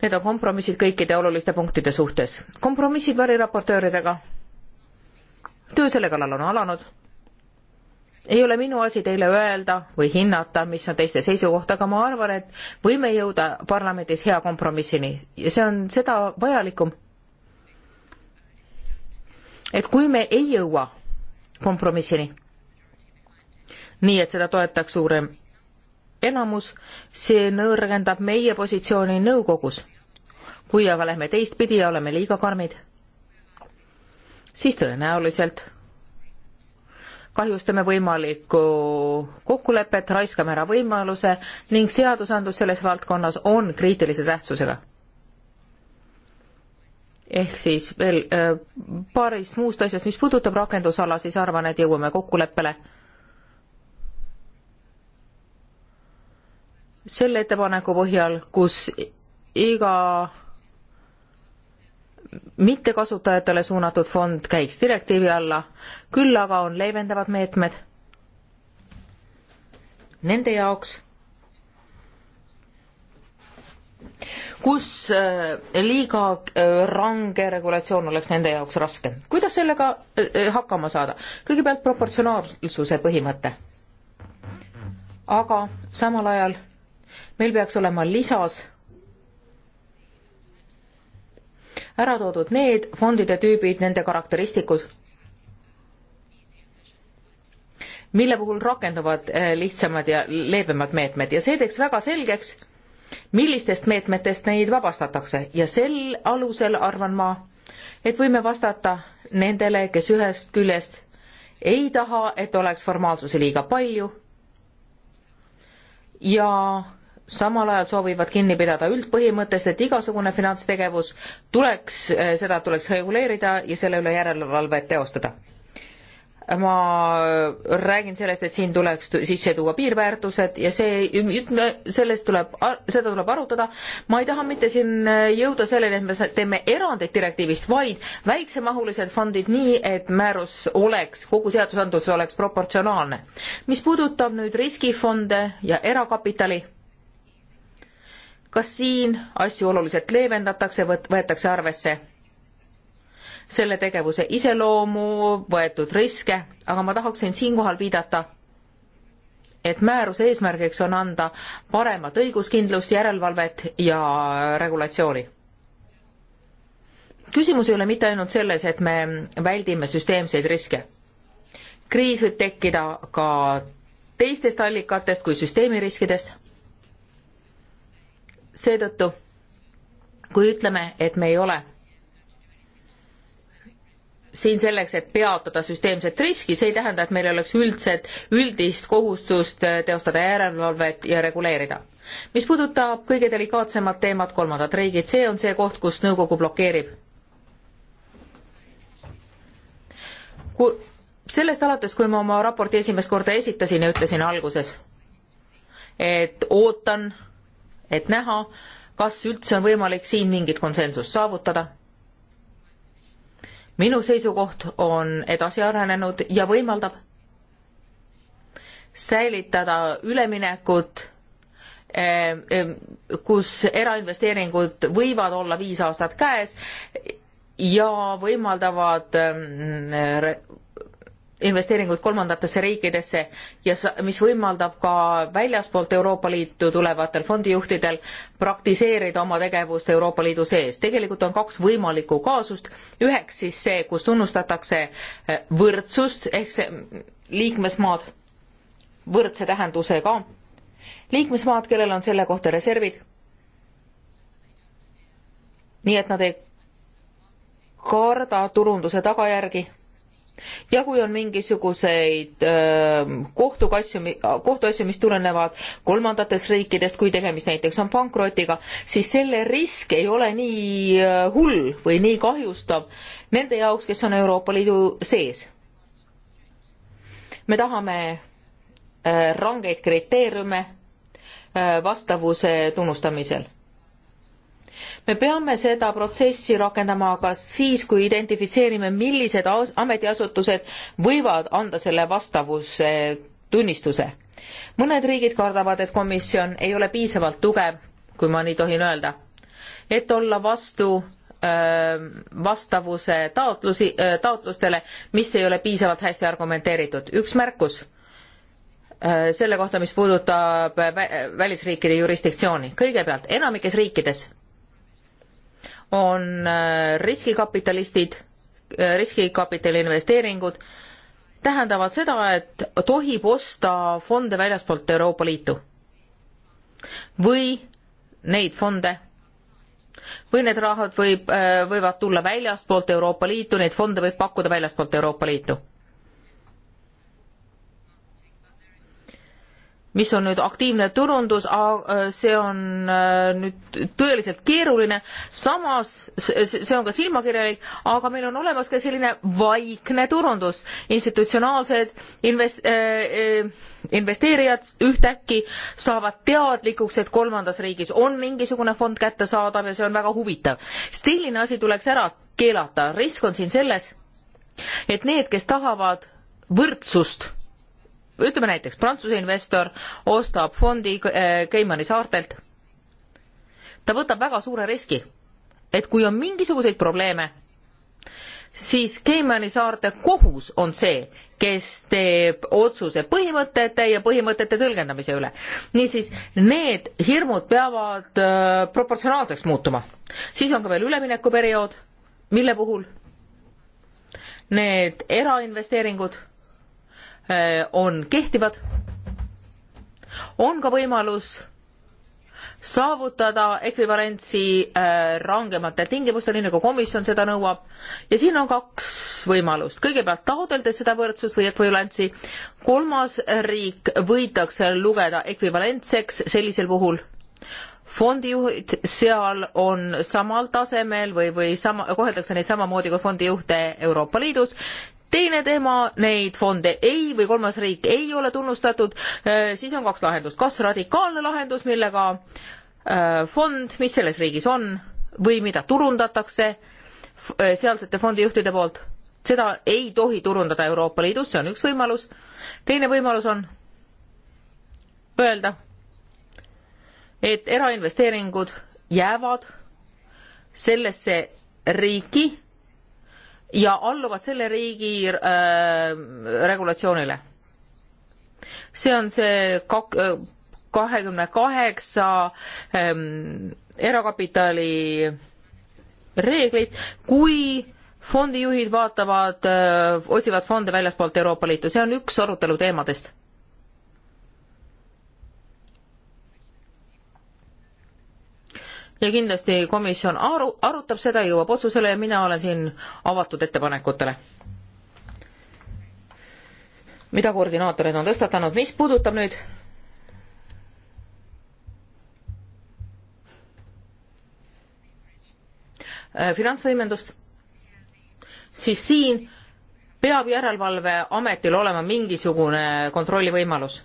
need on kompromissid kõikide oluliste punktide suhtes. kompromissid variraportööridega, töö selle kallal on alanud, ei ole minu asi teile öelda või hinnata, mis on teiste seisukoht, aga ma arvan, et võime jõuda parlamendis hea kompromissini ja see on seda vajalikum et kui me ei jõua kompromissini, nii et seda toetaks suurem enamus, see nõrgendab meie positsiooni nõukogus. kui aga lähme teistpidi ja oleme liiga karmid, siis tõenäoliselt kahjustame võimalikku kokkulepet, raiskame ära võimaluse ning seadusandlus selles valdkonnas on kriitilise tähtsusega ehk siis veel äh, paarist muust asjast, mis puudutab rakendusala, siis arvan, et jõuame kokkuleppele. selle ettepaneku põhjal, kus iga mittekasutajatele suunatud fond käiks direktiivi alla, küll aga on leevendavad meetmed nende jaoks, kus äh, liiga äh, range regulatsioon oleks nende jaoks raske. kuidas sellega äh, hakkama saada? kõigepealt proportsionaalsuse põhimõte. aga samal ajal meil peaks olema lisas ära toodud need fondide tüübid, nende karakteristikud, mille puhul rakenduvad lihtsamad ja leebemad meetmed ja see teeks väga selgeks, millistest meetmetest neid vabastatakse ja sel alusel arvan ma, et võime vastata nendele, kes ühest küljest ei taha, et oleks formaalsusi liiga palju ja samal ajal soovivad kinni pidada üldpõhimõttest, et igasugune finantstegevus tuleks, eh, seda tuleks reguleerida ja selle üle järelevalvet teostada ma räägin sellest, et siin tuleks sisse tuua piirväärtused ja see, sellest tuleb, seda tuleb arutada. ma ei taha mitte siin jõuda selleni, et me teeme erandeid direktiivist, vaid väiksemahulised fondid nii, et määrus oleks, kogu seadusandlus oleks proportsionaalne. mis puudutab nüüd riskifonde ja erakapitali, kas siin asju oluliselt leevendatakse, võetakse arvesse selle tegevuse iseloomu, võetud riske, aga ma tahaksin siinkohal viidata, et määruse eesmärgiks on anda paremat õiguskindlust, järelevalvet ja regulatsiooni küsimus ei ole mitte ainult selles, et me väldime süsteemseid riske. kriis võib tekkida ka teistest allikatest kui süsteemiriskidest. seetõttu, kui ütleme, et me ei ole siin selleks, et peatada süsteemset riski, see ei tähenda, et meil oleks üldse üldist kohustust äh, teostada järelevalvet ja reguleerida. mis puudutab kõige delikaatsemat teemat, kolmandad riigid, see on see koht, kus nõukogu blokeerib. kui, sellest alates, kui ma oma raporti esimest korda esitasin ja ütlesin alguses, et ootan, et näha, kas üldse on võimalik siin mingit konsensust saavutada minu seisukoht on edasi arenenud ja võimaldab säilitada üleminekut, eh, eh, kus erainvesteeringud võivad olla viis aastat käes ja võimaldavad eh, investeeringuid kolmandatesse riikidesse ja sa, mis võimaldab ka väljaspoolt Euroopa Liitu tulevatel fondijuhtidel praktiseerida oma tegevust Euroopa Liidu sees. tegelikult on kaks võimalikku kaasust, üheks siis see, kus tunnustatakse eh, võrdsust ehk see mm, liikmesmaad võrdse tähendusega, liikmesmaad, kellel on selle kohta reservid, nii et nad ei karda turunduse tagajärgi ja kui on mingisuguseid ähm, kohtukasju, kohtuasju, mis tulenevad kolmandatest riikidest, kui tegemist näiteks on pankrotiga, siis selle risk ei ole nii äh, hull või nii kahjustav nende jaoks, kes on Euroopa Liidu sees. me tahame äh, rangeid kriteeriume äh, vastavuse tunnustamisel me peame seda protsessi rakendama aga siis, kui identifitseerime, millised ametiasutused võivad anda selle vastavuse tunnistuse. mõned riigid kardavad, et komisjon ei ole piisavalt tugev, kui ma nii tohin öelda, et olla vastu vastavuse taotlusi, taotlustele, mis ei ole piisavalt hästi argumenteeritud. üks märkus selle kohta, mis puudutab välisriikide jurisdiktsiooni. kõigepealt, enamikes riikides on äh, riskikapitalistid, äh, riskikapitali investeeringud, tähendavad seda, et tohib osta fonde väljaspoolt Euroopa Liitu. või neid fonde, või need rahad võib, äh, võivad tulla väljastpoolt Euroopa Liitu, neid fonde võib pakkuda väljastpoolt Euroopa Liitu mis on nüüd aktiivne turundus, äh, see on äh, nüüd tõeliselt keeruline, samas see on ka silmakirjalik, aga meil on olemas ka selline vaikne turundus, institutsionaalsed invest-, äh, investeerijad ühtäkki saavad teadlikuks, et kolmandas riigis on mingisugune fond kättesaadav ja see on väga huvitav. selline asi tuleks ära keelata, risk on siin selles, et need, kes tahavad võrdsust ütleme näiteks Prantsuse investor ostab fondi äh, Keimani saartelt, ta võtab väga suure riski, et kui on mingisuguseid probleeme, siis Keimani saarte kohus on see, kes teeb otsuse põhimõtete ja põhimõtete tõlgendamise üle. niisiis, need hirmud peavad äh, proportsionaalseks muutuma. siis on ka veel üleminekuperiood, mille puhul need erainvesteeringud Äh, on kehtivad, on ka võimalus saavutada ekvivalentsi äh, rangematel tingimustel, nii nagu komisjon seda nõuab. ja siin on kaks võimalust, kõigepealt taodeldes seda võrdsust või ekvivalentsi, kolmas riik võidakse lugeda ekvivalentseks sellisel puhul fondijuhid seal on samal tasemel või, või sama, koheldakse neid samamoodi kui fondijuhte Euroopa Liidus teine teema, neid fonde ei või kolmas riik ei ole tunnustatud, eh, siis on kaks lahendust, kas radikaalne lahendus, millega eh, fond, mis selles riigis on või mida turundatakse eh, sealsete fondijuhtide poolt, seda ei tohi turundada Euroopa Liidus, see on üks võimalus. teine võimalus on öelda, et erainvesteeringud jäävad sellesse riiki ja alluvad selle riigi äh, regulatsioonile. see on see kak-, kahekümne kaheksa ähm, erakapitali reeglid, kui fondijuhid vaatavad äh,, otsivad fonde väljastpoolt Euroopa Liitu, see on üks arutelu teemadest ja kindlasti komisjon aru, arutab seda, jõuab otsusele ja mina olen siin avatud ettepanekutele. mida koordinaatorid on tõstatanud, mis puudutab nüüd äh, finantsvõimendust, siis siin peab Järelevalveametil olema mingisugune kontrollivõimalus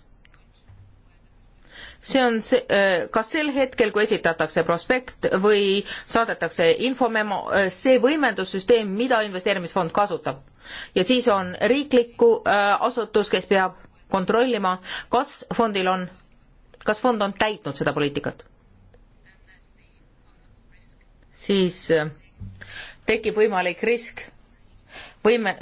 see on see, äh, kas sel hetkel, kui esitatakse prospekt või saadetakse infomemo, äh, see võimendussüsteem, mida investeerimisfond kasutab. ja siis on riikliku äh, asutus, kes peab kontrollima, kas fondil on, kas fond on täitnud seda poliitikat. siis tekib võimalik risk võime-,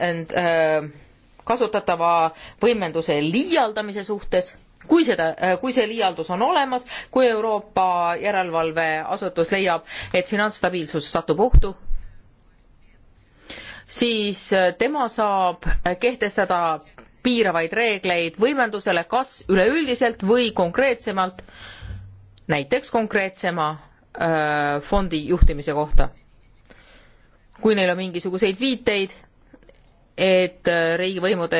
kasutatava võimenduse liialdamise suhtes kui seda, äh, kui see liialdus on olemas, kui Euroopa järelevalveasutus leiab, et finantsstabiilsus satub ohtu, siis äh, tema saab äh, kehtestada piiravaid reegleid võimendusele kas üleüldiselt või konkreetsemalt, näiteks konkreetsema öö, fondi juhtimise kohta. kui neil on mingisuguseid viiteid, et riigivõimude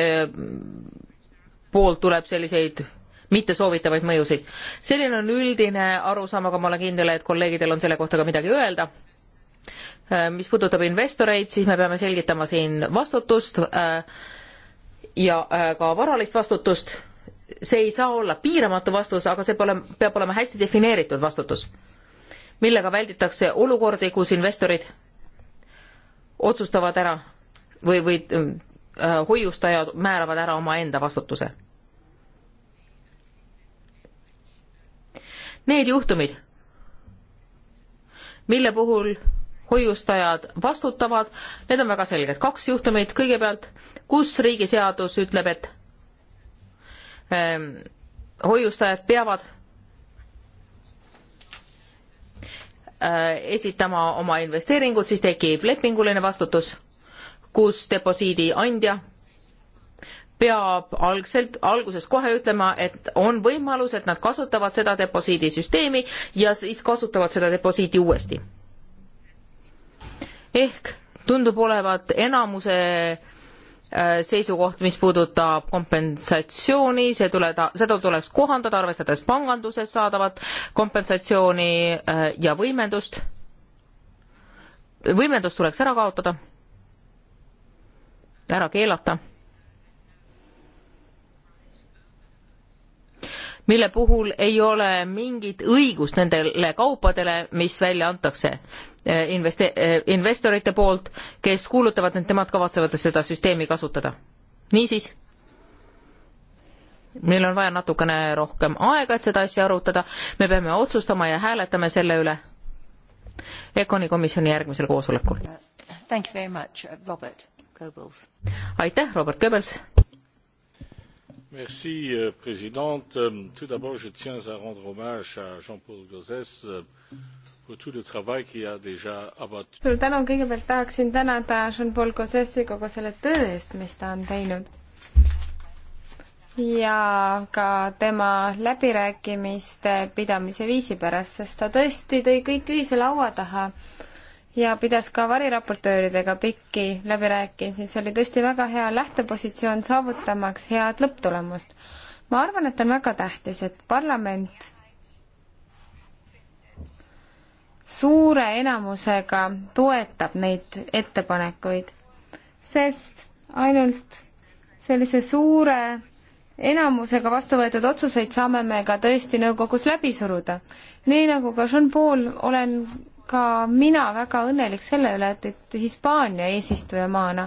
poolt tuleb selliseid mittesoovitavaid mõjusid. selline on üldine arusaam, aga ma olen kindel, et kolleegidel on selle kohta ka midagi öelda äh, mis puudutab investoreid, siis me peame selgitama siin vastutust äh, ja äh, ka varalist vastutust. see ei saa olla piiramatu vastus, aga see pole, peab olema hästi defineeritud vastutus, millega välditakse olukordi, kus investorid otsustavad ära või, või hoiustajad määravad ära omaenda vastutuse Need juhtumid, mille puhul hoiustajad vastutavad, need on väga selged. kaks juhtumit, kõigepealt, kus riigiseadus ütleb, et ähm, hoiustajad peavad äh, esitama oma investeeringud, siis tekib lepinguline vastutus, kus deposiidi andja peab algselt, alguses kohe ütlema, et on võimalus, et nad kasutavad seda deposiidisüsteemi ja siis kasutavad seda deposiiti uuesti. ehk tundub olevat enamuse äh, seisukoht, mis puudutab kompensatsiooni, see tule, seda tuleks kohandada, arvestades panganduses saadavat kompensatsiooni äh, ja võimendust. võimendus tuleks ära kaotada, ära keelata mille puhul ei ole mingit õigust nendele kaupadele, mis välja antakse eh, investe-, eh, investorite poolt, kes kuulutavad, et nemad kavatsevad seda süsteemi kasutada. niisiis, meil on vaja natukene rohkem aega, et seda asja arutada, me peame otsustama ja hääletame selle üle ECONi komisjoni järgmisel koosolekul. Uh, uh, aitäh, Robert Goebbels! madame la euh, présidente euh, tout d'abord je tiens à rendre hommage à jean paul gauzès pour euh, tout le travail qu'il a déjà abattu. suur tänu, kõigepealt tahaksin tänada Jean Paul Gauzessi kogu selle töö eest, mis ta on teinud. ja ka tema läbirääkimiste pidamise viisi pärast, sest ta tõesti tõi kõik ühise laua taha ja pidas ka variraportööridega pikki läbirääkimisi, see oli tõesti väga hea lähtepositsioon saavutamaks head lõpptulemust. ma arvan, et on väga tähtis, et parlament suure enamusega toetab neid ettepanekuid, sest ainult sellise suure enamusega vastu võetud otsuseid saame me ka tõesti nõukogus läbi suruda. nii nagu ka Jean-Paul, olen ka mina väga õnnelik selle üle, et, et Hispaania eesistujamaana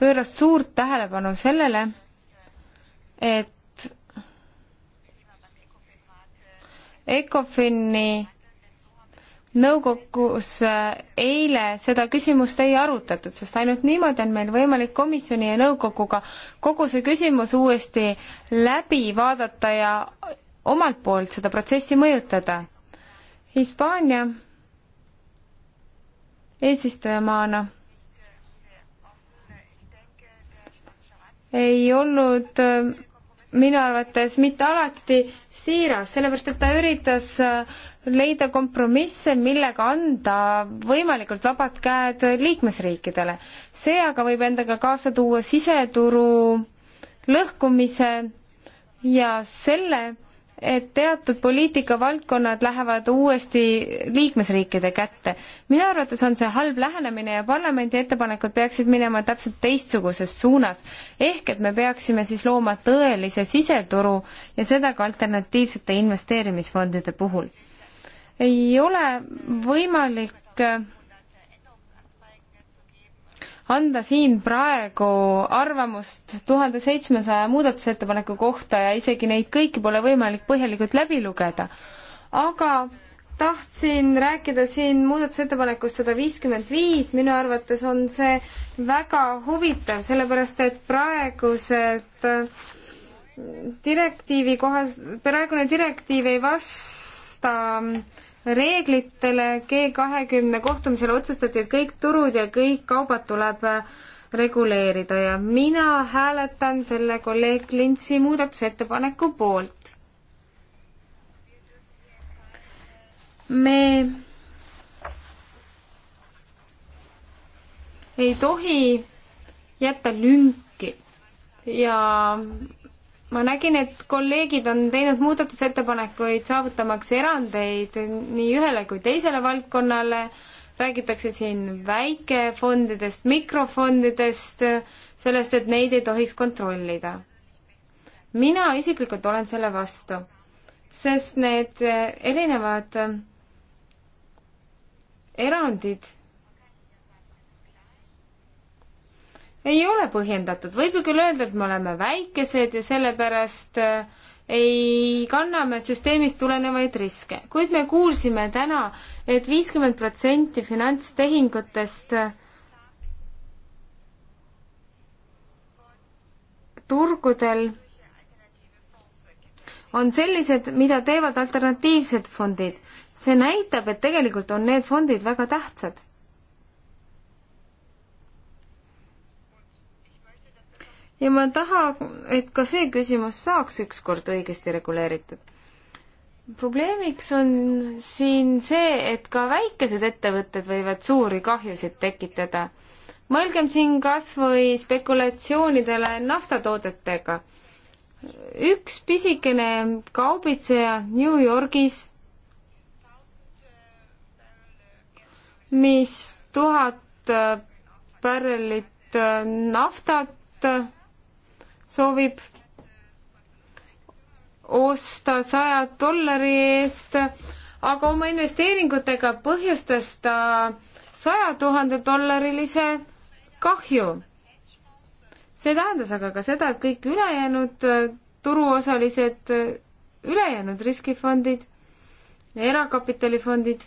pööras suurt tähelepanu sellele, et ECOFIN-i nõukogus äh, eile seda küsimust ei arutatud, sest ainult niimoodi on meil võimalik komisjoni ja nõukoguga kogu see küsimus uuesti läbi vaadata ja omalt poolt seda protsessi mõjutada. Hispaania eesistujamaana ei olnud äh, minu arvates mitte alati siiras, sellepärast et ta üritas äh, leida kompromisse, millega anda võimalikult vabad käed liikmesriikidele. see aga võib endaga kaasa tuua siseturu lõhkumise ja selle, et teatud poliitikavaldkonnad lähevad uuesti liikmesriikide kätte. minu arvates on see halb lähenemine ja parlamendi ettepanekud peaksid minema täpselt teistsuguses suunas. ehk et me peaksime siis looma tõelise siseturu ja seda ka alternatiivsete investeerimisfondide puhul. ei ole võimalik anda siin praegu arvamust tuhande seitsmesaja muudatusettepaneku kohta ja isegi neid kõiki pole võimalik põhjalikult läbi lugeda. aga tahtsin rääkida siin muudatusettepanekust sada viiskümmend viis, minu arvates on see väga huvitav, sellepärast et praegused äh, direktiivi kohas, praegune direktiiv ei vasta reeglitele G kahekümne kohtumisel otsustati, et kõik turud ja kõik kaubad tuleb äh, reguleerida ja mina hääletan selle kolleeg Lintsi muudatusettepaneku poolt. me ei tohi jätta lünki ja ma nägin, et kolleegid on teinud muudatusettepanekuid saavutamaks erandeid nii ühele kui teisele valdkonnale, räägitakse siin väikefondidest, mikrofondidest, sellest, et neid ei tohiks kontrollida. mina isiklikult olen selle vastu, sest need eh, erinevad eh, erandid ei ole põhjendatud, võib ju küll öelda, et me oleme väikesed ja sellepärast äh, ei kanname süsteemist tulenevaid riske, kuid me kuulsime täna et, et viiskümmend protsenti finantstehingutest äh, turgudel on sellised, mida teevad alternatiivsed fondid. see näitab, et tegelikult on need fondid väga tähtsad ja ma tahan, et ka see küsimus saaks ükskord õigesti reguleeritud. probleemiks on siin see, et ka väikesed ettevõtted võivad suuri kahjusid tekitada. mõelgem siin kas või spekulatsioonidele naftatoodetega. üks pisikene kaubitseja New Yorgis, mis tuhat barrelit naftat soovib osta saja dollari eest, aga oma investeeringutega põhjustas ta saja tuhande dollarilise kahju. see tähendas aga ka seda, et kõik ülejäänud äh, turuosalised, äh, ülejäänud riskifondid ja erakapitalifondid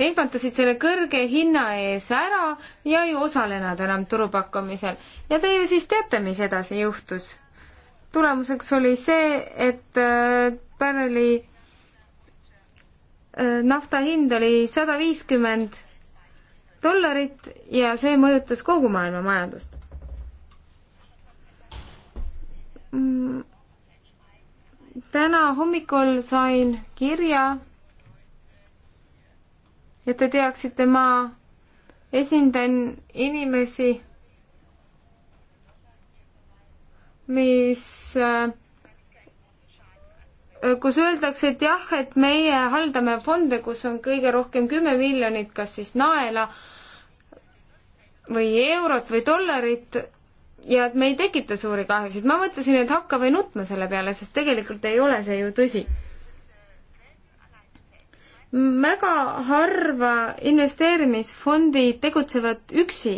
ehmatasid selle kõrge hinna ees ära ja ei osale nad enam turupakkumisel. ja te ju siis teate, mis edasi juhtus? tulemuseks oli see, et äh, barreli äh, nafta hind oli sada viiskümmend dollarit ja see mõjutas kogu maailma majandust mm,. täna hommikul sain kirja et te teaksite, ma esindan inimesi, mis, äh, kus öeldakse, et jah, et meie haldame fonde, kus on kõige rohkem kümme miljonit, kas siis naela või eurot või dollarit ja et me ei tekita suuri kahjusid. ma mõtlesin, et hakka või nutma selle peale, sest tegelikult ei ole see ju tõsi väga harva investeerimisfondid tegutsevad üksi.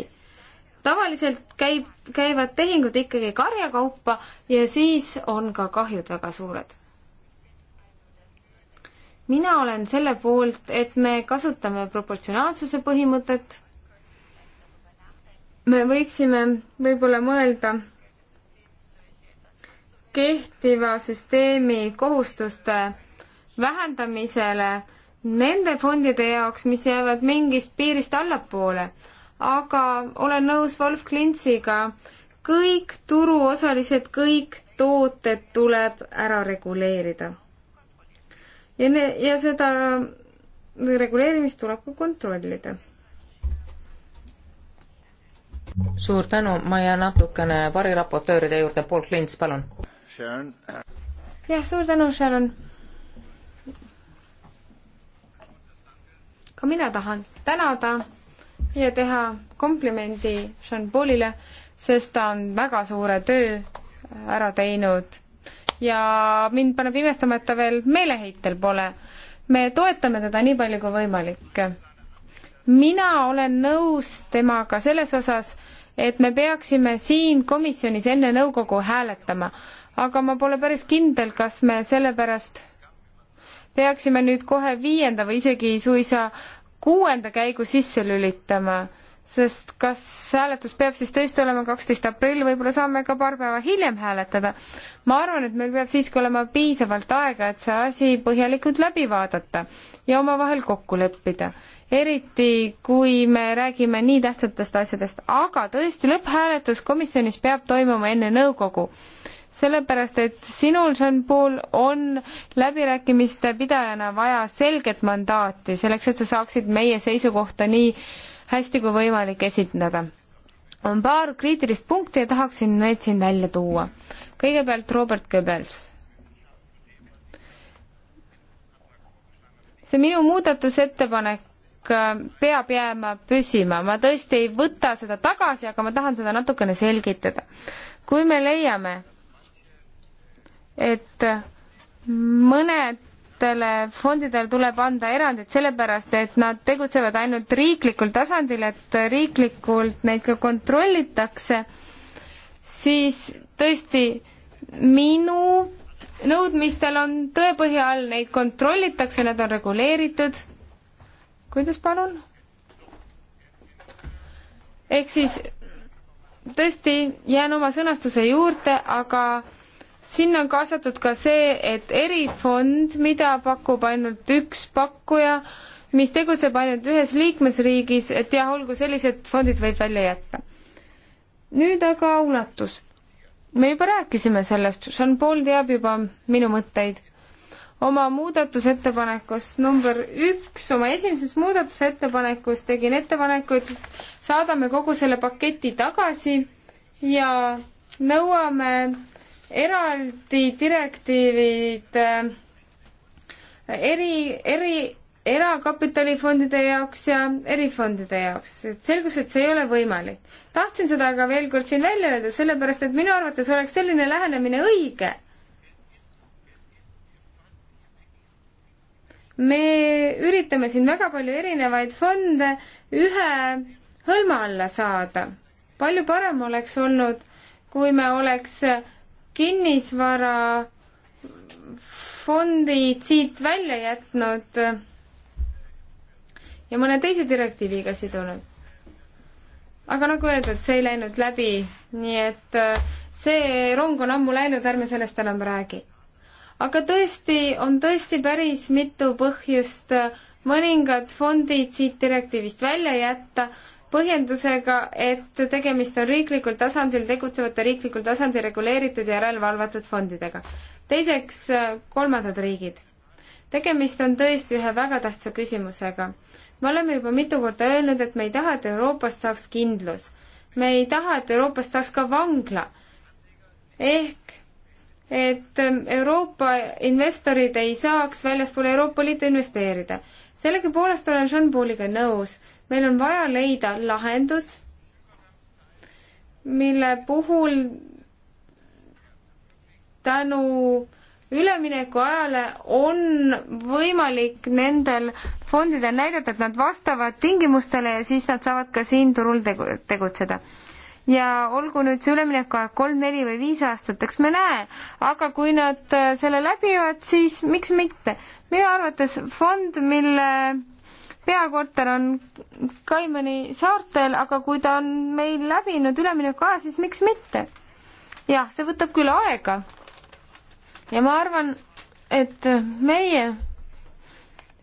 tavaliselt käib, käivad tehingud ikkagi karjakaupa ja siis on ka kahjud väga suured mina olen selle poolt, et me kasutame proportsionaalsuse põhimõtet. me võiksime võib-olla mõelda kehtiva süsteemi kohustuste vähendamisele nende fondide jaoks, mis jäävad mingist piirist allapoole. aga olen nõus Wolf Klintsiga, kõik turuosalised, kõik tooted tuleb ära reguleerida. ja ne-, ja seda reguleerimist tuleb ka kontrollida suur tänu, ma jään natukene variraportööride juurde, Paul Klints, palun. jah, suur tänu, Sharon. ka mina tahan tänada ja teha komplimendi Jean-Paulile, sest ta on väga suure töö äh, ära teinud. ja mind paneb imestama, et ta veel meeleheitel pole. me toetame teda nii palju kui võimalik. mina olen nõus temaga selles osas, et me peaksime siin komisjonis enne nõukogu hääletama, aga ma pole päris kindel, kas me sellepärast peaksime nüüd kohe viienda või isegi suisa kuuenda käigu sisse lülitama, sest kas hääletus peab siis tõesti olema kaksteist aprill, võib-olla saame ka paar päeva hiljem hääletada. ma arvan, et meil peab siiski olema piisavalt aega, et see asi põhjalikult läbi vaadata ja omavahel kokku leppida. eriti, kui me räägime nii tähtsatest asjadest, aga tõesti, lõpphääletus komisjonis peab toimuma enne nõukogu sellepärast, et sinul, Sean Paul, on läbirääkimiste pidajana vaja selget mandaati selleks, et sa saaksid meie seisukohta nii hästi kui võimalik esindada. on paar kriitilist punkti ja tahaksin need siin välja tuua. kõigepealt Robert Goebbels. see minu muudatusettepanek äh, peab jääma püsima, ma tõesti ei võta seda tagasi, aga ma tahan seda natukene selgitada. kui me leiame, et mõnedele fondidele tuleb anda erandid sellepärast, et nad tegutsevad ainult riiklikul tasandil, et riiklikult neid ka kontrollitakse, siis tõesti minu nõudmistel on tõepõhi all, neid kontrollitakse, nad on reguleeritud. kuidas palun? ehk siis tõesti jään oma sõnastuse juurde, aga sinna on kaasatud ka see, et erifond, mida pakub ainult üks pakkuja, mis tegutseb ainult ühes liikmesriigis, et jah, olgu, sellised fondid võib välja jätta. nüüd aga ulatus. me juba rääkisime sellest, Jean-Paul teab juba minu mõtteid. oma muudatusettepanekus number üks, oma esimeses muudatusettepanekus tegin ettepaneku, et saadame kogu selle paketi tagasi ja nõuame eraldi direktiivid äh, eri, eri erakapitalifondide jaoks ja erifondide jaoks, et selgus, et see ei ole võimalik. tahtsin seda aga veel kord siin välja öelda, sellepärast et minu arvates oleks selline lähenemine õige me üritame siin väga palju erinevaid fonde ühe hõlma alla saada. palju parem oleks olnud, kui me oleks kinnisvarafondid siit välja jätnud ja mõne teise direktiiviga sidunud. aga nagu öeldud, see ei läinud läbi, nii et äh, see rong on ammu läinud, ärme sellest enam räägi. aga tõesti, on tõesti päris mitu põhjust äh, mõningad fondid siit direktiivist välja jätta põhjendusega, et tegemist on riiklikul tasandil tegutsevate riiklikul tasandil reguleeritud ja järelevalvatud fondidega. teiseks, äh, kolmandad riigid. tegemist on tõesti ühe väga tähtsa küsimusega. me oleme juba mitu korda öelnud, et me ei taha, et Euroopast saaks kindlus. me ei taha, et Euroopast saaks ka vangla. ehk et ähm, Euroopa investorid ei saaks väljaspool Euroopa Liitu investeerida. sellegipoolest olen Jean Pauliga nõus meil on vaja leida lahendus, mille puhul tänu üleminekuajale on võimalik nendel fondidel näidata, et nad vastavad tingimustele ja siis nad saavad ka siin turul tegu-, tegutseda. ja olgu nüüd see üleminekuaeg kolm, neli või viis aastat, eks me näe, aga kui nad äh, selle läbivad, siis miks mitte. minu arvates fond, mille peakorter on Kaimani saartel, aga kui ta on meil läbinud üleminekuaja, siis miks mitte? jah, see võtab küll aega. ja ma arvan, et meie,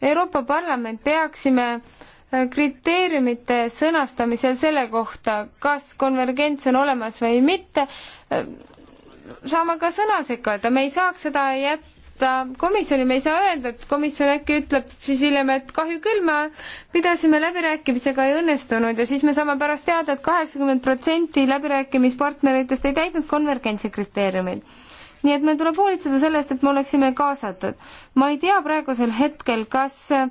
Euroopa Parlament, peaksime äh, kriteeriumite sõnastamisel selle kohta, kas konvergents on olemas või mitte, äh, saama ka sõna sekka öelda, me ei saaks seda jätta kaasata komisjoni, me ei saa öelda, et komisjon äkki ütleb siis hiljem, et kahju küll, me pidasime läbirääkimisega ei õnnestunud ja siis me saame pärast teada et, et kaheksakümmend protsenti läbirääkimispartneritest ei täitnud konvergentsi kriteeriumid nii et meil tuleb hoolitseda sellest, et me oleksime kaasatud. ma ei tea praegusel hetkel, kas äh,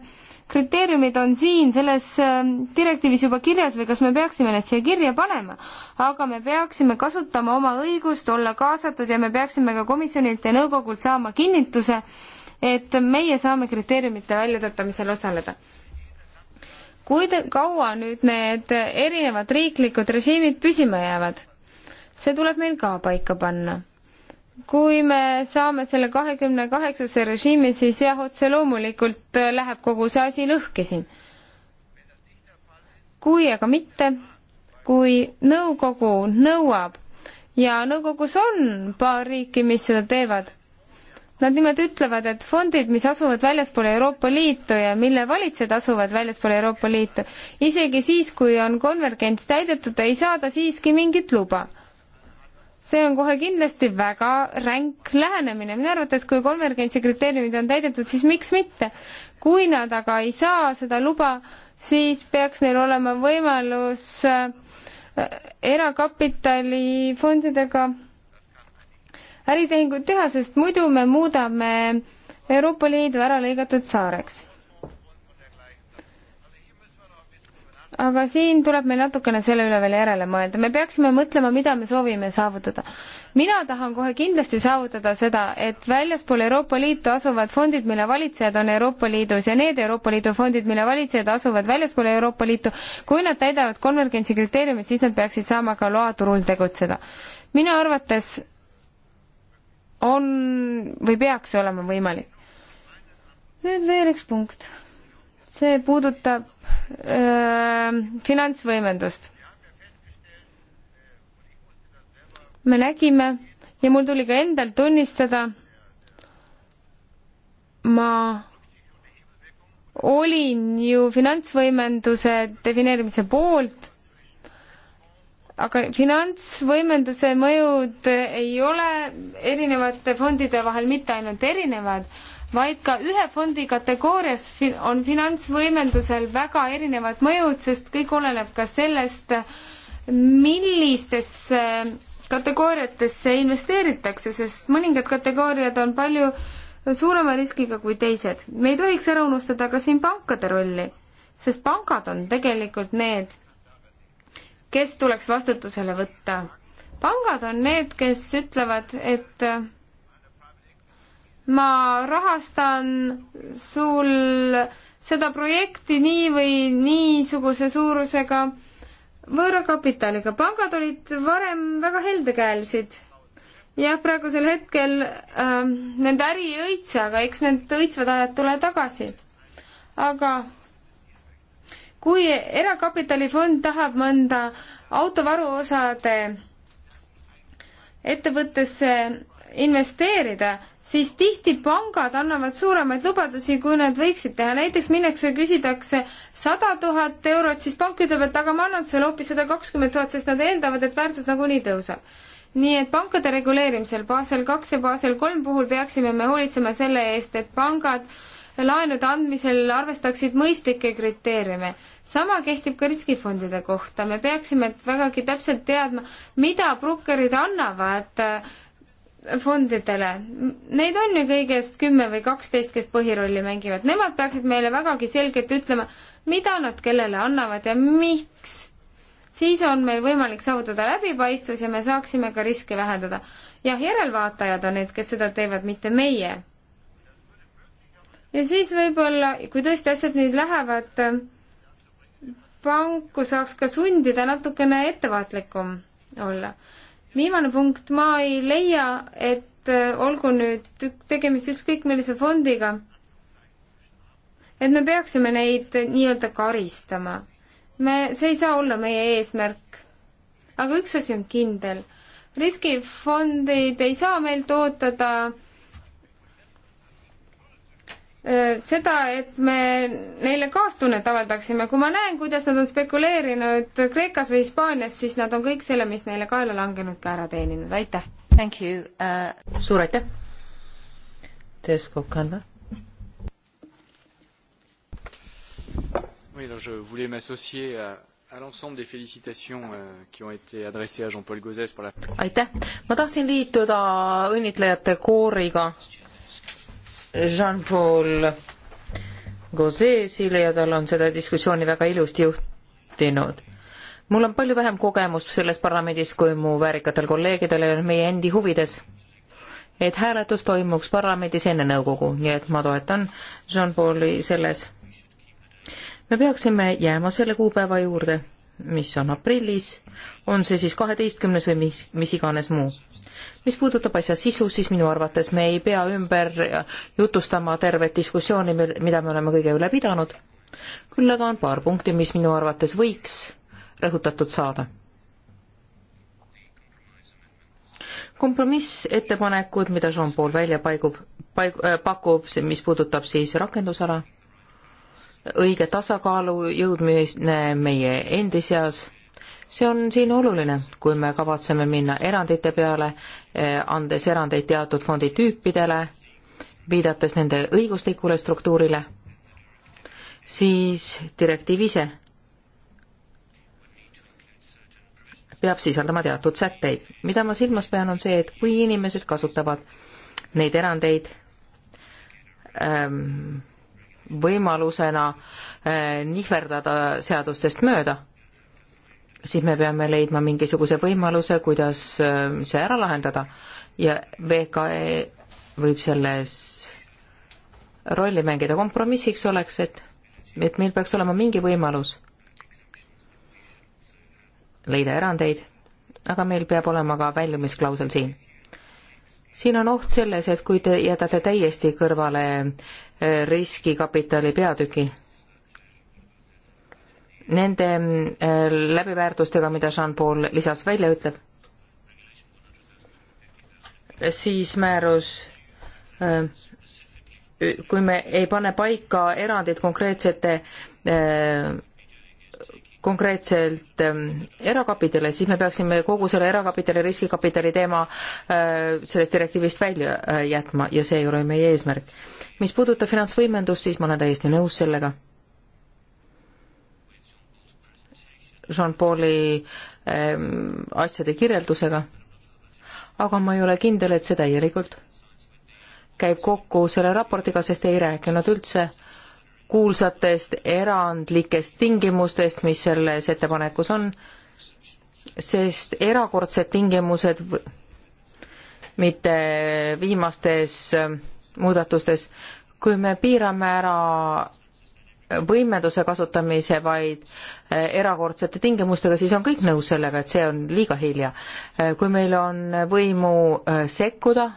kriteeriumid on siin selles ähm, direktiivis juba kirjas või kas me peaksime need siia kirja panema, aga me peaksime kasutama oma õigust olla kaasatud ja me peaksime ka komisjonilt ja nõukogult saama kinnituse, et meie saame kriteeriumite väljatöötamisel osaleda kui kaua nüüd need erinevad riiklikud režiimid püsima jäävad? see tuleb meil ka paika panna kui me saame selle kahekümne kaheksasse režiimi, siis jah, otse loomulikult äh, läheb kogu see asi lõhki siin. kui aga mitte, kui nõukogu nõuab ja nõukogus on paar riiki, mis seda teevad, nad nimelt ütlevad, et fondid, mis asuvad väljaspool Euroopa Liitu ja mille valitsejad asuvad väljaspool Euroopa Liitu, isegi siis, kui on konvergents täidetud, ei saada siiski mingit luba see on kohe kindlasti väga ränk lähenemine. minu arvates, kui konvergentsi kriteeriumid on täidetud, siis miks mitte. kui nad aga ei saa seda luba, siis peaks neil olema võimalus äh, erakapitalifondidega äritehinguid teha, sest muidu me muudame Euroopa Liidu ära lõigatud saareks aga siin tuleb meil natukene selle üle veel järele mõelda, me peaksime mõtlema, mida me soovime saavutada. mina tahan kohe kindlasti saavutada seda, et väljaspool Euroopa Liitu asuvad fondid, mille valitsejad on Euroopa Liidus ja need Euroopa Liidu fondid, mille valitsejad asuvad väljaspool Euroopa Liitu, kui nad täidavad konvergentsi kriteeriumid, siis nad peaksid saama ka loa turul tegutseda. minu arvates on või peaks olema võimalik. nüüd veel üks punkt. see puudutab finantsvõimendust. me nägime ja mul tuli ka endal tunnistada, ma olin ju finantsvõimenduse defineerimise poolt, aga finantsvõimenduse mõjud ei ole erinevate fondide vahel mitte ainult erinevad, vaid ka ühe fondi kategoorias on finantsvõimendusel väga erinevad mõjud, sest kõik oleneb ka sellest, millistesse kategooriatesse investeeritakse, sest mõningad kategooriad on palju suurema riskiga kui teised. me ei tohiks ära unustada ka siin pankade rolli, sest pangad on tegelikult need, kes tuleks vastutusele võtta. pangad on need, kes ütlevad, et ma rahastan sul seda projekti nii või niisuguse suurusega võõrakapitaliga. pangad olid varem väga heldekäelised. jah, praegusel hetkel ähm, nende äri ei õitse, aga eks need õitsvad ajad tule tagasi. aga kui erakapitalifond tahab mõnda autovaruosade ettevõttesse investeerida, siis tihti pangad annavad suuremaid lubadusi, kui nad võiksid teha. näiteks minnakse, küsitakse sada tuhat eurot, siis pank ütleb, et aga ma annan sulle hoopis sada kakskümmend tuhat, sest nad eeldavad, et väärtus nagunii tõuseb. nii et pankade reguleerimisel Basel kaks ja Basel kolm puhul peaksime me hoolitsema selle eest, et pangad laenude andmisel arvestaksid mõistlikke kriteeriume. sama kehtib ka riskifondide kohta, me peaksime vägagi täpselt teadma, mida brokkerid annavad fondidele. Neid on ju kõigest kümme või kaksteist, kes põhirolli mängivad. Nemad peaksid meile vägagi selgelt ütlema, mida nad kellele annavad ja miks. siis on meil võimalik saavutada läbipaistvus ja me saaksime ka riske vähendada. jah, järelvaatajad on need, kes seda teevad, mitte meie. ja siis võib-olla, kui tõesti asjad nii lähevad, panku saaks ka sundida natukene ettevaatlikum olla viimane punkt, ma ei leia, et äh, olgu nüüd tegemist ükskõik millise fondiga, et me peaksime neid nii-öelda karistama. me, see ei saa olla meie eesmärk. aga üks asi on kindel, riskifondid ei saa meilt ootada äh, seda, et me neile kaastunnet avaldaksime. kui ma näen, kuidas nad on spekuleerinud Kreekas või Hispaanias, siis nad on kõik selle, mis neile kaela langenud, ka ära teeninud. aitäh! Uh... suur aitäh! Tesco Canada. Oui, alors je voulais m'associer à, à l'ensemble des félicitations euh, qui ont été adressées à Jean-Paul Gauzès pour la. aitäh, ma tahtsin liituda õnnitlejate kooriga äh, Jean-Paul Gauzesile ja tal on seda diskussiooni väga ilusti juhtinud. mul on palju vähem kogemust selles parlamendis kui mu väärikatel kolleegidel ja meie endi huvides, et hääletus toimuks parlamendis enne nõukogu, nii et ma toetan Jean-Pauli selles. me peaksime jääma selle kuupäeva juurde, mis on aprillis, on see siis kaheteistkümnes või mis, mis iganes muu mis puudutab asja sisu, siis minu arvates me ei pea ümber jutustama tervet diskussiooni, mida me oleme kõige üle pidanud. küll aga on paar punkti, mis minu arvates võiks rõhutatud saada. kompromissettepanekud, mida Jean-Paul välja paigub, paig- äh,, pakub, mis puudutab siis rakendusala, õige tasakaalu jõudmine meie endi seas see on siin oluline, kui me kavatseme minna erandite peale, eh, andes erandeid teatud fondi tüüpidele, viidates nende õiguslikule struktuurile, siis direktiiv ise peab sisaldama teatud sätteid. mida ma silmas pean, on see, et kui inimesed kasutavad neid erandeid ähm, võimalusena äh, nihverdada seadustest mööda siis me peame leidma mingisuguse võimaluse, kuidas äh, see ära lahendada ja VKE võib selles rolli mängida. kompromissiks oleks, et, et meil peaks olema mingi võimalus leida erandeid, aga meil peab olema ka väljumisklausel siin. siin on oht selles, et kui te jätate täiesti kõrvale äh, riskikapitali peatüki, nende äh, läbiväärtustega, mida Jean-Paul lisas välja ütleb, siis määrus, äh, kui me ei pane paika erandit konkreetsete, äh, konkreetselt ähm, erakapitale, siis me peaksime kogu selle erakapitali, riskikapitali teema sellest direktiivist välja jätma ja see ei ole meie eesmärk. mis puudutab finantsvõimendust, siis ma olen täiesti nõus sellega Jean-Pauli ähm, asjade kirjeldusega, aga ma ei ole kindel, et see täielikult käib kokku selle raportiga, sest ei rääkinud üldse kuulsatest erandlikest tingimustest, mis selles ettepanekus on, sest erakordsed tingimused, mitte viimastes äh, muudatustes, kui me piirame ära võimenduse kasutamise, vaid eh, erakordsete tingimustega, siis on kõik nõus sellega, et see on liiga hilja. Eh, kui meil on võimu eh, sekkuda,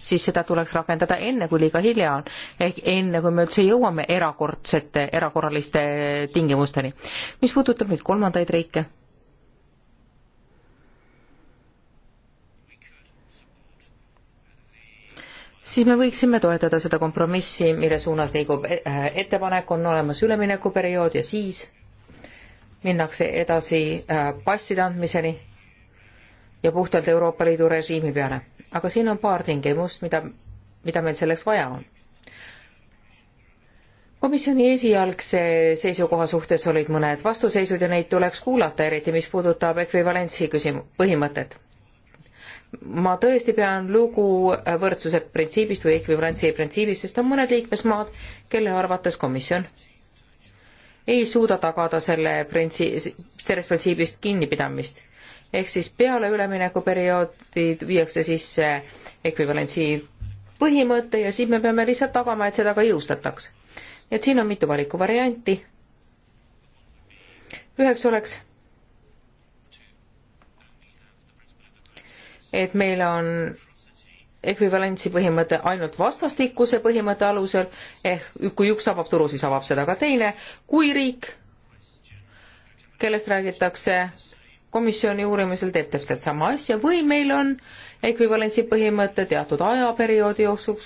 siis seda tuleks rakendada enne, kui liiga hilja on. ehk enne, kui me üldse jõuame erakordsete, erakorraliste tingimusteni. mis puudutab nüüd kolmandaid riike siis me võiksime toetada seda kompromissi, mille suunas liigub äh, ettepanek, on olemas üleminekuperiood ja siis minnakse edasi äh, passide andmiseni ja puhtalt Euroopa Liidu režiimi peale. aga siin on paar tingimust, mida, mida meil selleks vaja on. komisjoni esialgse seisukoha suhtes olid mõned vastuseisud ja neid tuleks kuulata, eriti mis puudutab ekvivalentsi küsimu-, põhimõtet ma tõesti pean lugu võrdsuse printsiibist või ekvivalentsi printsiibist, sest on mõned liikmesmaad, kelle arvates komisjon ei suuda tagada selle printsi-, sellest printsiibist kinnipidamist. ehk siis peale üleminekuperioodi viiakse sisse ekvivalentsi põhimõte ja siis me peame lihtsalt tagama, et seda ka jõustataks. et siin on mitu valikuvarianti. üheks oleks et meil on ekvivalentsi põhimõte ainult vastastikuse põhimõtte alusel, ehk kui üks avab turu, siis avab seda ka teine, kui riik, kellest räägitakse komisjoni uurimisel, teeb täpselt sama asja või meil on ekvivalentsi põhimõte teatud ajaperioodi jooksul,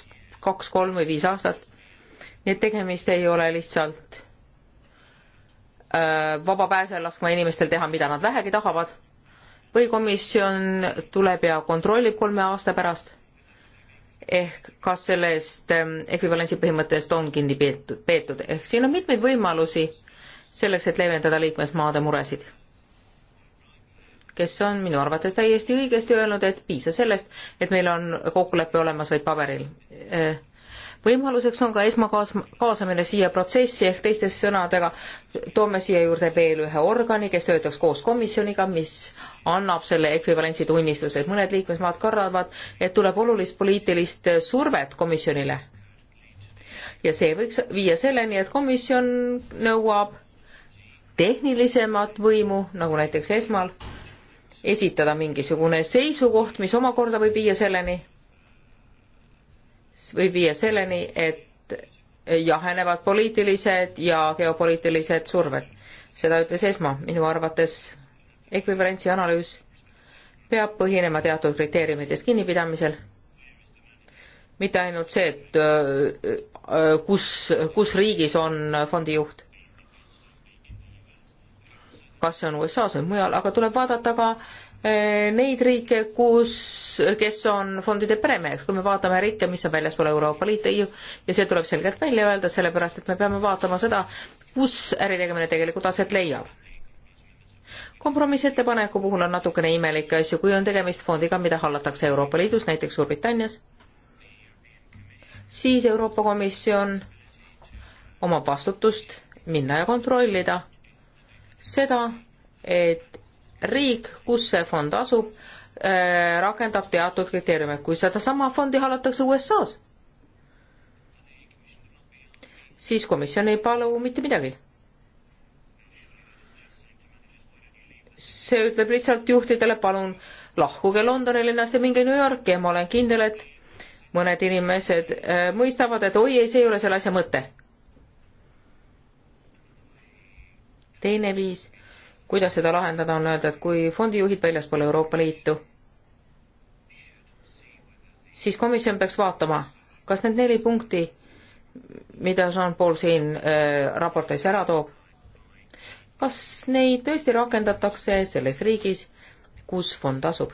kaks, kolm või viis aastat. nii et tegemist ei ole lihtsalt öö, äh, vaba pääse laskma inimestel teha, mida nad vähegi tahavad või komisjon tuleb ja kontrollib kolme aasta pärast, ehk kas sellest ähm, ekvivalentsi põhimõttest on kinni peetud, peetud, ehk siin on mitmeid võimalusi selleks, et leevendada liikmesmaade muresid kes on minu arvates täiesti õigesti öelnud, et piisa sellest, et meil on kokkulepe olemas vaid paberil. Äh, võimaluseks on ka esmakaasamine siia protsessi ehk teiste sõnadega toome siia juurde veel ühe organi, kes töötaks koos komisjoniga, mis annab selle ekvivalentsi tunnistuse, et mõned liikmesmaad kardavad, et tuleb olulist poliitilist survet komisjonile. ja see võiks viia selleni, et komisjon nõuab tehnilisemat võimu, nagu näiteks esmal, esitada mingisugune seisukoht, mis omakorda võib viia selleni, võib viia selleni, et jahenevad poliitilised ja geopoliitilised surved. seda ütles Esma, minu arvates ekvivalentsi analüüs peab põhinema teatud kriteeriumitest kinnipidamisel, mitte ainult see, et äh, äh, kus, kus riigis on fondi juht, kas see on USA-s või mujal, aga tuleb vaadata ka, Eh, neid riike, kus, kes on fondide preemiaks, kui me vaatame riike, mis on väljaspool Euroopa Liitu ja see tuleb selgelt välja öelda, sellepärast et me peame vaatama seda, kus äritegemine tegelikult aset leiab. kompromissettepaneku puhul on natukene imelikke asju, kui on tegemist fondiga, mida hallatakse Euroopa Liidus, näiteks Suurbritannias, siis Euroopa Komisjon omab vastutust minna ja kontrollida seda, et riik, kus see fond asub, äh, rakendab teatud kriteeriume, kui sedasama fondi hallatakse USA-s, siis komisjon ei palu mitte midagi. see ütleb lihtsalt juhtidele, palun lahkuge Londoni linnast ja minge New Yorki ja ma olen kindel, et mõned inimesed äh, mõistavad, et oi ei, see ei ole selle asja mõte. teine viis kuidas seda lahendada, on öelda, et kui fondijuhid väljaspool Euroopa Liitu, siis komisjon peaks vaatama, kas need neli punkti, mida Jean-Paul siin äh, raportis ära toob, kas neid tõesti rakendatakse selles riigis, kus fond asub?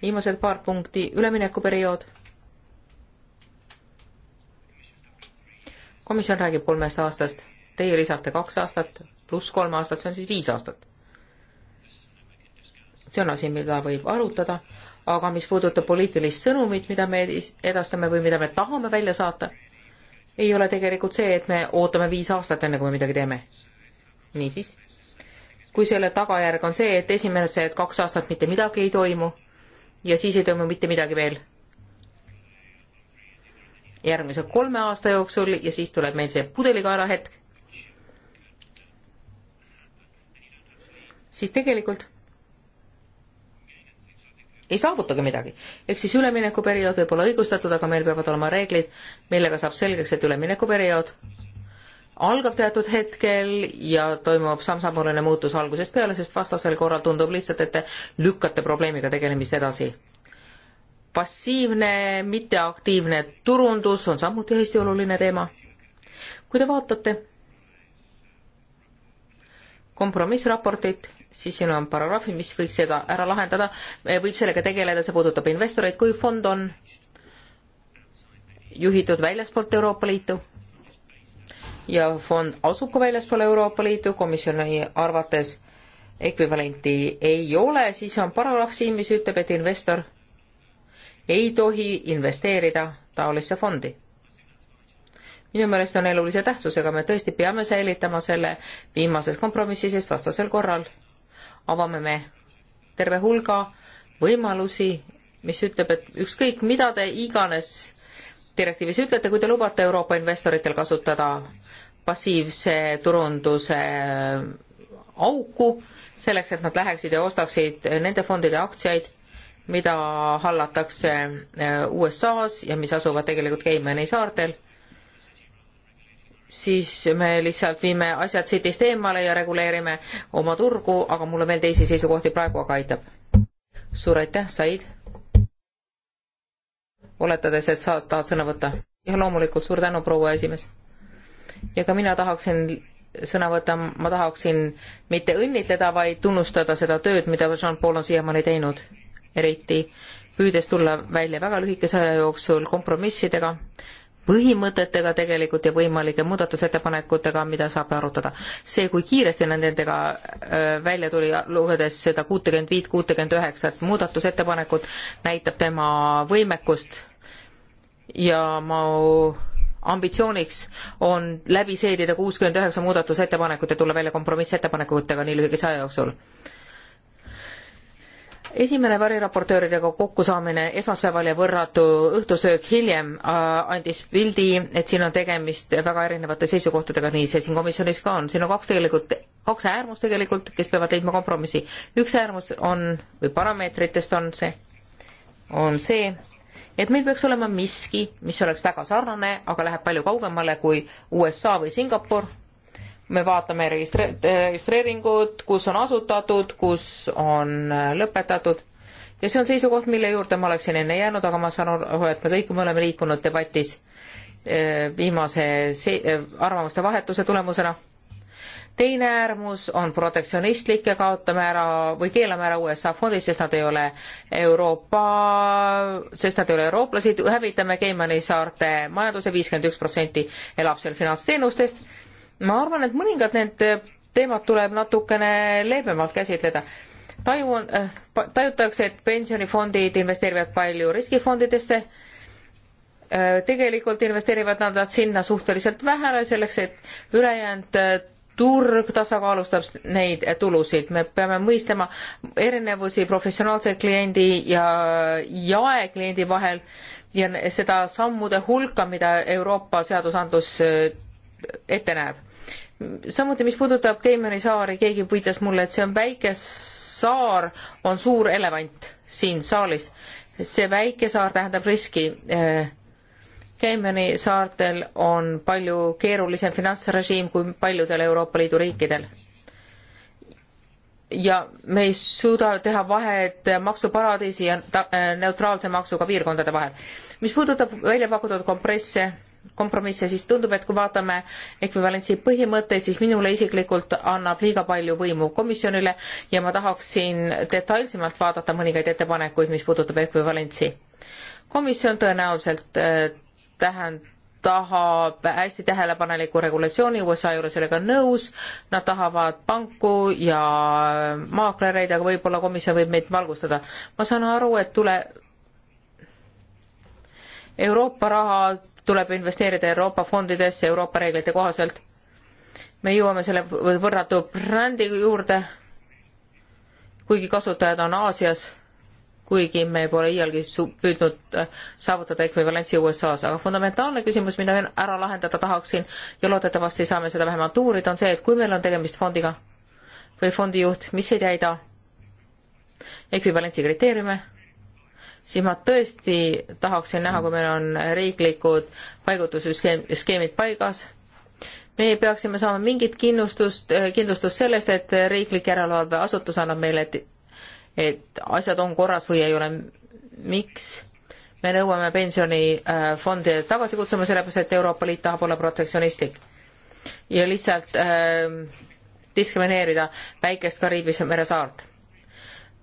viimased paar punkti, üleminekuperiood. komisjon räägib kolmest aastast, teie lisate kaks aastat, pluss kolm aastat, see on siis viis aastat. see on asi, mida võib arutada, aga mis puudutab poliitilist sõnumit, mida me edastame või mida me tahame välja saata, ei ole tegelikult see, et me ootame viis aastat, enne kui me midagi teeme. niisiis, kui selle tagajärg on see, et esimesed kaks aastat mitte midagi ei toimu ja siis ei toimu mitte midagi veel järgmise kolme aasta jooksul ja siis tuleb meil see pudelikaela hetk. siis tegelikult ei saavutagi midagi. ehk siis üleminekuperiood võib olla õigustatud, aga meil peavad olema reeglid, millega saab selgeks, et üleminekuperiood algab teatud hetkel ja toimub samm-sammuline muutus algusest peale, sest vastasel korral tundub lihtsalt, et te lükkate probleemiga tegelemist edasi. passiivne, mitteaktiivne turundus on samuti hästi oluline teema. kui te vaatate kompromissraportit siis siin on paragrahvi, mis võiks seda ära lahendada, eh, võib sellega tegeleda, see puudutab investoreid, kui fond on juhitud väljaspoolt Euroopa Liitu ja fond asub ka väljaspool Euroopa Liitu, komisjoni arvates ekvivalenti ei ole, siis on paragrahv siin, mis ütleb, et investor ei tohi investeerida taolisse fondi minu meelest on elulise tähtsusega, me tõesti peame säilitama selle viimases kompromissis, sest vastasel korral avame me terve hulga võimalusi, mis ütleb, et ükskõik, mida te iganes direktiivis ütlete, kui te lubate Euroopa investoritel kasutada passiivse turunduse auku, selleks, et nad läheksid ja ostaksid nende fondide aktsiaid, mida hallatakse eh, USA-s ja mis asuvad tegelikult Cayman'i saartel siis me lihtsalt viime asjad sitist eemale ja reguleerime oma turgu, aga mulle veel teisi seisukohti praegu aga aitab. suur aitäh, Said. oletades, et sa tahad sõna võtta. jah, loomulikult, suur tänu, proua esimees. ja ka mina tahaksin sõna võtta, ma tahaksin mitte õnnitleda, vaid tunnustada seda tööd, mida Jean-Paul on siiamaani teinud, eriti püüdes tulla välja väga lühikese aja jooksul kompromissidega põhimõtetega tegelikult ja võimalike muudatusettepanekutega, mida saab arutada. see, kui kiiresti nad nendega välja tuli, lugedes seda kuutekümmet viit, kuutekümmet üheksat muudatusettepanekut, näitab tema võimekust ja ma ambitsiooniks on läbi seedida kuuskümmend üheksa muudatusettepanekut ja tulla välja kompromissettepanekutega nii lühikese aja jooksul esimene variraportööridega kokkusaamine esmaspäeval ja võrratu õhtusöök hiljem äh, andis pildi, et siin on tegemist väga erinevate seisukohtadega, nii see siin komisjonis ka on, siin on kaks tegelikult, kaks äärmust tegelikult, kes peavad leidma kompromissi. üks äärmus on, või parameetritest on see, on see, et meil peaks olema miski, mis oleks väga sarnane, aga läheb palju kaugemale kui USA või Singapur me vaatame registre-, registreeringut, kus on asutatud, kus on lõpetatud ja see on seisukoht, mille juurde ma oleksin enne jäänud, aga ma saan aru, et me kõik me oleme liikunud debatis eh, viimase se-, eh, arvamuste vahetuse tulemusena. teine äärmus on protektsionistlik ja kaotame ära või keelame ära USA fondid, sest nad ei ole Euroopa, sest nad ei ole eurooplased, hävitame Keimani saarte majanduse, viiskümmend üks protsenti elab seal finantsteenustest ma arvan, et mõningad need teemad tuleb natukene leebemalt käsitleda. taju on äh,, tajutakse, et pensionifondid investeerivad palju riskifondidesse äh,, tegelikult investeerivad nad sinna suhteliselt vähele, selleks et ülejäänud äh, turg tasakaalustab neid äh, tulusid, me peame mõistama erinevusi professionaalse kliendi ja jaekliendi vahel ja seda sammude hulka, mida Euroopa seadusandlus äh, ette näeb. samuti, mis puudutab Keimani saari, keegi viitas mulle, et see on väike saar, on suur elevant siin saalis. see väike saar tähendab riski. Keimani eh, saartel on palju keerulisem finantsrežiim kui paljudel Euroopa Liidu riikidel ja me ei suuda teha vahet maksuparadiisi ja ta, neutraalse maksuga piirkondade vahel. mis puudutab välja pakutud kompresse, kompromisse, siis tundub, et kui vaatame ekvivalentsi põhimõtteid, siis minule isiklikult annab liiga palju võimu komisjonile ja ma tahaksin detailsemalt vaadata mõningaid ettepanekuid, mis puudutab ekvivalentsi. komisjon tõenäoliselt äh, tähendab tahab hästi tähelepaneliku regulatsiooni, USA ei ole sellega nõus, nad tahavad panku ja maaklereid, aga võib-olla komisjon võib meid valgustada. ma saan aru, et tule Euroopa raha tuleb investeerida Euroopa fondidesse Euroopa reeglite kohaselt. me jõuame selle võrratu brändi juurde, kuigi kasutajad on Aasias, kuigi me pole iialgi püüdnud äh, saavutada ekvivalentsi USA-s, aga fundamentaalne küsimus, mida ära lahendada tahaksin ja loodetavasti saame seda vähemalt uurida, on see, et kui meil on tegemist fondiga või fondijuht, mis ei täida ekvivalentsi kriteeriume siis ma tõesti tahaksin näha, kui meil on riiklikud paigutusskeemid paigas, meie peaksime saama mingit kindlustust, äh, kindlustust sellest, et riiklik järelevalveasutus annab meile, et, et asjad on korras või ei ole. miks me nõuame pensionifondi äh, tagasi kutsuma, sellepärast et Euroopa Liit tahab olla protektsionistlik ja lihtsalt äh, diskrimineerida väikest Kariibis meresaart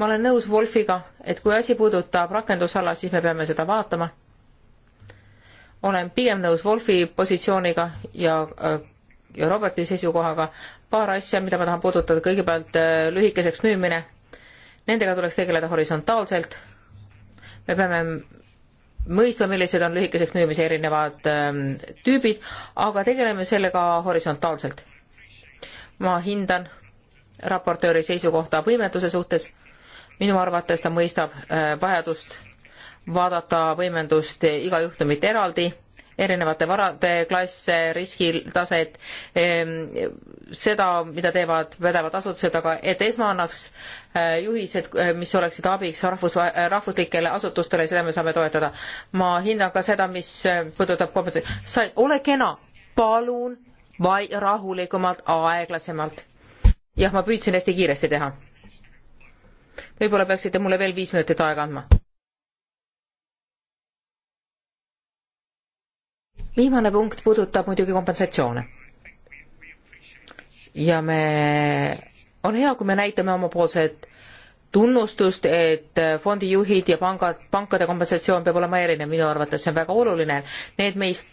ma olen nõus Wolfiga, et kui asi puudutab rakendusala, siis me peame seda vaatama. olen pigem nõus Wolfi positsiooniga ja, äh, ja Roberti seisukohaga. paar asja, mida ma tahan puudutada, kõigepealt äh, lühikeseks müümine. Nendega tuleks tegeleda horisontaalselt. me peame mõistma, millised on lühikeseks müümise erinevad ähm, tüübid, aga tegeleme sellega horisontaalselt. ma hindan raportööri seisukohta võimetuse suhtes minu arvates ta mõistab äh, vajadust vaadata võimendust iga juhtumit eraldi, erinevate varade klasse, riskitaset, ehm, seda, mida teevad pädevad asutused, aga et esma annaks äh, juhised, äh, mis oleksid abiks rahvus, rahvuslikele asutustele, seda me saame toetada. ma hindan ka seda, mis puudutab kompetentsi. sa, ole kena, palun vai rahulikumalt, aeglasemalt. jah, ma püüdsin hästi kiiresti teha võib-olla peaksite mulle veel viis minutit aega andma. viimane punkt puudutab muidugi kompensatsioone. ja me, on hea, kui me näitame omapoolset tunnustust, et fondijuhid ja pangad, pankade kompensatsioon peab olema erinev, minu arvates see on väga oluline. Need meist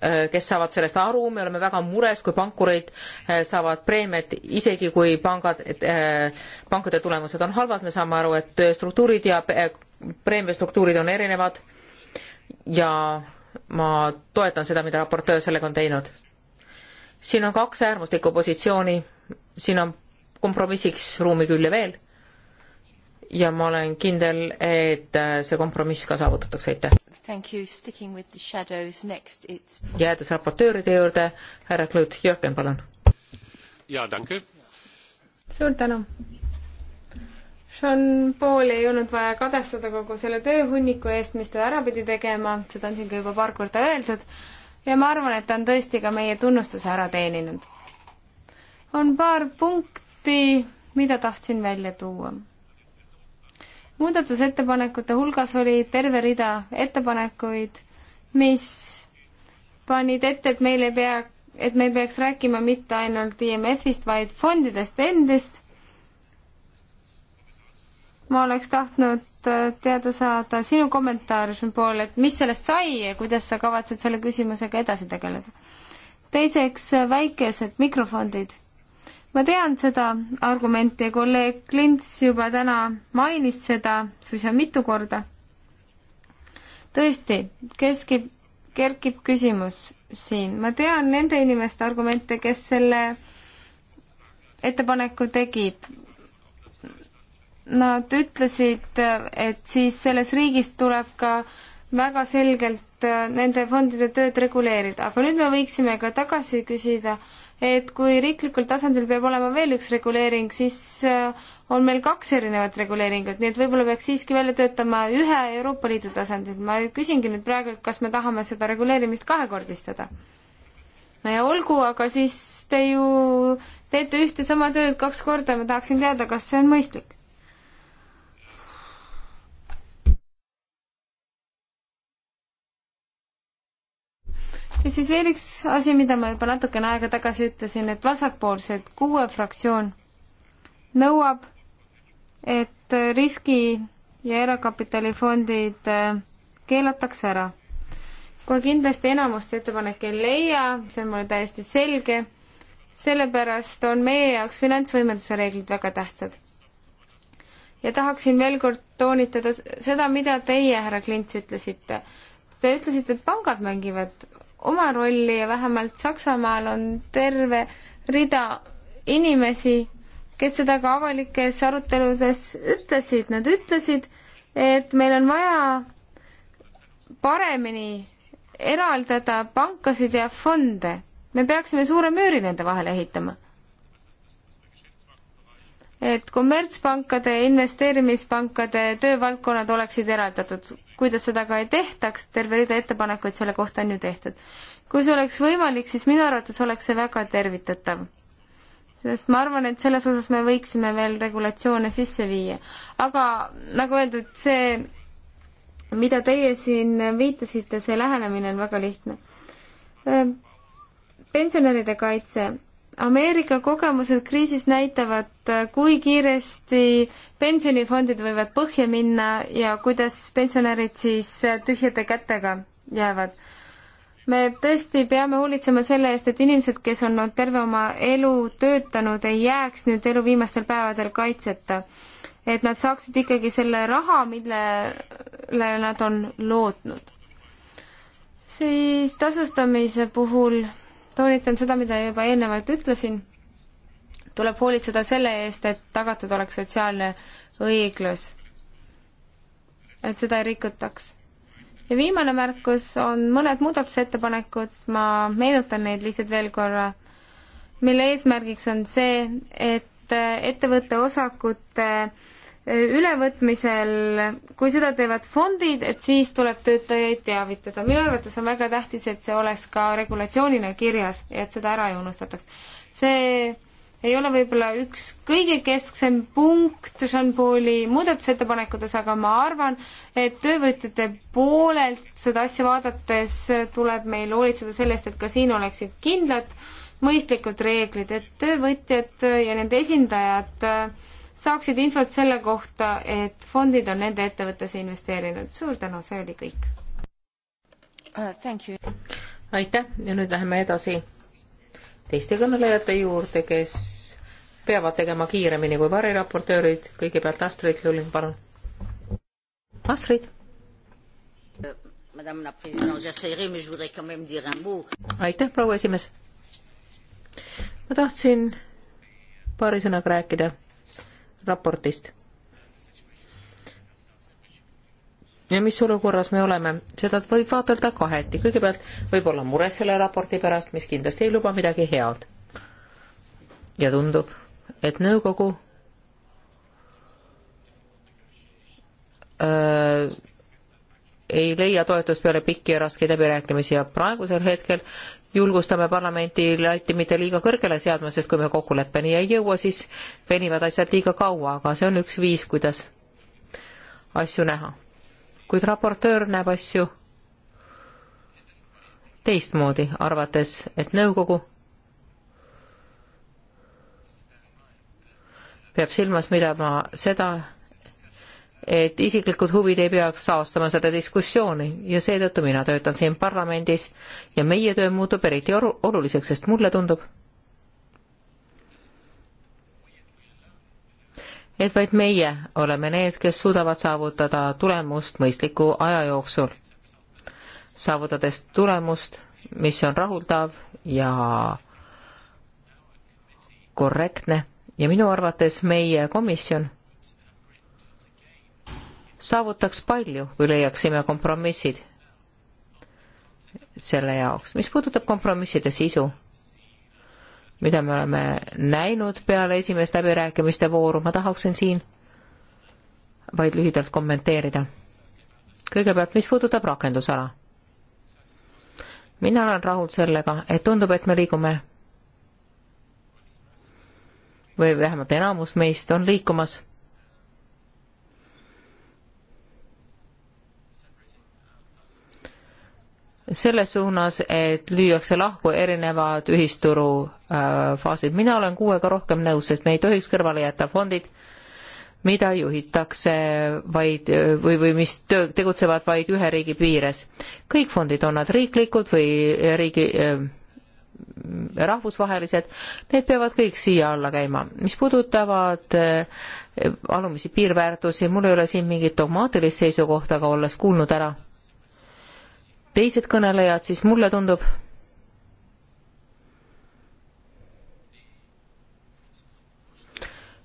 Äh, kes saavad sellest aru, me oleme väga mures, kui pankurid äh, saavad preemiat, isegi kui pangad, äh, pankade tulemused on halvad, me saame aru, et struktuurid ja preemiastruktuurid on erinevad ja ma toetan seda, mida raportöör sellega on teinud. siin on kaks äärmuslikku positsiooni, siin on kompromissiks ruumi küll ja veel ja ma olen kindel, et äh, see kompromiss ka saavutatakse, aitäh. jäädes raportööride juurde, härra Klut, Jürgen, palun. suur tänu. Jean-Paul ei olnud vaja kadestada kogu selle tööhunniku eest, mis ta ära pidi tegema, seda on siin ka juba paar korda öeldud, ja ma arvan, et ta on tõesti ka meie tunnustuse ära teeninud. on paar punkti, mida tahtsin välja tuua muudatusettepanekute hulgas oli terve rida ettepanekuid, mis panid ette, et meil ei pea, et me ei peaks rääkima mitte ainult IMF-ist, vaid fondidest endist. ma oleks tahtnud äh, teada saada sinu kommentaari, Jean-Paul, et mis sellest sai ja kuidas sa kavatsed selle küsimusega edasi tegeleda? teiseks, äh, väikesed mikrofondid ma tean seda argumenti ja kolleeg Klints juba täna mainis seda suisa mitu korda. tõesti, keskib, kerkib küsimus siin, ma tean nende inimeste argumente, kes selle ettepaneku tegid. Nad ütlesid, et siis selles riigis tuleb ka väga selgelt nende fondide tööd reguleerida, aga nüüd me võiksime ka tagasi küsida äh, et kui riiklikul tasandil peab olema veel üks reguleering, siis äh, on meil kaks erinevat reguleeringut, nii et võib-olla peaks siiski välja töötama ühe Euroopa Liidu tasandil. ma küsingi nüüd praegu, et kas me tahame seda reguleerimist kahekordistada. no ja olgu, aga siis te ju teete ühte sama tööd kaks korda, ma tahaksin teada, kas see on mõistlik. ja siis veel üks asi, mida ma juba natukene aega tagasi ütlesin, et vasakpoolsed, kuue fraktsioon nõuab, et riski- ja erakapitalifondid äh, keelatakse ära. kohe kindlasti enamust ettepanek ei leia, see on mulle täiesti selge, sellepärast on meie jaoks finantsvõimenduse reeglid väga tähtsad. ja tahaksin veel kord toonitada seda, mida teie, härra Klints, ütlesite. Te ütlesite, et pangad mängivad oma rolli ja vähemalt Saksamaal on terve rida inimesi, kes seda ka avalikes aruteludes ütlesid, nad ütlesid, et meil on vaja paremini eraldada pankasid ja fonde. me peaksime suure müüri nende vahele ehitama. et kommertspankade ja investeerimispankade töövaldkonnad oleksid eraldatud kuidas seda ka ei tehtaks, terve rida ettepanekuid selle kohta on ju tehtud. kui see oleks võimalik, siis minu arvates oleks see väga tervitatav. sest ma arvan, et selles osas me võiksime veel regulatsioone sisse viia. aga nagu öeldud, see, mida teie siin viitasite, see lähenemine on väga lihtne. pensionäride kaitse, Ameerika kogemused kriisis näitavad, äh, kui kiiresti pensionifondid võivad põhja minna ja kuidas pensionärid siis äh, tühjade kätega jäävad. me tõesti peame hoolitsema selle eest, et inimesed, kes on olnud terve oma elu töötanud, ei jääks nüüd elu viimastel päevadel kaitseta. et nad saaksid ikkagi selle raha, millele nad on lootnud. siis tasustamise puhul toonitan seda, mida juba eelnevalt ütlesin, tuleb hoolitseda selle eest, et tagatud oleks sotsiaalne õiglus, et seda ei rikutaks. ja viimane märkus on mõned muudatusettepanekud, ma meenutan neid lihtsalt veel korra, mille eesmärgiks on see, et ettevõtte osakute äh, ülevõtmisel, kui seda teevad fondid, et siis tuleb töötajaid teavitada. minu arvates on väga tähtis, et see oleks ka regulatsioonina kirjas ja et seda ära ei unustataks. see ei ole võib-olla üks kõige kesksem punkt Jean-Pauli muudatusettepanekutes, aga ma arvan, et töövõtjate poolelt seda asja vaadates tuleb meil hoolitseda selle eest, et ka siin oleksid kindlad mõistlikud reeglid, et töövõtjad ja nende esindajad äh, saaksid infot selle kohta, et fondid on nende ettevõttesse investeerinud. suur tänu, see oli kõik uh,. aitäh ja nüüd läheme edasi teiste kõnelejate juurde, kes peavad tegema kiiremini kui variraportöörid. kõigepealt Astrid Lulling, palun. Astrid. aitäh, proua esimees. ma tahtsin paari sõnaga rääkida raportist. ja mis olukorras me oleme, seda võib vaadelda kaheti, kõigepealt võib olla mures selle raporti pärast, mis kindlasti ei luba midagi head. ja tundub, et nõukogu öö, äh, ei leia toetust peale pikki ja raskeid läbirääkimisi ja praegusel hetkel julgustame parlamenti lati mitte liiga kõrgele seadma, sest kui me kokkuleppeni ei jõua, siis venivad asjad liiga kaua, aga see on üks viis, kuidas asju näha. kuid raportöör näeb asju teistmoodi, arvates, et nõukogu peab silmas pidama seda, et isiklikud huvid ei peaks saastama seda diskussiooni ja seetõttu mina töötan siin parlamendis ja meie töö muutub eriti oluliseks, sest mulle tundub, et vaid meie oleme need, kes suudavad saavutada tulemust mõistliku aja jooksul, saavutades tulemust, mis on rahuldav ja korrektne ja minu arvates meie komisjon saavutaks palju, kui leiaksime kompromissid selle jaoks. mis puudutab kompromisside sisu, mida me oleme näinud peale esimest läbirääkimiste vooru, ma tahaksin siin vaid lühidalt kommenteerida. kõigepealt, mis puudutab rakendusala. mina olen rahul sellega, et tundub, et me liigume või vähemalt enamus meist on liikumas selles suunas, et lüüakse lahku erinevad ühisturu äh, faasid. mina olen kuuega rohkem nõus, sest me ei tohiks kõrvale jätta fondid, mida juhitakse vaid äh, või, või mis töö, tegutsevad vaid ühe riigi piires. kõik fondid, on nad riiklikud või riigi äh, rahvusvahelised, need peavad kõik siia alla käima. mis puudutavad äh, alumisi piirväärtusi, mul ei ole siin mingit dogmaatilist seisukohta, aga olles kuulnud ära teised kõnelejad, siis mulle tundub,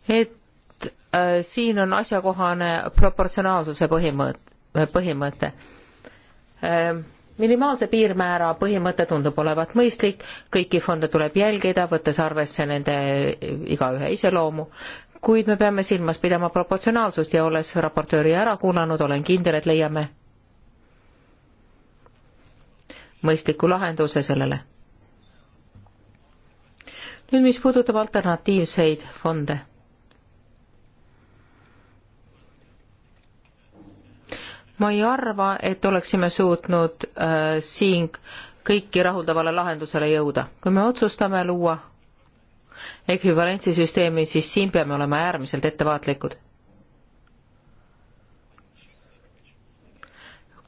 et äh, siin on asjakohane proportsionaalsuse põhimõte, põhimõte äh,. minimaalse piirmäära põhimõte tundub olevat mõistlik, kõiki fonde tuleb jälgida, võttes arvesse nende äh, igaühe iseloomu, kuid me peame silmas pidama proportsionaalsust ja olles raportööri ära kuulanud, olen kindel, et leiame mõistliku lahenduse sellele. nüüd, mis puudutab alternatiivseid fonde. ma ei arva, et oleksime suutnud äh, siin kõiki rahuldavale lahendusele jõuda. kui me otsustame luua ekvivalentsisüsteemi, siis siin peame olema äärmiselt ettevaatlikud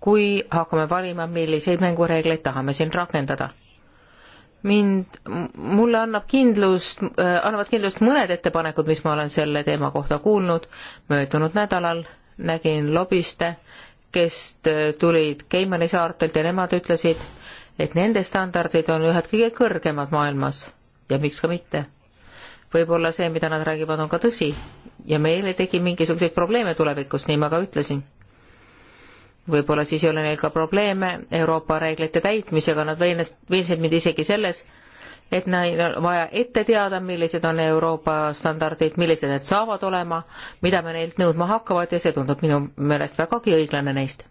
kui hakkame valima, milliseid mängureegleid tahame siin rakendada. mind, mulle annab kindlust, äh, annavad kindlust mõned ettepanekud, mis ma olen selle teema kohta kuulnud. möödunud nädalal nägin lobiste, kes äh, tulid Keimani saartelt ja nemad ütlesid, et nende standardid on ühed kõige kõrgemad maailmas ja miks ka mitte. võib-olla see, mida nad räägivad, on ka tõsi ja meile tegi mingisuguseid probleeme tulevikus, nii ma ka ütlesin võib-olla siis ei ole neil ka probleeme Euroopa reeglite täitmisega, nad veenes, veensid mind isegi selles, et neil on vaja ette teada, millised on Euroopa standardid, millised need saavad olema, mida me neilt nõudma hakkavad ja see tundub minu meelest vägagi õiglane neist.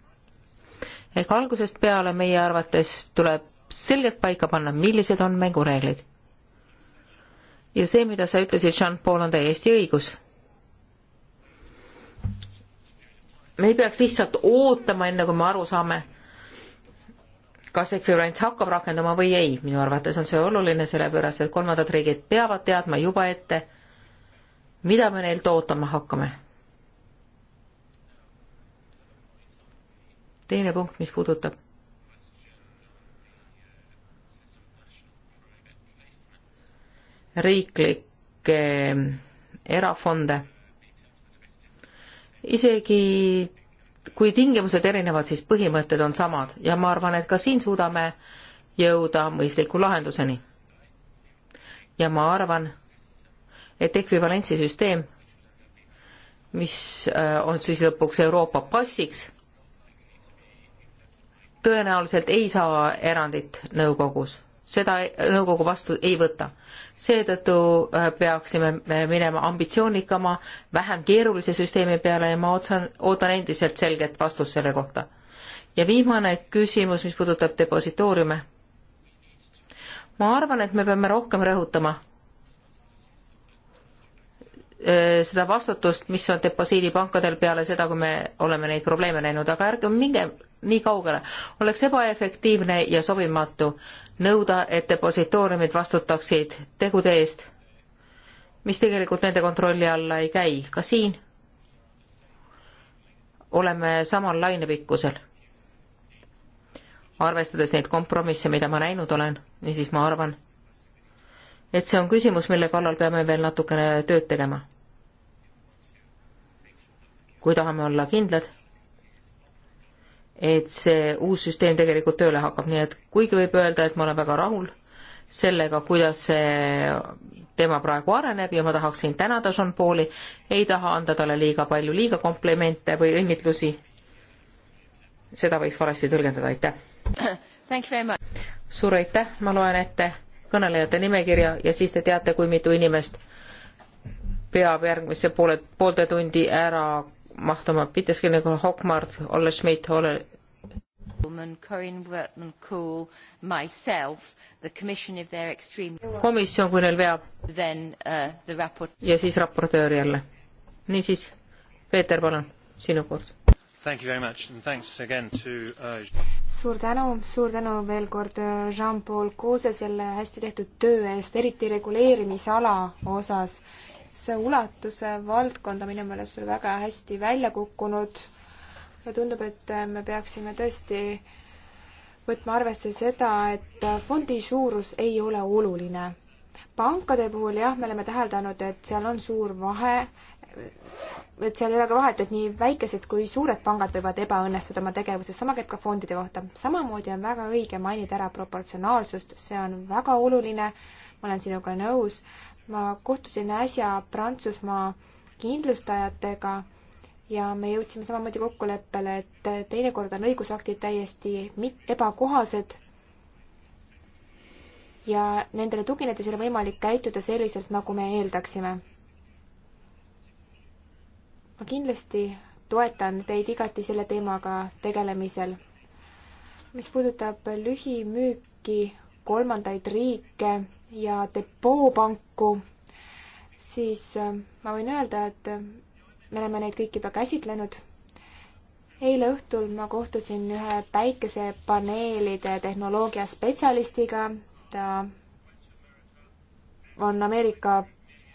ehk algusest peale meie arvates tuleb selgelt paika panna, millised on mängureeglid. ja see, mida sa ütlesid, Jean-Paul, on täiesti õigus me ei peaks lihtsalt ootama, enne kui me aru saame, kas ekvivalents hakkab rakenduma või ei. minu arvates on see oluline, sellepärast et kolmandad riigid peavad teadma juba ette, mida me neilt ootama hakkame. teine punkt, mis puudutab riiklikke erafonde isegi kui tingimused erinevad, siis põhimõtted on samad ja ma arvan, et ka siin suudame jõuda mõistliku lahenduseni. ja ma arvan, et ekvivalentsisüsteem, mis äh, on siis lõpuks Euroopa passiks, tõenäoliselt ei saa erandit nõukogus seda nõukogu vastu ei võta. seetõttu äh, peaksime me minema ambitsioonikama, vähem keerulise süsteemi peale ja ma otsan, ootan endiselt selget vastust selle kohta. ja viimane küsimus, mis puudutab depositooriume. ma arvan, et me peame rohkem rõhutama äh, seda vastutust, mis on deposiidipankadel peale seda, kui me oleme neid probleeme näinud, aga ärge minge nii kaugele. oleks ebaefektiivne ja sobimatu nõuda, et depositooriumid vastutaksid tegude eest, mis tegelikult nende kontrolli alla ei käi. ka siin oleme samal lainepikkusel. arvestades neid kompromisse, mida ma näinud olen, niisiis ma arvan, et see on küsimus, mille kallal peame veel natukene tööd tegema. kui tahame olla kindlad et see uus süsteem tegelikult tööle hakkab, nii et kuigi võib öelda, et ma olen väga rahul sellega, kuidas see teema praegu areneb ja ma tahaksin tänada Jean-Pauli, ei taha anda talle liiga palju liiga komplimente või õnnitlusi. seda võiks valesti tõlgendada, aitäh. suur aitäh, ma loen ette kõnelejate nimekirja ja siis te teate, kui mitu inimest peab järgmise poole, poolte tundi ära mahtuma. Pitäisikö niin kuin Hockmart, Olle Schmidt, Olle komission, kui neil veab. Uh, ja siis raportöör jälle. niisiis, Peeter, palun, sinu kord. Uh, suur tänu, suur tänu veel kord uh, Jean-Paul Kuuse selle hästi tehtud töö eest, eriti reguleerimisala osas see ulatuse valdkond on minu meelest sul väga hästi välja kukkunud ja tundub, et me peaksime tõesti võtma arvesse seda, et fondi suurus ei ole oluline. pankade puhul jah, me oleme täheldanud, et seal on suur vahe, et seal ei ole ka vahet, et nii väikesed kui suured pangad võivad ebaõnnestuda oma tegevuses, sama käib ka fondide kohta. samamoodi on väga õige mainida ära proportsionaalsust, see on väga oluline, ma olen sinuga nõus, ma kohtusin äsja Prantsusmaa kindlustajatega ja me jõudsime samamoodi kokkuleppele, et teinekord on õigusaktid täiesti ebakohased ja nendele tuginedes ei ole võimalik käituda selliselt, nagu me eeldaksime. ma kindlasti toetan teid igati selle teemaga tegelemisel. mis puudutab lühimüüki kolmandaid riike, ja depoopanku, siis äh, ma võin öelda, et me oleme neid kõiki juba käsitlenud. eile õhtul ma kohtusin ühe päikesepaneelide tehnoloogia spetsialistiga, ta on Ameerika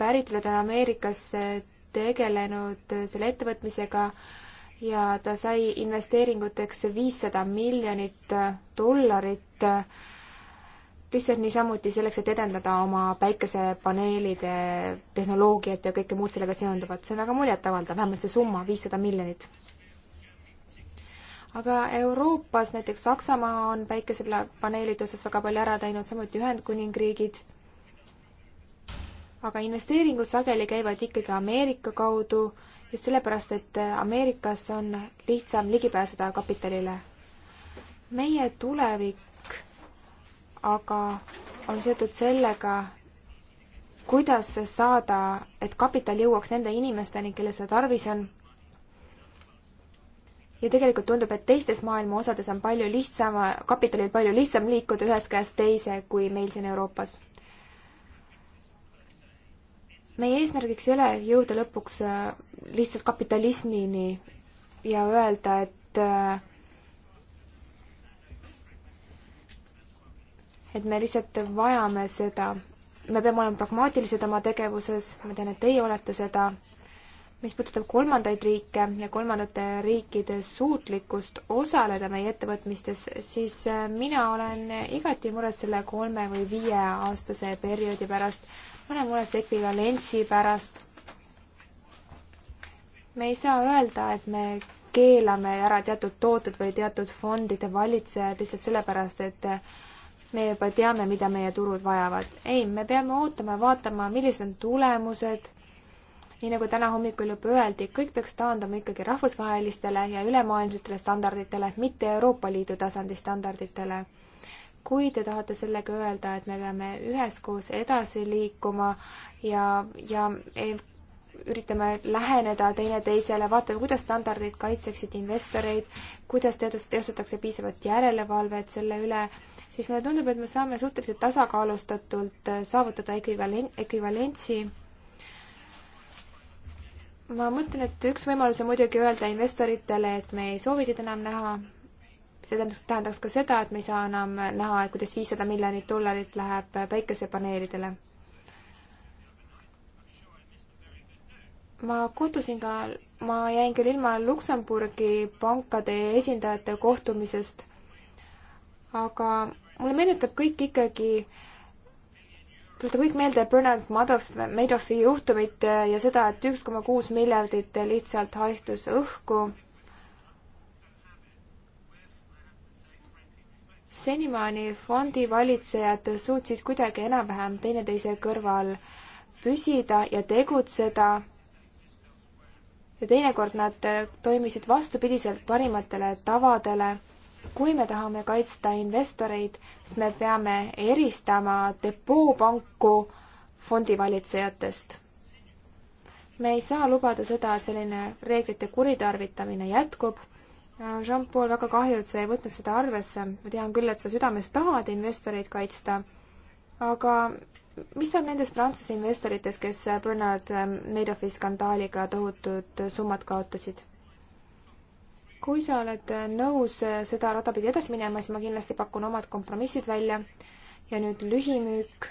päritolu, ta on Ameerikas tegelenud selle ettevõtmisega ja ta sai investeeringuteks viissada miljonit dollarit lihtsalt niisamuti selleks, et edendada oma päikesepaneelide tehnoloogiat ja kõike muud sellega seonduvat, see on väga muljetavaldav, vähemalt see summa, viissada miljonit. aga Euroopas, näiteks Saksamaa on päikesepaneelide osas väga palju ära teinud, samuti Ühendkuningriigid, aga investeeringud sageli käivad ikkagi Ameerika kaudu, just sellepärast, et Ameerikas on lihtsam ligi pääseda kapitalile meie tulevik aga on seotud sellega, kuidas saada, et kapital jõuaks nende inimesteni, kellel seda tarvis on. ja tegelikult tundub, et teistes maailma osades on palju lihtsam, kapitalil palju lihtsam liikuda ühest käest teise kui meil siin Euroopas. meie eesmärgiks ei ole jõuda lõpuks äh, lihtsalt kapitalismini ja öelda, et äh, et me lihtsalt vajame seda, me peame olema pragmaatilised oma tegevuses, ma tean, et teie olete seda. mis puudutab kolmandaid riike ja kolmandate riikide suutlikkust osaleda meie ettevõtmistes, siis äh, mina olen igati mures selle kolme või viie aastase perioodi pärast. ma olen mures ekvivalentsi pärast. me ei saa öelda, et me keelame ära teatud tooted või teatud fondide valitsejad lihtsalt sellepärast, et äh, me juba teame, mida meie turud vajavad. ei, me peame ootama, vaatama, millised on tulemused. nii nagu täna hommikul juba öeldi, kõik peaks taanduma ikkagi rahvusvahelistele ja ülemaailmsetele standarditele, mitte Euroopa Liidu tasandi standarditele. kui te tahate sellega öelda, et me peame üheskoos edasi liikuma ja, ja üritame läheneda teineteisele, vaatame, kuidas standardid kaitseksid investoreid, kuidas teadus, teostatakse piisavat järelevalvet selle üle siis mulle tundub, et me saame suhteliselt tasakaalustatult äh, saavutada ekvivalen-, ekvivalentsi. ma mõtlen, et üks võimalus on muidugi öelda investoritele, et me ei soovi teid enam näha. see tähendaks, tähendaks ka seda, et me ei saa enam näha, et kuidas viissada miljonit dollarit läheb päikesepaneelidele. ma kohtusin ka, ma jäin küll ilma Luksemburgi pankade esindajate kohtumisest aga mulle meenutab kõik ikkagi, tuletab kõik meelde Bernard Madoff, Madoffi juhtumit ja seda, et üks koma kuus miljardit lihtsalt haihtus õhku. senimaani fondi valitsejad suutsid kuidagi enam-vähem teineteise kõrval püsida ja tegutseda ja teinekord nad toimisid vastupidiselt parimatele tavadele kui me tahame kaitsta investoreid, siis me peame eristama depoopanku fondivalitsejatest. me ei saa lubada seda, et selline reeglite kuritarvitamine jätkub. Jean-Paul, väga kahju, et sa ei võtnud seda arvesse. ma tean küll, et sa südames tahad investoreid kaitsta, aga mis saab nendest Prantsuse investoritest, kes Bernard Madoffi skandaaliga tohutud summad kaotasid? kui sa oled nõus seda rada pidi edasi minema, siis ma kindlasti pakun omad kompromissid välja. ja nüüd lühimüük.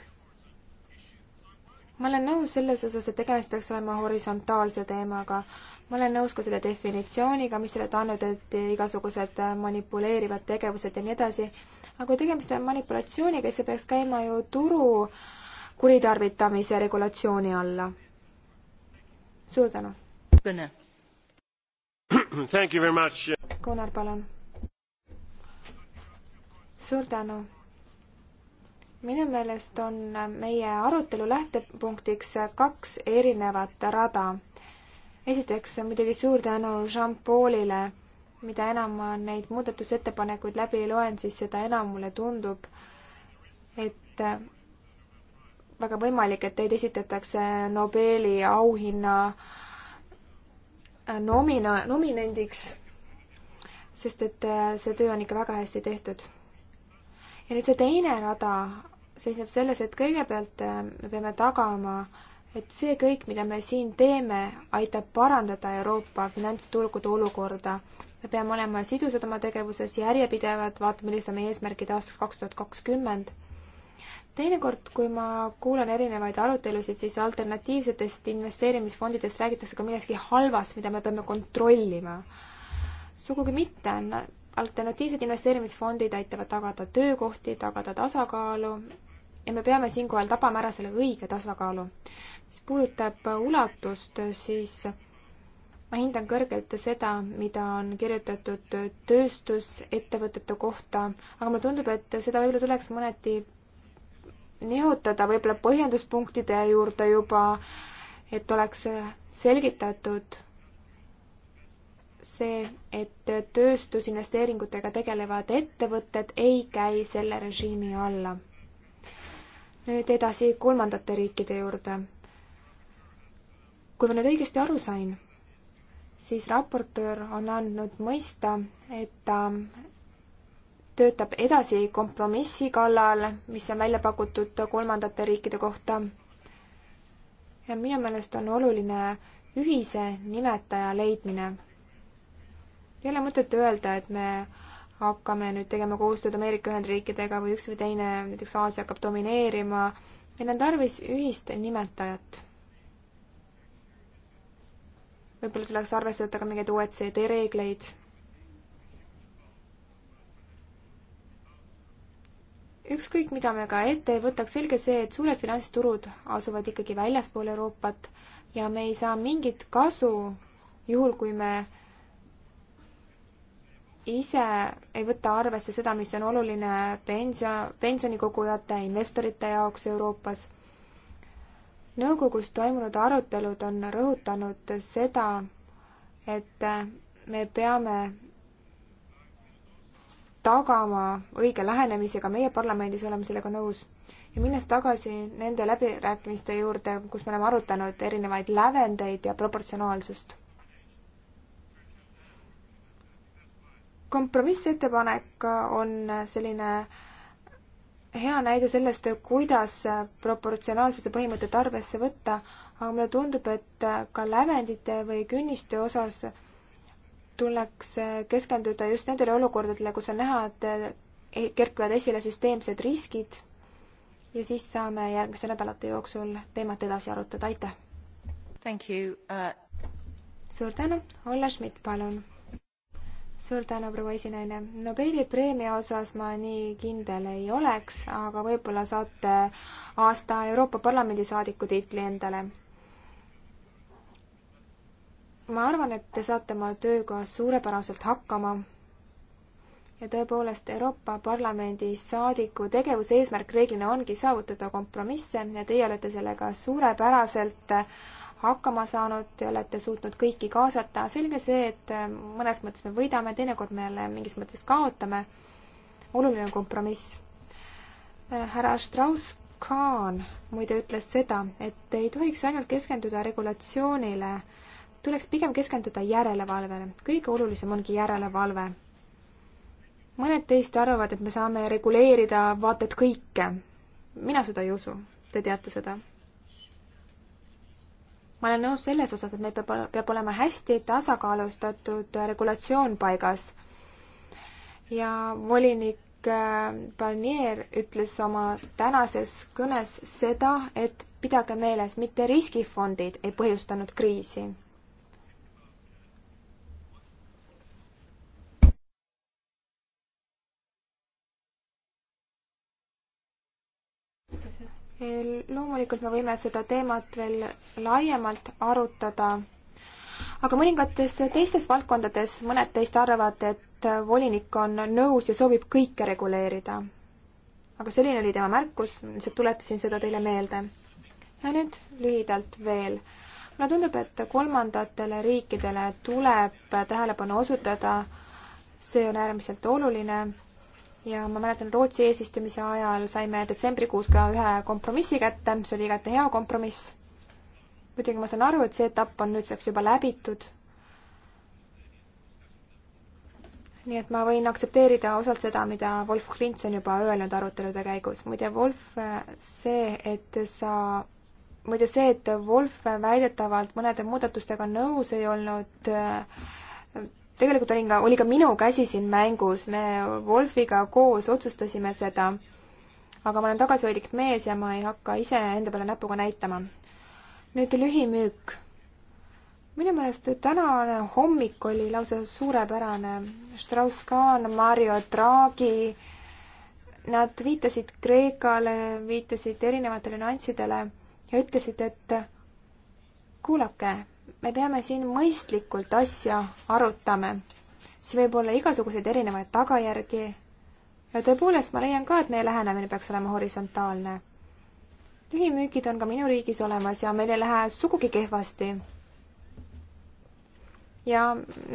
ma olen nõus selles osas, et tegemist peaks olema horisontaalse teemaga. ma olen nõus ka selle definitsiooniga, mis selle ta andnud, et igasugused manipuleerivad tegevused ja nii edasi. aga kui tegemist on manipulatsiooniga, siis see peaks käima ju turu kuritarvitamise regulatsiooni alla. suur tänu! kõne Gunnar, palun. suur tänu. minu meelest on meie arutelu lähtepunktiks kaks erinevat rada. esiteks muidugi suur tänu Jean-Paulile. mida enam ma neid muudatusettepanekuid läbi loen, siis seda enam mulle tundub, et väga võimalik, et teid esitatakse Nobeli auhinna äh, nomina-, nominendiks, sest et äh, see töö on ikka väga hästi tehtud. ja nüüd see teine rada seisneb selles, et kõigepealt äh, me peame tagama, et see kõik, mida me siin teeme, aitab parandada Euroopa finantsturgude olukorda. me peame olema sidusad oma tegevuses, järjepidevad, vaatame, millised on meie eesmärgid aastaks kaks tuhat kakskümmend teinekord, kui ma kuulan erinevaid arutelusid, siis alternatiivsetest investeerimisfondidest räägitakse ka millestki halvast, mida me peame kontrollima. sugugi mitte, alternatiivsed investeerimisfondid aitavad tagada töökohti, tagada tasakaalu ja me peame siinkohal tabama ära selle õige tasakaalu. mis puudutab ulatust, siis ma hindan kõrgelt seda, mida on kirjutatud tööstusettevõtete kohta, aga mulle tundub, et seda võib-olla tuleks mõneti nihutada võib-olla põhjenduspunktide juurde juba, et oleks selgitatud see, et tööstusinvesteeringutega tegelevad ettevõtted ei käi selle režiimi alla. nüüd edasi kolmandate riikide juurde. kui ma nüüd õigesti aru sain, siis raportöör on andnud mõista, et ta töötab edasi kompromissi kallal, mis on välja pakutud kolmandate riikide kohta. ja minu meelest on oluline ühise nimetaja leidmine. ei ole mõtet öelda, et me hakkame nüüd tegema koostööd Ameerika Ühendriikidega või üks või teine, näiteks Aasia hakkab domineerima. meil on tarvis ühist nimetajat. võib-olla tuleks arvestada ka mingeid OECD reegleid ükskõik, mida me ka ette ei võtaks, selge see, et suured finantsturud asuvad ikkagi väljaspool Euroopat ja me ei saa mingit kasu juhul, kui me ise ei võta arvesse seda, mis on oluline pension, pensionikogujate, investorite jaoks Euroopas. nõukogus toimunud arutelud on rõhutanud seda, et me peame tagama õige lähenemisega, meie parlamendis oleme sellega nõus. ja minnes tagasi nende läbirääkimiste juurde, kus me oleme arutanud erinevaid lävendeid ja proportsionaalsust. kompromissettepanek on selline hea näide sellest, kuidas proportsionaalsuse põhimõtet arvesse võtta, aga mulle tundub, et ka lävendite või künniste osas tuleks keskenduda just nendele olukordadele, kus on näha, et eh, kerkivad esile süsteemsed riskid ja siis saame järgmiste nädalate jooksul teemat edasi arutada, aitäh! Thank you uh...! suur tänu, Olle Schmidt, palun! suur tänu, proua esinaine. Nobeli preemia osas ma nii kindel ei oleks, aga võib-olla saate aasta Euroopa Parlamendi saadiku tiitli endale ma arvan, et te saate oma tööga suurepäraselt hakkama. ja tõepoolest, Euroopa Parlamendi saadiku tegevuse eesmärk reeglina ongi saavutada kompromisse ja teie olete sellega suurepäraselt hakkama saanud, te olete suutnud kõiki kaasata. selge see, et mõnes mõttes me võidame, teinekord me jälle mingis mõttes kaotame. oluline on kompromiss. härra Strauss Kahn muide ütles seda, et ei tohiks ainult keskenduda regulatsioonile tuleks pigem keskenduda järelevalvele. kõige olulisem ongi järelevalve. mõned teist arvavad, et me saame reguleerida vaata et kõike. mina seda ei usu. Te teate seda. ma olen nõus selles osas, et meil peab, peab olema hästi tasakaalustatud regulatsioon paigas. ja volinik äh, Barnier ütles oma tänases kõnes seda, et pidage meeles, mitte riskifondid ei põhjustanud kriisi. Ehm, loomulikult me võime seda teemat veel laiemalt arutada, aga mõningates teistes valdkondades mõned teist arvavad, et volinik on nõus ja soovib kõike reguleerida. aga selline oli tema märkus, lihtsalt tuletasin seda teile meelde. ja nüüd lühidalt veel. mulle tundub, et kolmandatele riikidele tuleb tähelepanu osutada, see on äärmiselt oluline ja ma mäletan, Rootsi eesistumise ajal saime detsembrikuus ka ühe kompromissi kätte, see oli igati hea kompromiss. muidugi ma saan aru, et see etapp on nüüdseks juba läbitud. nii et ma võin aktsepteerida osalt seda, mida Wolf Klints on juba öelnud arutelude käigus. muide, Wolf, see, et sa, muide see, et Wolf väidetavalt mõnede muudatustega nõus ei olnud äh, tegelikult olin ka, oli ka minu käsi siin mängus, me Wolfiga koos otsustasime seda. aga ma olen tagasihoidlik mees ja ma ei hakka ise enda peale näpuga näitama. nüüd lühimüük. minu meelest tänane hommik oli lausa suurepärane. Strauss-Kahn, Mario Draghi, nad viitasid Kreekale, viitasid erinevatele nüanssidele ja ütlesid, et kuulake, me peame siin mõistlikult asja arutama. see võib olla igasuguseid erinevaid tagajärgi. ja tõepoolest, ma leian ka, et meie lähenemine peaks olema horisontaalne. lühimüügid on ka minu riigis olemas ja meil ei lähe sugugi kehvasti. ja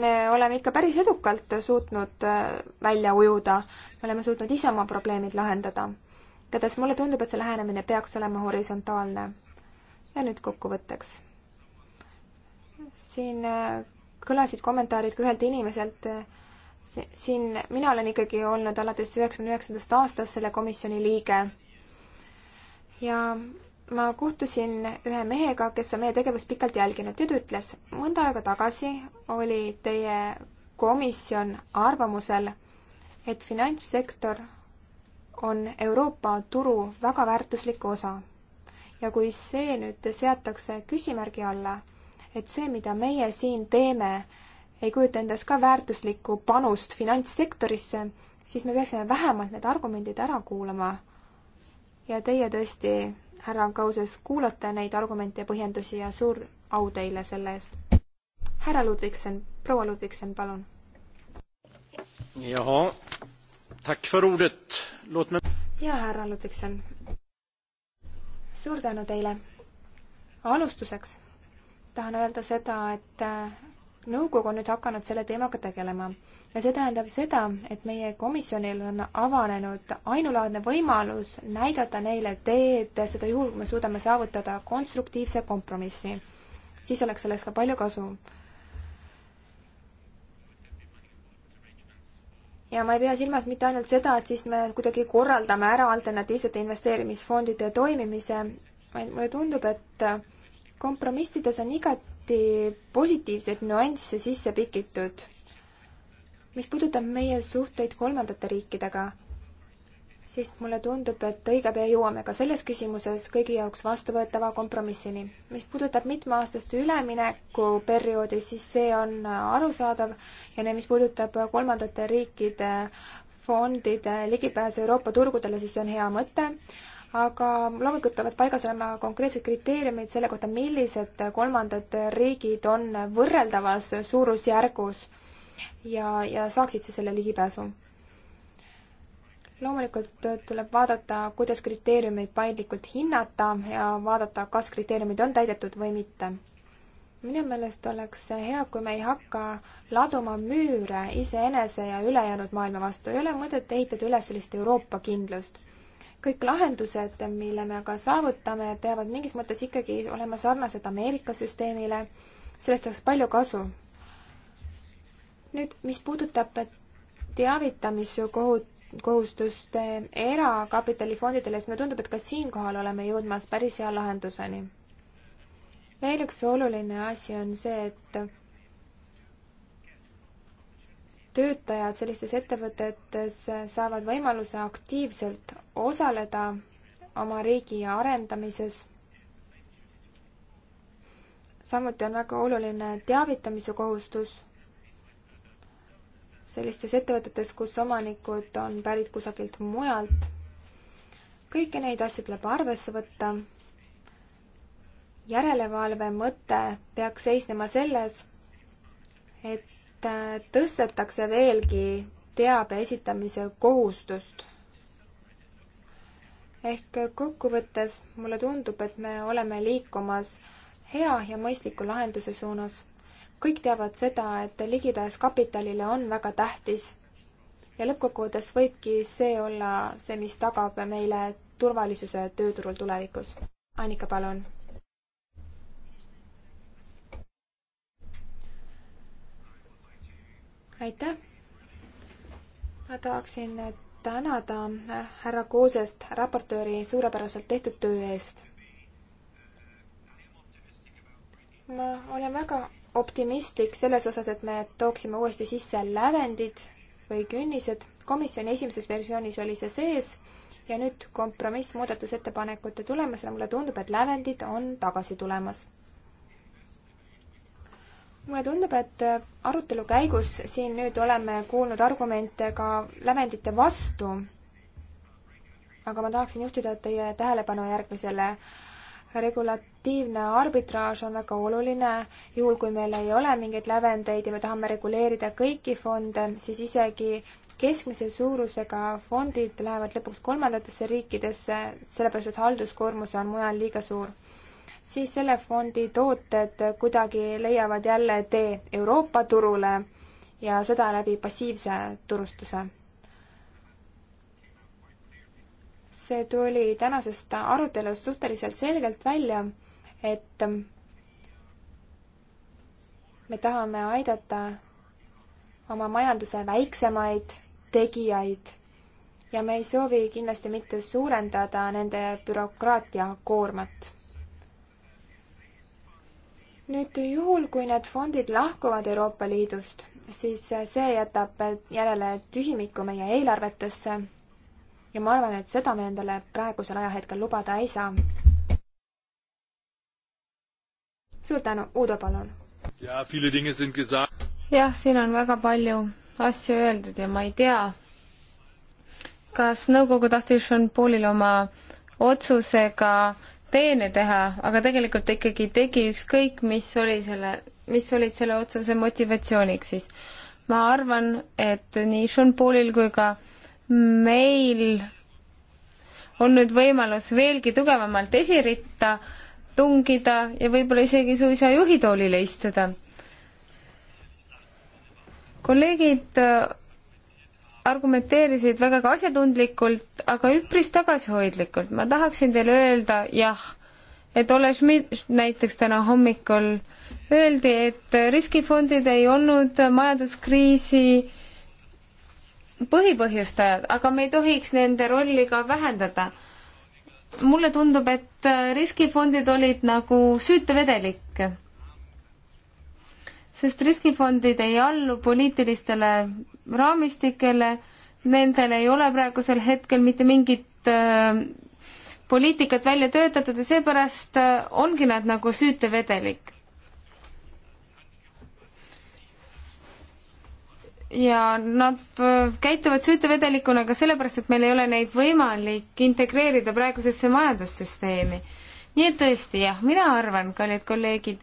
me oleme ikka päris edukalt suutnud äh, välja ujuda. me oleme suutnud ise oma probleemid lahendada. igatahes mulle tundub, et see lähenemine peaks olema horisontaalne. ja nüüd kokkuvõtteks siin äh, kõlasid kommentaarid ka ühelt inimeselt. siin, mina olen ikkagi olnud alates üheksakümne üheksandast aastast selle komisjoni liige. ja ma kohtusin ühe mehega, kes on meie tegevust pikalt jälginud ja ta ütles, mõnda aega tagasi oli teie komisjon arvamusel, et finantssektor on Euroopa turu väga väärtuslik osa. ja kui see nüüd seatakse küsimärgi alla et see, mida meie siin teeme, ei kujuta endast ka väärtuslikku panust finantssektorisse, siis me peaksime vähemalt need argumendid ära kuulama. ja teie tõesti, härra Kauses, kuulate neid argumente ja põhjendusi ja suur au teile selle eest. härra Ludvigsen, proua Ludvigsen, palun. jaa, tack för ordet, låt me. ja härra Ludvigsen. suur tänu teile. alustuseks tahan öelda seda, et äh, nõukogu on nüüd hakanud selle teemaga tegelema ja see tähendab seda, et meie komisjonil on avanenud ainulaadne võimalus näidata neile teed, seda juhul, kui me suudame saavutada konstruktiivse kompromissi. siis oleks sellest ka palju kasu. ja ma ei pea silmas mitte ainult seda, et siis me kuidagi korraldame ära alternatiivsete investeerimisfondide toimimise, vaid mulle tundub, et kompromissides on igati positiivseid nüansse sisse pikitud. mis puudutab meie suhteid kolmandate riikidega, siis mulle tundub, et õige pea jõuame ka selles küsimuses kõigi jaoks vastuvõetava kompromissini. mis puudutab mitmeaastast üleminekuperioodi, siis see on arusaadav ja need, mis puudutab kolmandate riikide fondide ligipääsu Euroopa turgudele, siis see on hea mõte aga loomulikult peavad paigas olema konkreetsed kriteeriumid selle kohta, millised kolmandad riigid on võrreldavas suurusjärgus ja, ja saaksid siis selle ligipääsu. loomulikult tuleb vaadata, kuidas kriteeriumeid paindlikult hinnata ja vaadata, kas kriteeriumid on täidetud või mitte. minu meelest oleks hea, kui me ei hakka laduma müüre iseenese ja ülejäänud maailma vastu, ei ole mõtet ehitada üles sellist Euroopa kindlust kõik lahendused, mille me aga saavutame, peavad mingis mõttes ikkagi olema sarnased Ameerika süsteemile. sellest oleks palju kasu. nüüd, mis puudutab teavitamiskohut, kohustuste erakapitalifondidele, siis mulle tundub, et ka siinkohal oleme jõudmas päris hea lahenduseni. veel üks oluline asi on see, et töötajad sellistes ettevõtetes saavad võimaluse aktiivselt osaleda oma riigi arendamises. samuti on väga oluline teavitamise kohustus sellistes ettevõtetes, kus omanikud on pärit kusagilt mujalt. kõiki neid asju tuleb arvesse võtta. järelevalve mõte peaks seisnema selles, et et tõstetakse veelgi teabe esitamise kohustust. ehk kokkuvõttes mulle tundub, et me oleme liikumas hea ja mõistliku lahenduse suunas. kõik teavad seda, et ligipääs kapitalile on väga tähtis ja lõppkokkuvõttes võibki see olla see, mis tagab meile turvalisuse tööturul tulevikus. Annika, palun aitäh! ma tahaksin tänada härra Koosest, raportööri suurepäraselt tehtud töö eest. ma olen väga optimistlik selles osas, et me tooksime uuesti sisse lävendid või künnised. komisjoni esimeses versioonis oli see sees ja nüüd kompromiss muudatusettepanekute tulemusena mulle tundub, et lävendid on tagasi tulemas mulle tundub, et arutelu käigus siin nüüd oleme kuulnud argumente ka lävendite vastu. aga ma tahaksin juhtida teie tähelepanu järgmisele. regulatiivne arbitraaž on väga oluline, juhul kui meil ei ole mingeid lävendeid ja me tahame reguleerida kõiki fonde, siis isegi keskmise suurusega fondid lähevad lõpuks kolmandatesse riikidesse, sellepärast et halduskoormus on mujal liiga suur siis selle fondi tooted kuidagi leiavad jälle tee Euroopa turule ja seda läbi passiivse turustuse. see tuli tänasest arutelust suhteliselt selgelt välja, et me tahame aidata oma majanduse väiksemaid tegijaid ja me ei soovi kindlasti mitte suurendada nende bürokraatia koormat nüüd juhul, kui need fondid lahkuvad Euroopa Liidust, siis see jätab järele tühimiku meie eelarvetesse ja ma arvan, et seda me endale praegusel ajahetkel lubada ei saa. suur tänu, Uudo, palun! jah, siin on väga palju asju öeldud ja ma ei tea, kas nõukogu tahtis Jean Paulil oma otsusega teene teha, aga tegelikult ta ikkagi tegi ükskõik, mis oli selle, mis olid selle otsuse motivatsiooniks siis. ma arvan, et nii Sean Paulil kui ka meil on nüüd võimalus veelgi tugevamalt esiritta tungida ja võib-olla isegi suisa juhitoolile istuda. kolleegid argumenteerisid vägagi asjatundlikult, aga üpris tagasihoidlikult. ma tahaksin teile öelda jah, et Ole Schmidt näiteks täna hommikul öeldi, et riskifondid ei olnud majanduskriisi põhipõhjustajad, aga me ei tohiks nende rolli ka vähendada. mulle tundub, et riskifondid olid nagu süütevedelik, sest riskifondid ei allu poliitilistele raamistikele, nendel ei ole praegusel hetkel mitte mingit äh, poliitikat välja töötatud ja seepärast äh, ongi nad nagu süütevedelik. ja nad äh, käituvad süütevedelikuna ka sellepärast, et meil ei ole neid võimalik integreerida praegusesse majandussüsteemi. nii et tõesti jah, mina arvan, kallid kolleegid,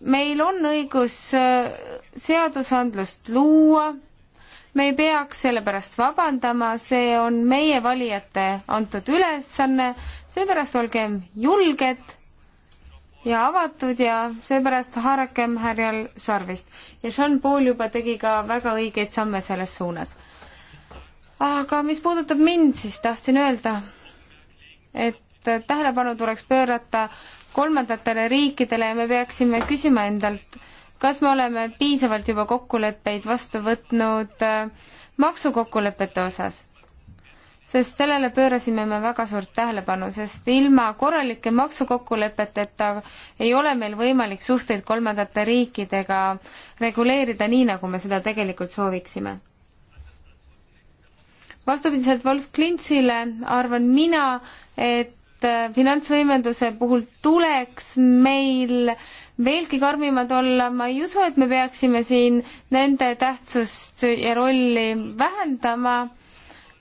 meil on õigus äh, seadusandlust luua me ei peaks selle pärast vabandama, see on meie valijate antud ülesanne, seepärast olgem julged ja avatud ja seepärast haarakem härjal sarvist. ja Jean-Paul juba tegi ka väga õigeid samme selles suunas. aga mis puudutab mind, siis tahtsin öelda, et tähelepanu tuleks pöörata kolmandatele riikidele ja me peaksime küsima endalt, kas me oleme piisavalt juba kokkuleppeid vastu võtnud äh, maksukokkulepete osas? sest sellele pöörasime me väga suurt tähelepanu, sest ilma korralike maksukokkulepeteta ei ole meil võimalik suhteid kolmandate riikidega reguleerida nii, nagu me seda tegelikult sooviksime. vastupidiselt Wolf Klintsile arvan mina, et Äh, finantsvõimenduse puhul tuleks meil veelgi karmimad olla, ma ei usu, et me peaksime siin nende tähtsust ja rolli vähendama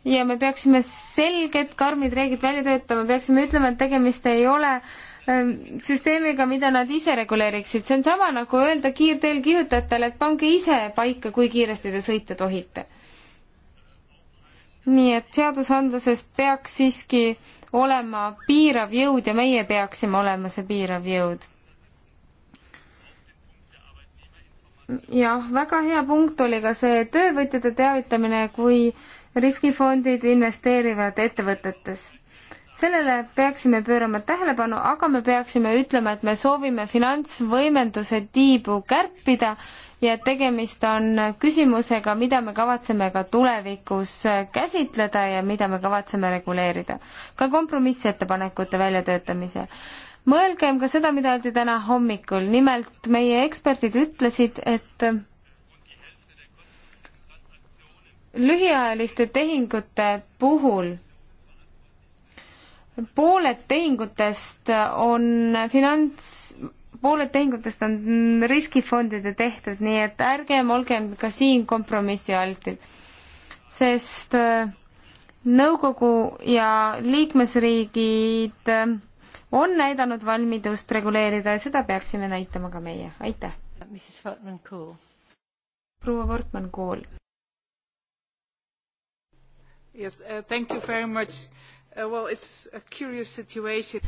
ja me peaksime selged karmid reeglid välja töötama, peaksime ütlema, et tegemist ei ole ähm, süsteemiga, mida nad ise reguleeriksid, see on sama nagu öelda kiirteel kihutajatele, et pange ise paika, kui kiiresti te sõita tohite. nii et seadusandlusest peaks siiski olema piirav jõud ja meie peaksime olema see piirav jõud. jah, väga hea punkt oli ka see töövõtjate teavitamine, kui riskifondid investeerivad ettevõtetes. sellele peaksime pöörama tähelepanu, aga me peaksime ütlema, et me soovime finantsvõimenduse tiibu kärpida ja tegemist on küsimusega, mida me kavatseme ka tulevikus käsitleda ja mida me kavatseme reguleerida. ka kompromissettepanekute väljatöötamisel mõelgem ka seda, mida öeldi täna hommikul, nimelt meie eksperdid ütlesid, et lühiajaliste tehingute puhul pooled tehingutest on finants pooled tehingutest on riskifondide tehtud, nii et ärgem olgem ka siin kompromissialtid, sest äh, nõukogu ja liikmesriigid äh, on näidanud valmidust reguleerida ja seda peaksime näitama ka meie, aitäh. proua Portman Kool. Yes, uh, thank you very much. Uh, well, it's a curious situation.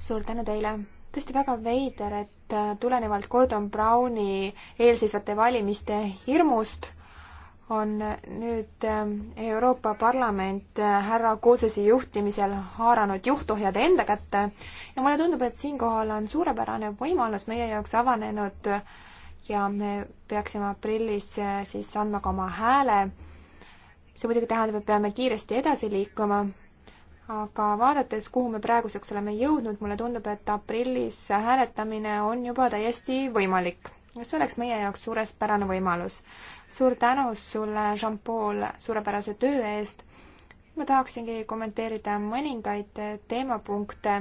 suur tänu teile tõesti väga veider, et äh, tulenevalt Gordon Browni eelseisvate valimiste hirmust on äh, nüüd ähm, Euroopa Parlament äh, härra Kozesi juhtimisel haaranud juhtohjad enda kätte ja mulle tundub, et siinkohal on suurepärane võimalus meie jaoks avanenud ja me peaksime aprillis siis andma ka oma hääle. see muidugi tähendab, et peame kiiresti edasi liikuma aga vaadates, kuhu me praeguseks oleme jõudnud, mulle tundub, et aprillis hääletamine on juba täiesti võimalik. see oleks meie jaoks suurepärane võimalus. suur tänu sulle, Jean-Paul, suurepärase töö eest. ma tahaksingi kommenteerida mõningaid teemapunkte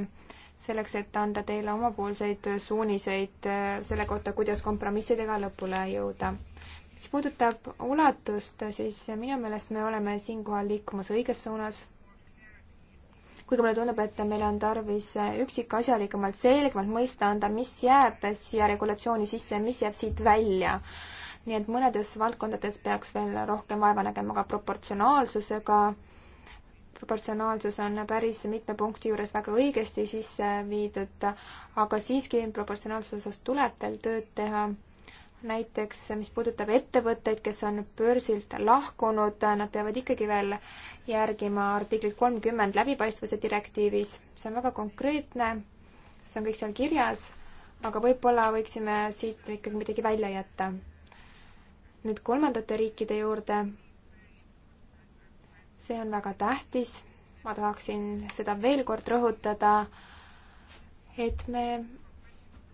selleks, et anda teile omapoolseid suuniseid selle kohta, kuidas kompromissidega lõpule jõuda. mis puudutab ulatust, siis minu meelest me oleme siinkohal liikumas õiges suunas kuigi mulle tundub, et meil on tarvis üksikasjalikumalt, selgemalt mõista anda, mis jääb siia regulatsiooni sisse ja mis jääb siit välja nii et mõnedes valdkondades peaks veel rohkem vaeva nägema ka proportsionaalsusega. proportsionaalsus on päris mitme punkti juures väga õigesti sisse viidud, aga siiski proportsionaalsuse osas tuleb veel tööd teha näiteks mis puudutab ettevõtteid, kes on börsilt lahkunud, nad peavad ikkagi veel järgima artiklit kolmkümmend läbipaistvuse direktiivis. see on väga konkreetne, see on kõik seal kirjas, aga võib-olla võiksime siit ikkagi midagi välja jätta. nüüd kolmandate riikide juurde. see on väga tähtis, ma tahaksin seda veel kord rõhutada, et me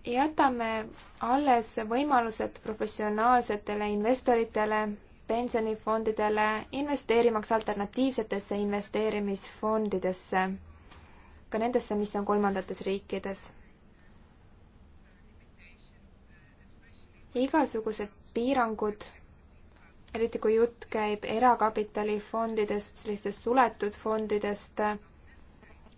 jätame alles võimalused professionaalsetele investoritele, pensionifondidele, investeerimaks alternatiivsetesse investeerimisfondidesse, ka nendesse, mis on kolmandates riikides. igasugused piirangud, eriti kui jutt käib erakapitalifondidest, sellistest suletud fondidest,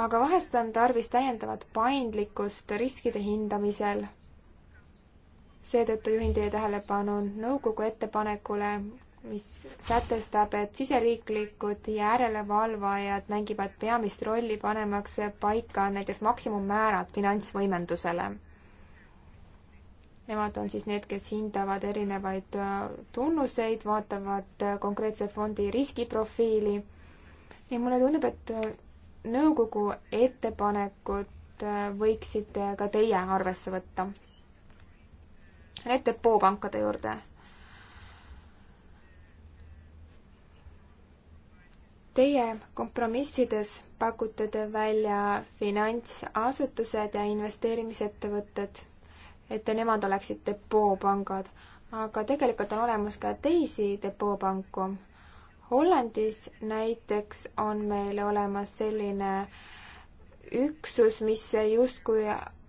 aga vahest on tarvis täiendavat paindlikkust riskide hindamisel. seetõttu juhin teie tähelepanu nõukogu ettepanekule, mis sätestab, et siseriiklikud järelevalvajad mängivad peamist rolli, panemaks paika näiteks maksimummäärad finantsvõimendusele. Nemad on siis need, kes hindavad erinevaid äh, tunnuseid, vaatavad äh, konkreetse fondi riskiprofiili ning mulle tundub, et äh, nõukogu ettepanekut äh, võiksite äh, ka teie arvesse võtta. Need depoopankade juurde. Teie kompromissides pakute te välja finantsasutused ja investeerimisettevõtted, et nemad oleksid depoopangad, aga tegelikult on olemas ka teisi depoopanku Hollandis näiteks on meil olemas selline üksus, mis justkui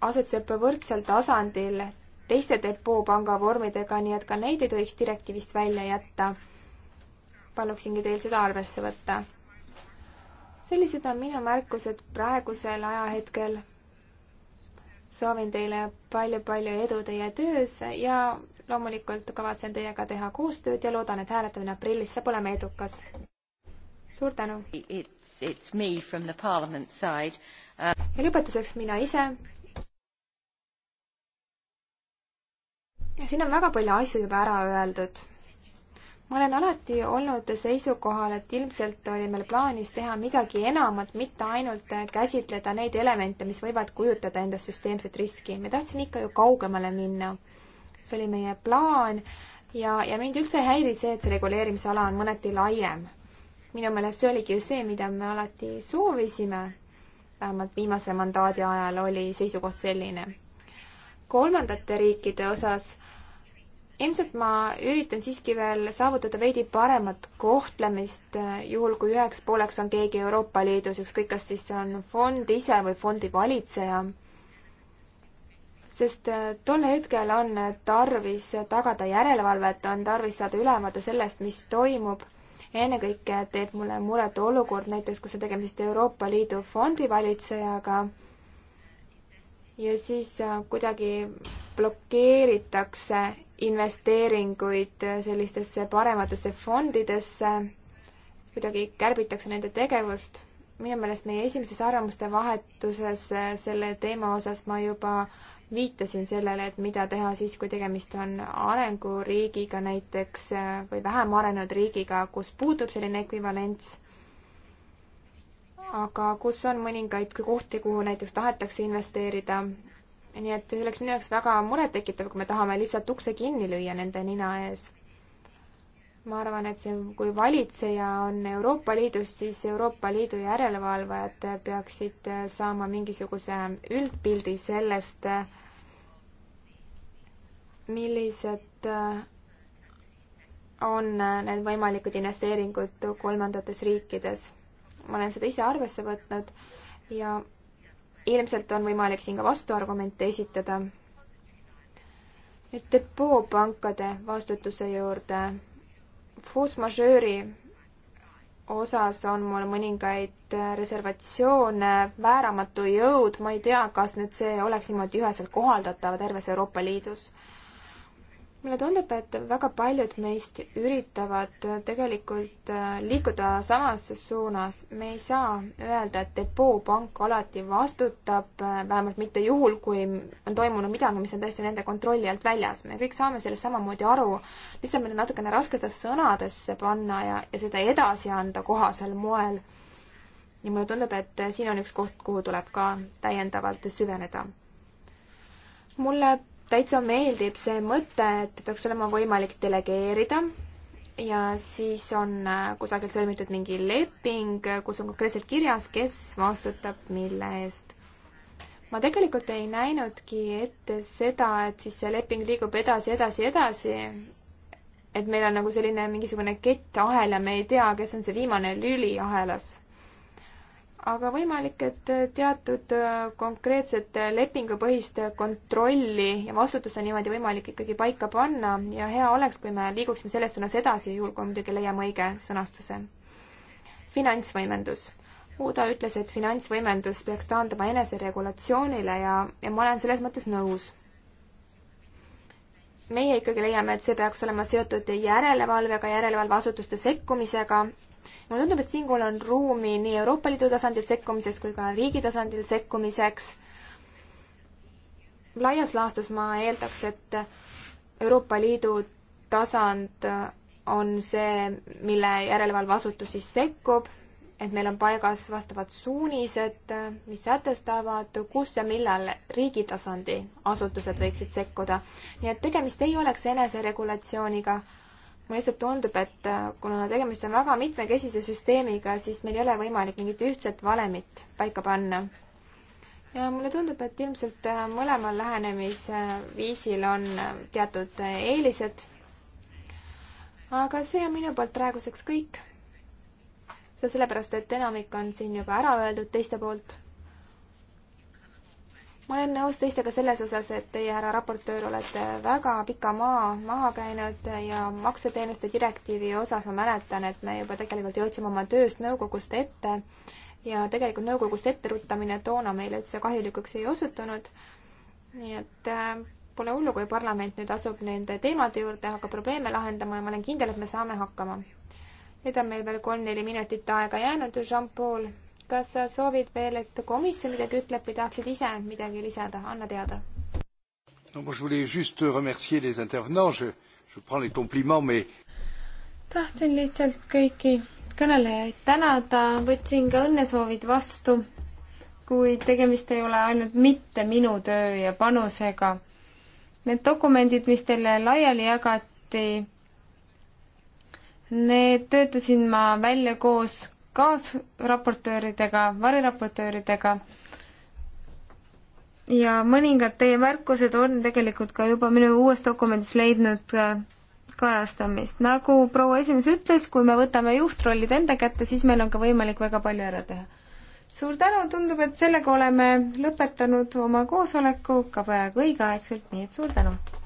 asetseb võrdsel tasandil teiste depoopanga vormidega, nii et ka neid ei tohiks direktiivist välja jätta. paluksingi teil seda arvesse võtta. sellised on minu märkused praegusel ajahetkel. soovin teile palju-palju edu teie töös ja loomulikult kavatsen teiega teha koostööd ja loodan, et hääletamine aprillis saab olema edukas. suur tänu! Uh, ja lõpetuseks mina ise. ja siin on väga palju asju juba ära öeldud ma olen alati olnud seisukohal, et ilmselt oli meil plaanis teha midagi enamat, mitte ainult käsitleda neid elemente, mis võivad kujutada endast süsteemset riski. me tahtsime ikka ju kaugemale minna see oli meie plaan ja, ja mind üldse ei häiri see, et see reguleerimisala on mõneti laiem. minu meelest see oligi ju see, mida me alati soovisime, vähemalt viimase mandaadi ajal oli seisukoht selline. kolmandate riikide osas ilmselt ma üritan siiski veel saavutada veidi paremat kohtlemist, juhul kui üheks pooleks on keegi Euroopa Liidus, ükskõik kas siis on fond ise või fondi valitseja sest äh, tol hetkel on tarvis tagada järelevalvet, on tarvis saada ülevaade sellest, mis toimub. ennekõike teeb mulle muret olukord näiteks, kus on tegemist Euroopa Liidu fondivalitsejaga ja siis äh, kuidagi blokeeritakse investeeringuid äh, sellistesse parematesse fondidesse, kuidagi kärbitakse nende tegevust. minu meelest meie esimeses arvamuste vahetuses selle teema osas ma juba viitasin sellele, et mida teha siis, kui tegemist on arenguriigiga näiteks äh, või vähem arenenud riigiga, kus puudub selline ekvivalents, aga kus on mõningaid kohti, kuhu näiteks tahetakse investeerida. nii et see oleks minu jaoks väga murettekitav, kui me tahame lihtsalt ukse kinni lüüa nende nina ees. ma arvan, et see, kui valitseja on Euroopa Liidus, siis Euroopa Liidu järelevalvajad peaksid saama mingisuguse üldpildi sellest, millised äh, on äh, need võimalikud investeeringud kolmandates riikides. ma olen seda ise arvesse võtnud ja ilmselt on võimalik siin ka vastuargumente esitada. nüüd depoo pankade vastutuse juurde. Force majeure'i osas on mul mõningaid äh, reservatsioone, vääramatu jõud, ma ei tea, kas nüüd see oleks niimoodi üheselt kohaldatav terves Euroopa Liidus mulle tundub, et väga paljud meist üritavad äh, tegelikult äh, liikuda samas suunas. me ei saa öelda, et depoopank alati vastutab, äh, vähemalt mitte juhul, kui on toimunud midagi, mis on täiesti nende kontrolli alt väljas. me kõik saame sellest samamoodi aru. lihtsalt meil on natukene raske seda sõnadesse panna ja, ja seda edasi anda kohasel moel. ja mulle tundub, et siin on üks koht, kuhu tuleb ka täiendavalt süveneda mulle täitsa meeldib see mõte, et peaks olema võimalik delegeerida ja siis on äh, kusagil sõlmitud mingi leping, äh, kus on konkreetselt kirjas, kes vastutab mille eest. ma tegelikult ei näinudki ette seda, et siis see leping liigub edasi, edasi, edasi. et meil on nagu selline mingisugune kettahel ja me ei tea, kes on see viimane lüli ahelas aga võimalik, et teatud äh, konkreetset lepingupõhist kontrolli ja vastutust on niimoodi võimalik ikkagi paika panna ja hea oleks, kui me liiguksime selles suunas edasi, juhul kui muidugi leiame õige sõnastuse. finantsvõimendus. Uuda ütles, et finantsvõimendus peaks taanduma eneseregulatsioonile ja, ja ma olen selles mõttes nõus. meie ikkagi leiame, et see peaks olema seotud järelevalvega, järelevalveasutuste sekkumisega mulle tundub, et siinkohal on ruumi nii Euroopa Liidu tasandil sekkumiseks kui ka riigi tasandil sekkumiseks. laias laastus ma eeldaks, et Euroopa Liidu tasand on see, mille järelevalveasutus siis sekkub, et meil on paigas vastavad suunised, mis sätestavad, kus ja millal riigi tasandi asutused võiksid sekkuda. nii et tegemist ei oleks eneseregulatsiooniga mulle lihtsalt tundub, et äh, kuna tegemist on väga mitmekesise süsteemiga, siis meil ei ole võimalik mingit ühtset valemit paika panna. ja mulle tundub, et ilmselt äh, mõlemal lähenemisviisil on äh, teatud eelised. aga see on minu poolt praeguseks kõik. seda sellepärast, et enamik on siin juba ära öeldud teiste poolt ma olen nõus teistega selles osas, et teie, härra raportöör, olete väga pika maa maha käinud ja makseteenuste direktiivi osas ma mäletan, et me juba tegelikult jõudsime oma töös nõukogust ette ja tegelikult nõukogust etteruttamine toona meile üldse kahjulikuks ei osutunud. nii et äh, pole hullu, kui parlament nüüd asub nende teemade juurde, hakkab probleeme lahendama ja ma olen kindel, et me saame hakkama. nüüd on meil veel kolm-neli minutit aega jäänud, Jean-Paul kas sa soovid veel, et komisjon midagi ütleb või tahaksid ise midagi lisada, anna teada. no ma tahtsin just remercier les intervenants, je, je prends les compliments, mais tahtsin lihtsalt kõiki kõnelejaid tänada, võtsin ka õnnesoovid vastu, kuid tegemist ei ole ainult mitte minu töö ja panusega. Need dokumendid, mis teile laiali jagati, need töötasin ma välja koos kaasraportööridega, variraportööridega ja mõningad teie märkused on tegelikult ka juba minu uues dokumendis leidnud äh, kajastamist. nagu proua esimees ütles, kui me võtame juhtrollid enda kätte, siis meil on ka võimalik väga palju ära teha. suur tänu, tundub, et sellega oleme lõpetanud oma koosoleku ka peaaegu õigeaegselt, nii et suur tänu!